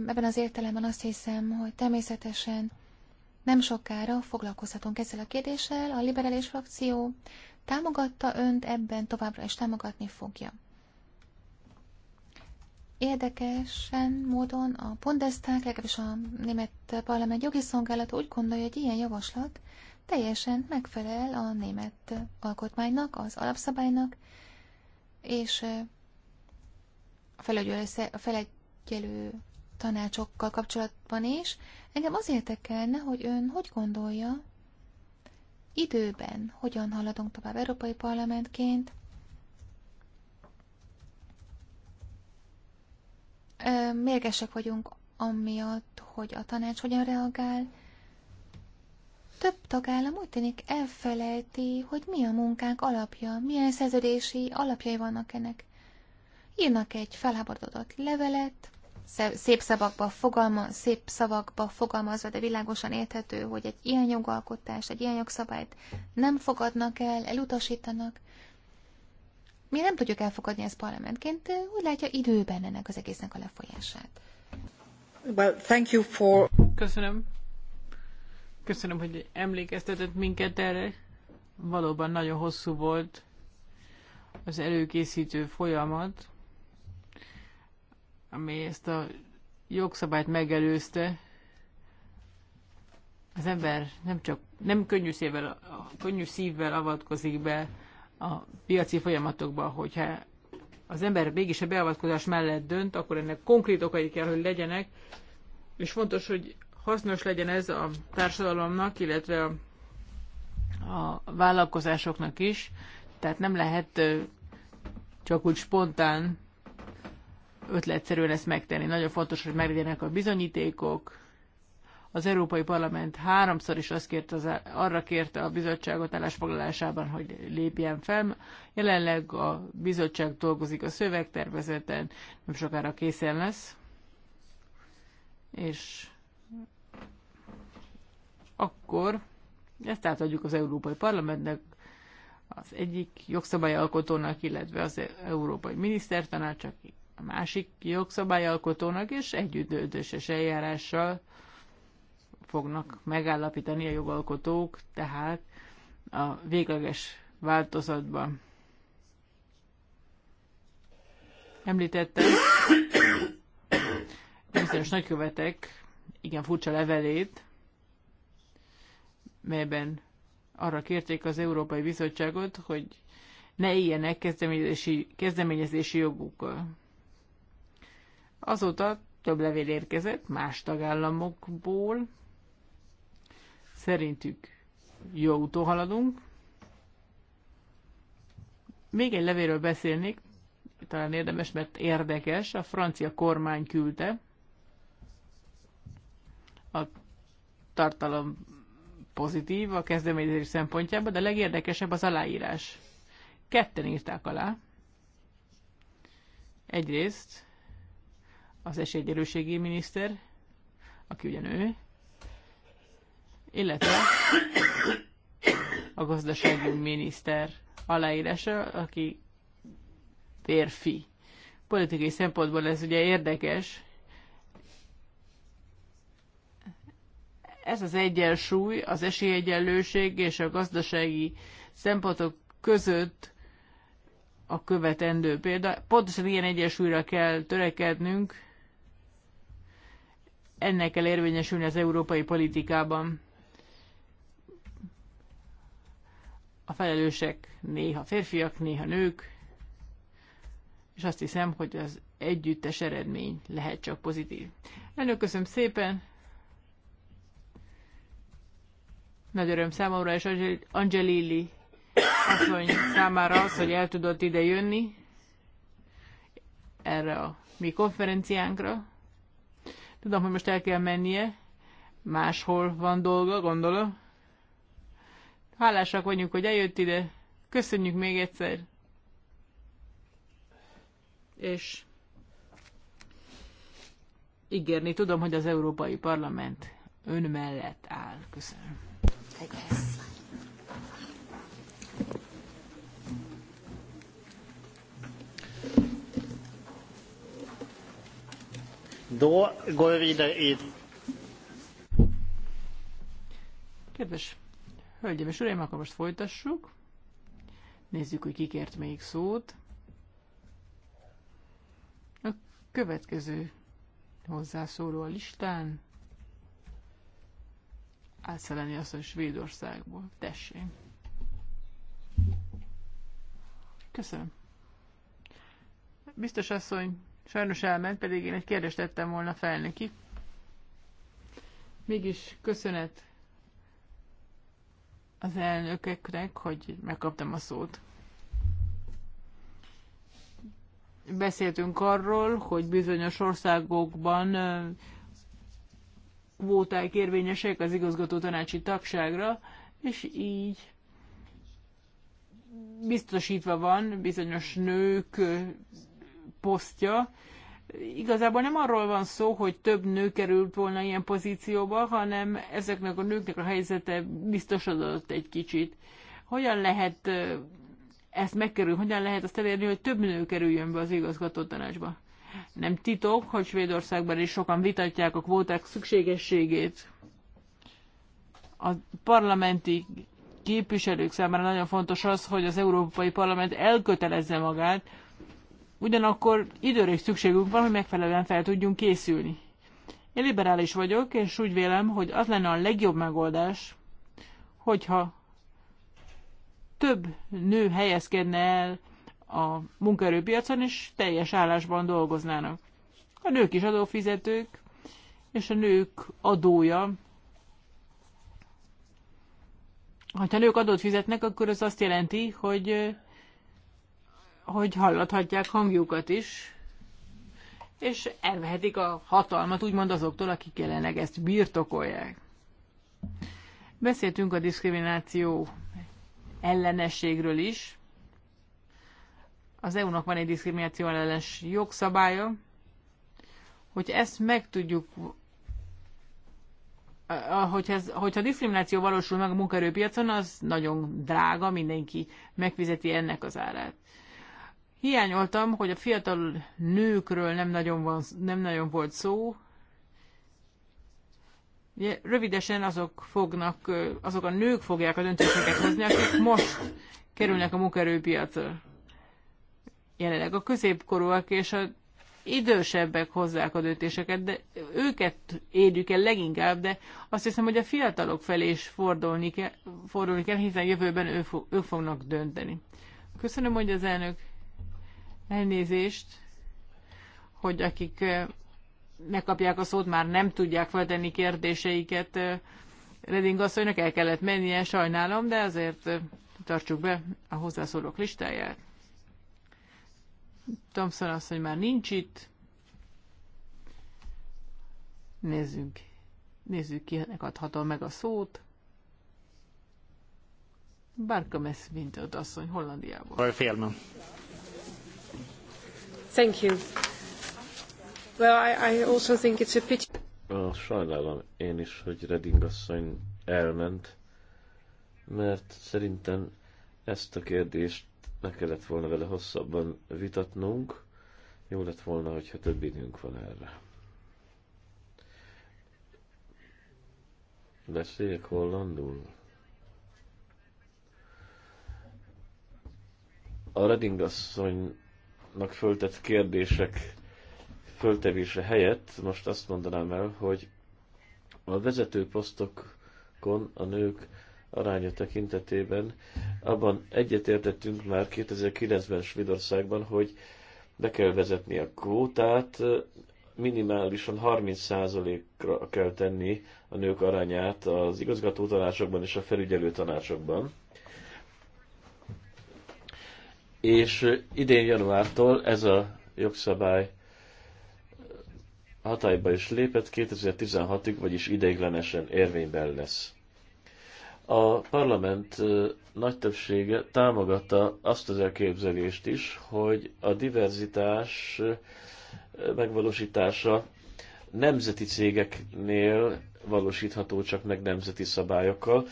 Ebben az értelemben azt hiszem, hogy természetesen nem sokára foglalkozhatunk ezzel a kérdéssel, a liberális frakció támogatta önt ebben, továbbra is támogatni fogja. Érdekesen módon a Bundestag, legalábbis a német parlament jogi szolgálata úgy gondolja, hogy ilyen javaslat teljesen megfelel a német alkotmánynak, az alapszabálynak, és a felegyelő tanácsokkal kapcsolatban is. Engem az érdekelne, hogy ön hogy gondolja, időben hogyan haladunk tovább Európai Parlamentként, mérgesek vagyunk amiatt, hogy a tanács hogyan reagál. Több tagállam úgy tűnik elfelejti, hogy mi a munkánk alapja, milyen szerződési alapjai vannak ennek. Írnak egy felháborodott levelet, szép szavakba, fogalma, szép szavakba fogalmazva, de világosan érthető, hogy egy ilyen jogalkotást, egy ilyen jogszabályt nem fogadnak el, elutasítanak. Mi nem tudjuk elfogadni ezt parlamentként, úgy látja időben ennek az egésznek a lefolyását. Well, thank you for... Köszönöm. Köszönöm, hogy emlékeztetett minket erre. Valóban nagyon hosszú volt az előkészítő folyamat ami ezt a jogszabályt megelőzte, az ember nem csak nem könnyű szívvel, könnyű szívvel avatkozik be a piaci folyamatokba, hogyha az ember mégis a beavatkozás mellett dönt, akkor ennek konkrét okai kell, hogy legyenek, és fontos, hogy hasznos legyen ez a társadalomnak, illetve a, a vállalkozásoknak is, tehát nem lehet csak úgy spontán ötletszerűen ezt megtenni. Nagyon fontos, hogy meglegyenek a bizonyítékok. Az Európai Parlament háromszor is azt kérte az, arra kérte a bizottságot állásfoglalásában, hogy lépjen fel. Jelenleg a bizottság dolgozik a szövegtervezeten, nem sokára készen lesz. És akkor ezt átadjuk az Európai Parlamentnek, az egyik jogszabályalkotónak, illetve az Európai Minisztertanács, aki a másik jogszabályalkotónak, és együttdöntéses eljárással fognak megállapítani a jogalkotók, tehát a végleges változatban. Említettem, bizonyos nagykövetek igen furcsa levelét, melyben arra kérték az Európai Bizottságot, hogy ne éljenek kezdeményezési, kezdeményezési jogukkal. Azóta több levél érkezett más tagállamokból. Szerintük jó úton haladunk. Még egy levélről beszélnék, talán érdemes, mert érdekes. A francia kormány küldte a tartalom pozitív a kezdeményezés szempontjában, de legérdekesebb az aláírás. Ketten írták alá. Egyrészt az esélyegyelőségi miniszter, aki ugyan ő, illetve a gazdasági miniszter aláírása, aki férfi. Politikai szempontból ez ugye érdekes. Ez az egyensúly, az esélyegyenlőség és a gazdasági szempontok között a követendő példa. Pontosan ilyen egyensúlyra kell törekednünk, ennek kell érvényesülni az európai politikában. A felelősek néha férfiak, néha nők, és azt hiszem, hogy az együttes eredmény lehet csak pozitív. Elnök, köszönöm szépen! Nagy öröm számomra, és Angelili asszony számára az, hogy el tudott ide jönni erre a mi konferenciánkra. Tudom, hogy most el kell mennie, máshol van dolga, gondolom. Hálásak vagyunk, hogy eljött ide. Köszönjük még egyszer. És ígérni tudom, hogy az Európai Parlament ön mellett áll. Köszönöm. Köszönöm. Då går vi vidare i... Kedves hölgyeim és uraim, akkor most folytassuk. Nézzük, hogy kikért még szót. A következő hozzászóló a listán. azt, hogy Svédországból. Tessék. Köszönöm. Biztos asszony, Sajnos elment, pedig én egy kérdést tettem volna fel neki. Mégis köszönet az elnökeknek, hogy megkaptam a szót. Beszéltünk arról, hogy bizonyos országokban kvóták érvényesek az igazgató tanácsi tagságra, és így biztosítva van bizonyos nők posztja. Igazából nem arról van szó, hogy több nő került volna ilyen pozícióba, hanem ezeknek a nőknek a helyzete biztosodott egy kicsit. Hogyan lehet ezt megkerülni, hogyan lehet azt elérni, hogy több nő kerüljön be az igazgató tanácsba? Nem titok, hogy Svédországban is sokan vitatják a kvóták szükségességét. A parlamenti képviselők számára nagyon fontos az, hogy az Európai Parlament elkötelezze magát Ugyanakkor időre is szükségünk van, hogy megfelelően fel tudjunk készülni. Én liberális vagyok, és úgy vélem, hogy az lenne a legjobb megoldás, hogyha több nő helyezkedne el a munkaerőpiacon, és teljes állásban dolgoznának. A nők is adófizetők, és a nők adója. Ha a nők adót fizetnek, akkor ez azt jelenti, hogy hogy hallathatják hangjukat is, és elvehetik a hatalmat úgymond azoktól, akik jelenleg ezt birtokolják. Beszéltünk a diszkrimináció ellenességről is. Az EU-nak van egy diszkrimináció ellenes jogszabálya, hogy ezt meg tudjuk hogyha, ez, hogyha diszkrimináció valósul meg a munkaerőpiacon, az nagyon drága, mindenki megfizeti ennek az árát. Hiányoltam, hogy a fiatal nőkről nem nagyon, van, nem nagyon volt szó. Ugye, rövidesen azok fognak, azok a nők fogják a döntéseket hozni, akik most kerülnek a munkaerőpiacra. Jelenleg a középkorúak és a idősebbek hozzák a döntéseket, de őket érjük el leginkább, de azt hiszem, hogy a fiatalok felé is fordulni kell, fordulni kell hiszen jövőben ő fog, ők fognak dönteni. Köszönöm, hogy az elnök Elnézést, hogy akik megkapják a szót, már nem tudják feltenni kérdéseiket Reding asszonynak, el kellett mennie, sajnálom, de azért tartsuk be a hozzászólók listáját. Thompson asszony már nincs itt. Nézzünk. Nézzük ki, ennek adhatom meg a szót. mint Messvintot asszony Hollandiából. Félmem. Thank you. Well, I, I also think it's a pity. sajnálom én is, hogy Reding asszony elment, mert szerintem ezt a kérdést meg kellett volna vele hosszabban vitatnunk. Jó lett volna, hogyha több időnk van erre. Beszéljek hollandul? A Reding asszony kollégának föltett kérdések föltevése helyett most azt mondanám el, hogy a vezető posztokon a nők aránya tekintetében abban egyetértettünk már 2009-ben Svédországban, hogy be kell vezetni a kvótát, minimálisan 30%-ra kell tenni a nők arányát az igazgató tanácsokban és a felügyelő tanácsokban és idén januártól ez a jogszabály hatályba is lépett, 2016-ig, vagyis ideiglenesen érvényben lesz. A parlament nagy többsége támogatta azt az elképzelést is, hogy a diverzitás megvalósítása nemzeti cégeknél valósítható csak meg nemzeti szabályokkal.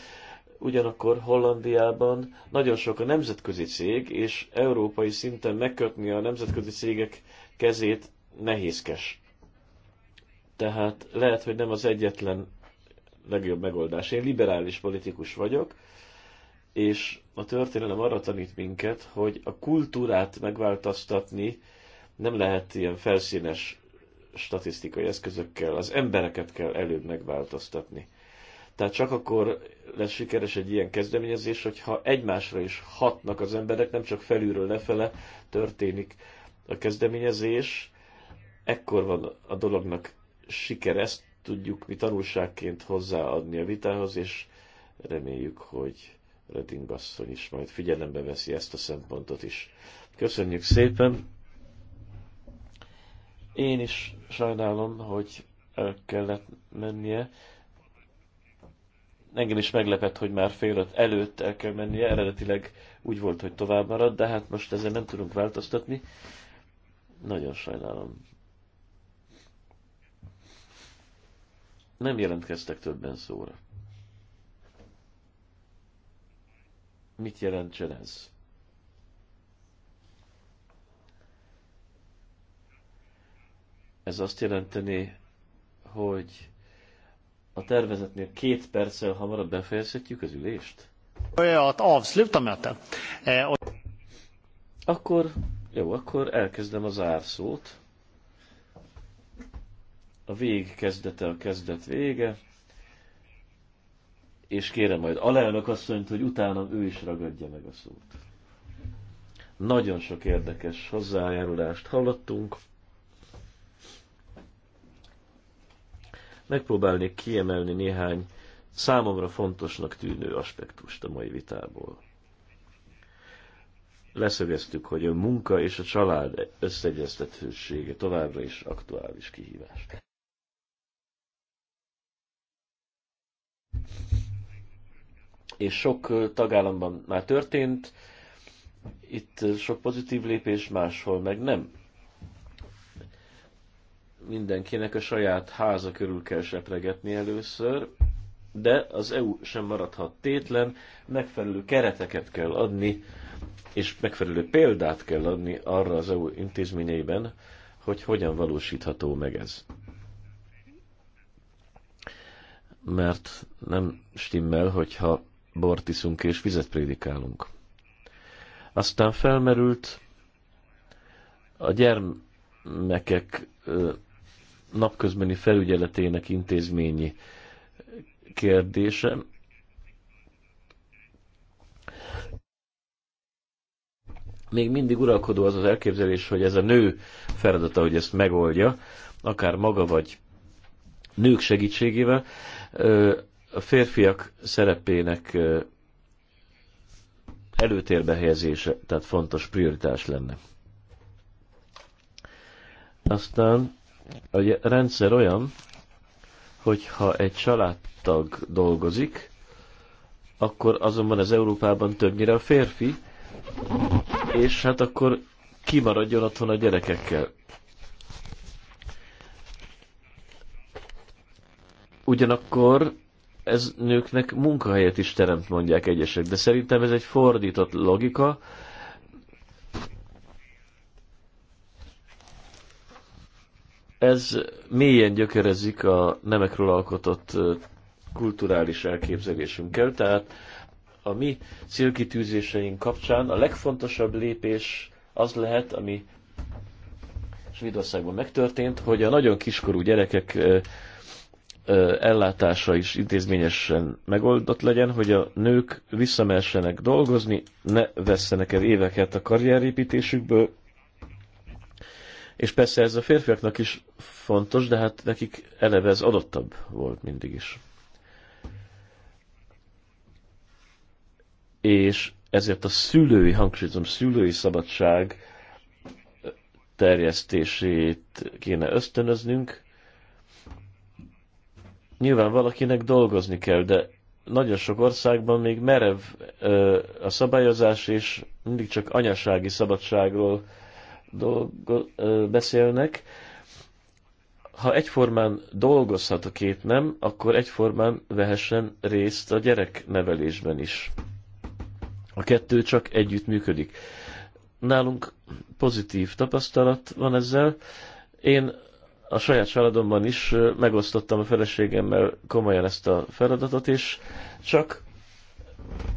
Ugyanakkor Hollandiában nagyon sok a nemzetközi cég, és európai szinten megkötni a nemzetközi cégek kezét nehézkes. Tehát lehet, hogy nem az egyetlen legjobb megoldás. Én liberális politikus vagyok, és a történelem arra tanít minket, hogy a kultúrát megváltoztatni nem lehet ilyen felszínes statisztikai eszközökkel, az embereket kell előbb megváltoztatni. Tehát csak akkor lesz sikeres egy ilyen kezdeményezés, hogyha egymásra is hatnak az emberek, nem csak felülről lefele történik a kezdeményezés, ekkor van a dolognak siker, ezt tudjuk mi tanulságként hozzáadni a vitához, és reméljük, hogy Reding asszony is majd figyelembe veszi ezt a szempontot is. Köszönjük szépen! Én is sajnálom, hogy el kellett mennie engem is meglepett, hogy már fél öt előtt el kell mennie, eredetileg úgy volt, hogy tovább marad, de hát most ezzel nem tudunk változtatni. Nagyon sajnálom. Nem jelentkeztek többen szóra. Mit jelentsen ez? Ez azt jelenteni, hogy a tervezetnél két perccel hamarabb befejezhetjük az ülést? Olyat, avsluta möte. E, akkor, jó, akkor elkezdem a zárszót. A vég kezdete a kezdet vége. És kérem majd alelnök asszonyt, hogy utána ő is ragadja meg a szót. Nagyon sok érdekes hozzájárulást hallottunk. megpróbálnék kiemelni néhány számomra fontosnak tűnő aspektust a mai vitából. Leszögeztük, hogy a munka és a család összeegyeztethősége továbbra is aktuális kihívás. És sok tagállamban már történt, itt sok pozitív lépés, máshol meg nem mindenkinek a saját háza körül kell sepregetni először, de az EU sem maradhat tétlen, megfelelő kereteket kell adni, és megfelelő példát kell adni arra az EU intézményeiben, hogy hogyan valósítható meg ez. Mert nem stimmel, hogyha bort iszunk és vizet prédikálunk. Aztán felmerült a gyermekek napközbeni felügyeletének intézményi kérdése. Még mindig uralkodó az az elképzelés, hogy ez a nő feladata, hogy ezt megoldja, akár maga vagy nők segítségével. A férfiak szerepének előtérbe helyezése, tehát fontos prioritás lenne. Aztán a rendszer olyan, hogy ha egy családtag dolgozik, akkor azonban az Európában többnyire a férfi, és hát akkor kimaradjon otthon a gyerekekkel. Ugyanakkor ez nőknek munkahelyet is teremt, mondják egyesek, de szerintem ez egy fordított logika, Ez mélyen gyökerezik a nemekről alkotott kulturális elképzelésünkkel, tehát a mi célkitűzéseink kapcsán a legfontosabb lépés az lehet, ami Svédországban megtörtént, hogy a nagyon kiskorú gyerekek ellátása is intézményesen megoldott legyen, hogy a nők visszamehessenek dolgozni, ne vesszenek el éveket a karrierépítésükből, és persze ez a férfiaknak is fontos, de hát nekik eleve ez adottabb volt mindig is. És ezért a szülői, hangsúlyozom, szülői szabadság terjesztését kéne ösztönöznünk. Nyilván valakinek dolgozni kell, de nagyon sok országban még merev a szabályozás, és mindig csak anyasági szabadságról dolgo, beszélnek. Ha egyformán dolgozhat a két nem, akkor egyformán vehessen részt a gyereknevelésben is. A kettő csak együtt működik. Nálunk pozitív tapasztalat van ezzel. Én a saját családomban is megosztottam a feleségemmel komolyan ezt a feladatot, és csak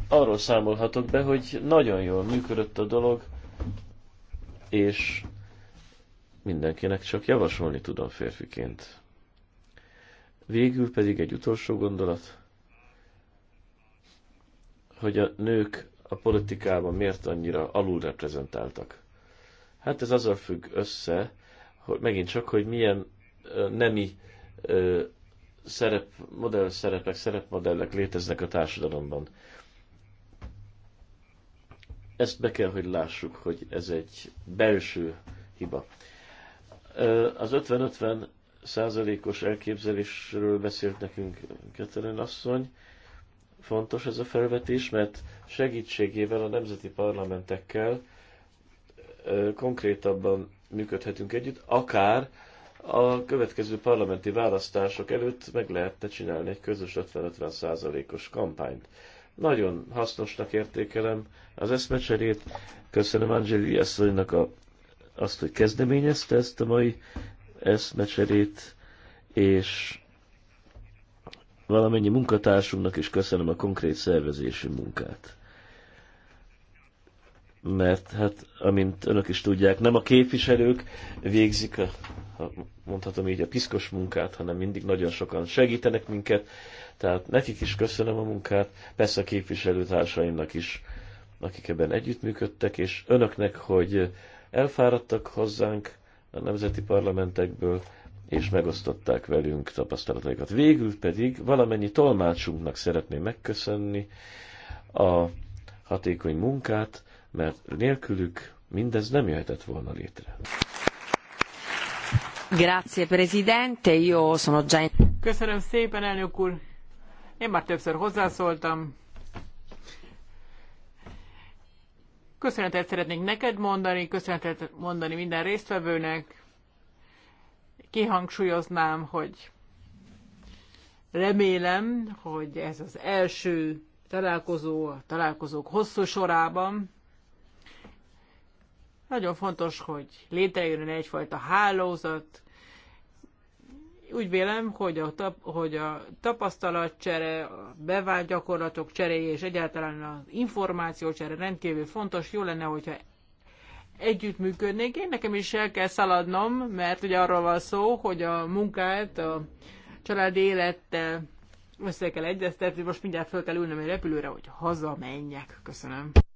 arról számolhatok be, hogy nagyon jól működött a dolog, és mindenkinek csak javasolni tudom férfiként. Végül pedig egy utolsó gondolat, hogy a nők a politikában miért annyira alulreprezentáltak. Hát ez azzal függ össze, hogy megint csak, hogy milyen nemi szerep, modell szerepek, szerepmodellek léteznek a társadalomban. Ezt be kell, hogy lássuk, hogy ez egy belső hiba. Az 50-50 százalékos elképzelésről beszélt nekünk Katalin asszony. Fontos ez a felvetés, mert segítségével a nemzeti parlamentekkel konkrétabban működhetünk együtt, akár a következő parlamenti választások előtt meg lehetne csinálni egy közös 50-50 százalékos kampányt. Nagyon hasznosnak értékelem az eszmecserét. Köszönöm Angeli asszonynak a, azt, hogy kezdeményezte ezt a mai eszmecserét, és valamennyi munkatársunknak is köszönöm a konkrét szervezési munkát. Mert hát, amint önök is tudják, nem a képviselők végzik a, a mondhatom így, a piszkos munkát, hanem mindig nagyon sokan segítenek minket, tehát nekik is köszönöm a munkát, persze a képviselőtársaimnak is, akik ebben együttműködtek, és önöknek, hogy elfáradtak hozzánk a nemzeti parlamentekből, és megosztották velünk tapasztalataikat. Végül pedig valamennyi tolmácsunknak szeretném megköszönni a hatékony munkát, mert nélkülük mindez nem jöhetett volna létre. Grazie Presidente, io sono già... Köszönöm szépen, elnök úr! Én már többször hozzászóltam. Köszönetet szeretnék neked mondani, köszönetet mondani minden résztvevőnek. Kihangsúlyoznám, hogy remélem, hogy ez az első találkozó, a találkozók hosszú sorában. Nagyon fontos, hogy létrejön egyfajta hálózat, úgy vélem, hogy a, tap, hogy a tapasztalatcsere, a bevált gyakorlatok cseréje és egyáltalán az információcsere rendkívül fontos. Jó lenne, hogyha együttműködnék. Én nekem is el kell szaladnom, mert ugye arról van szó, hogy a munkát a családi élettel össze kell egyeztetni. Most mindjárt fel kell ülnöm egy repülőre, hogy hazamenjek. Köszönöm.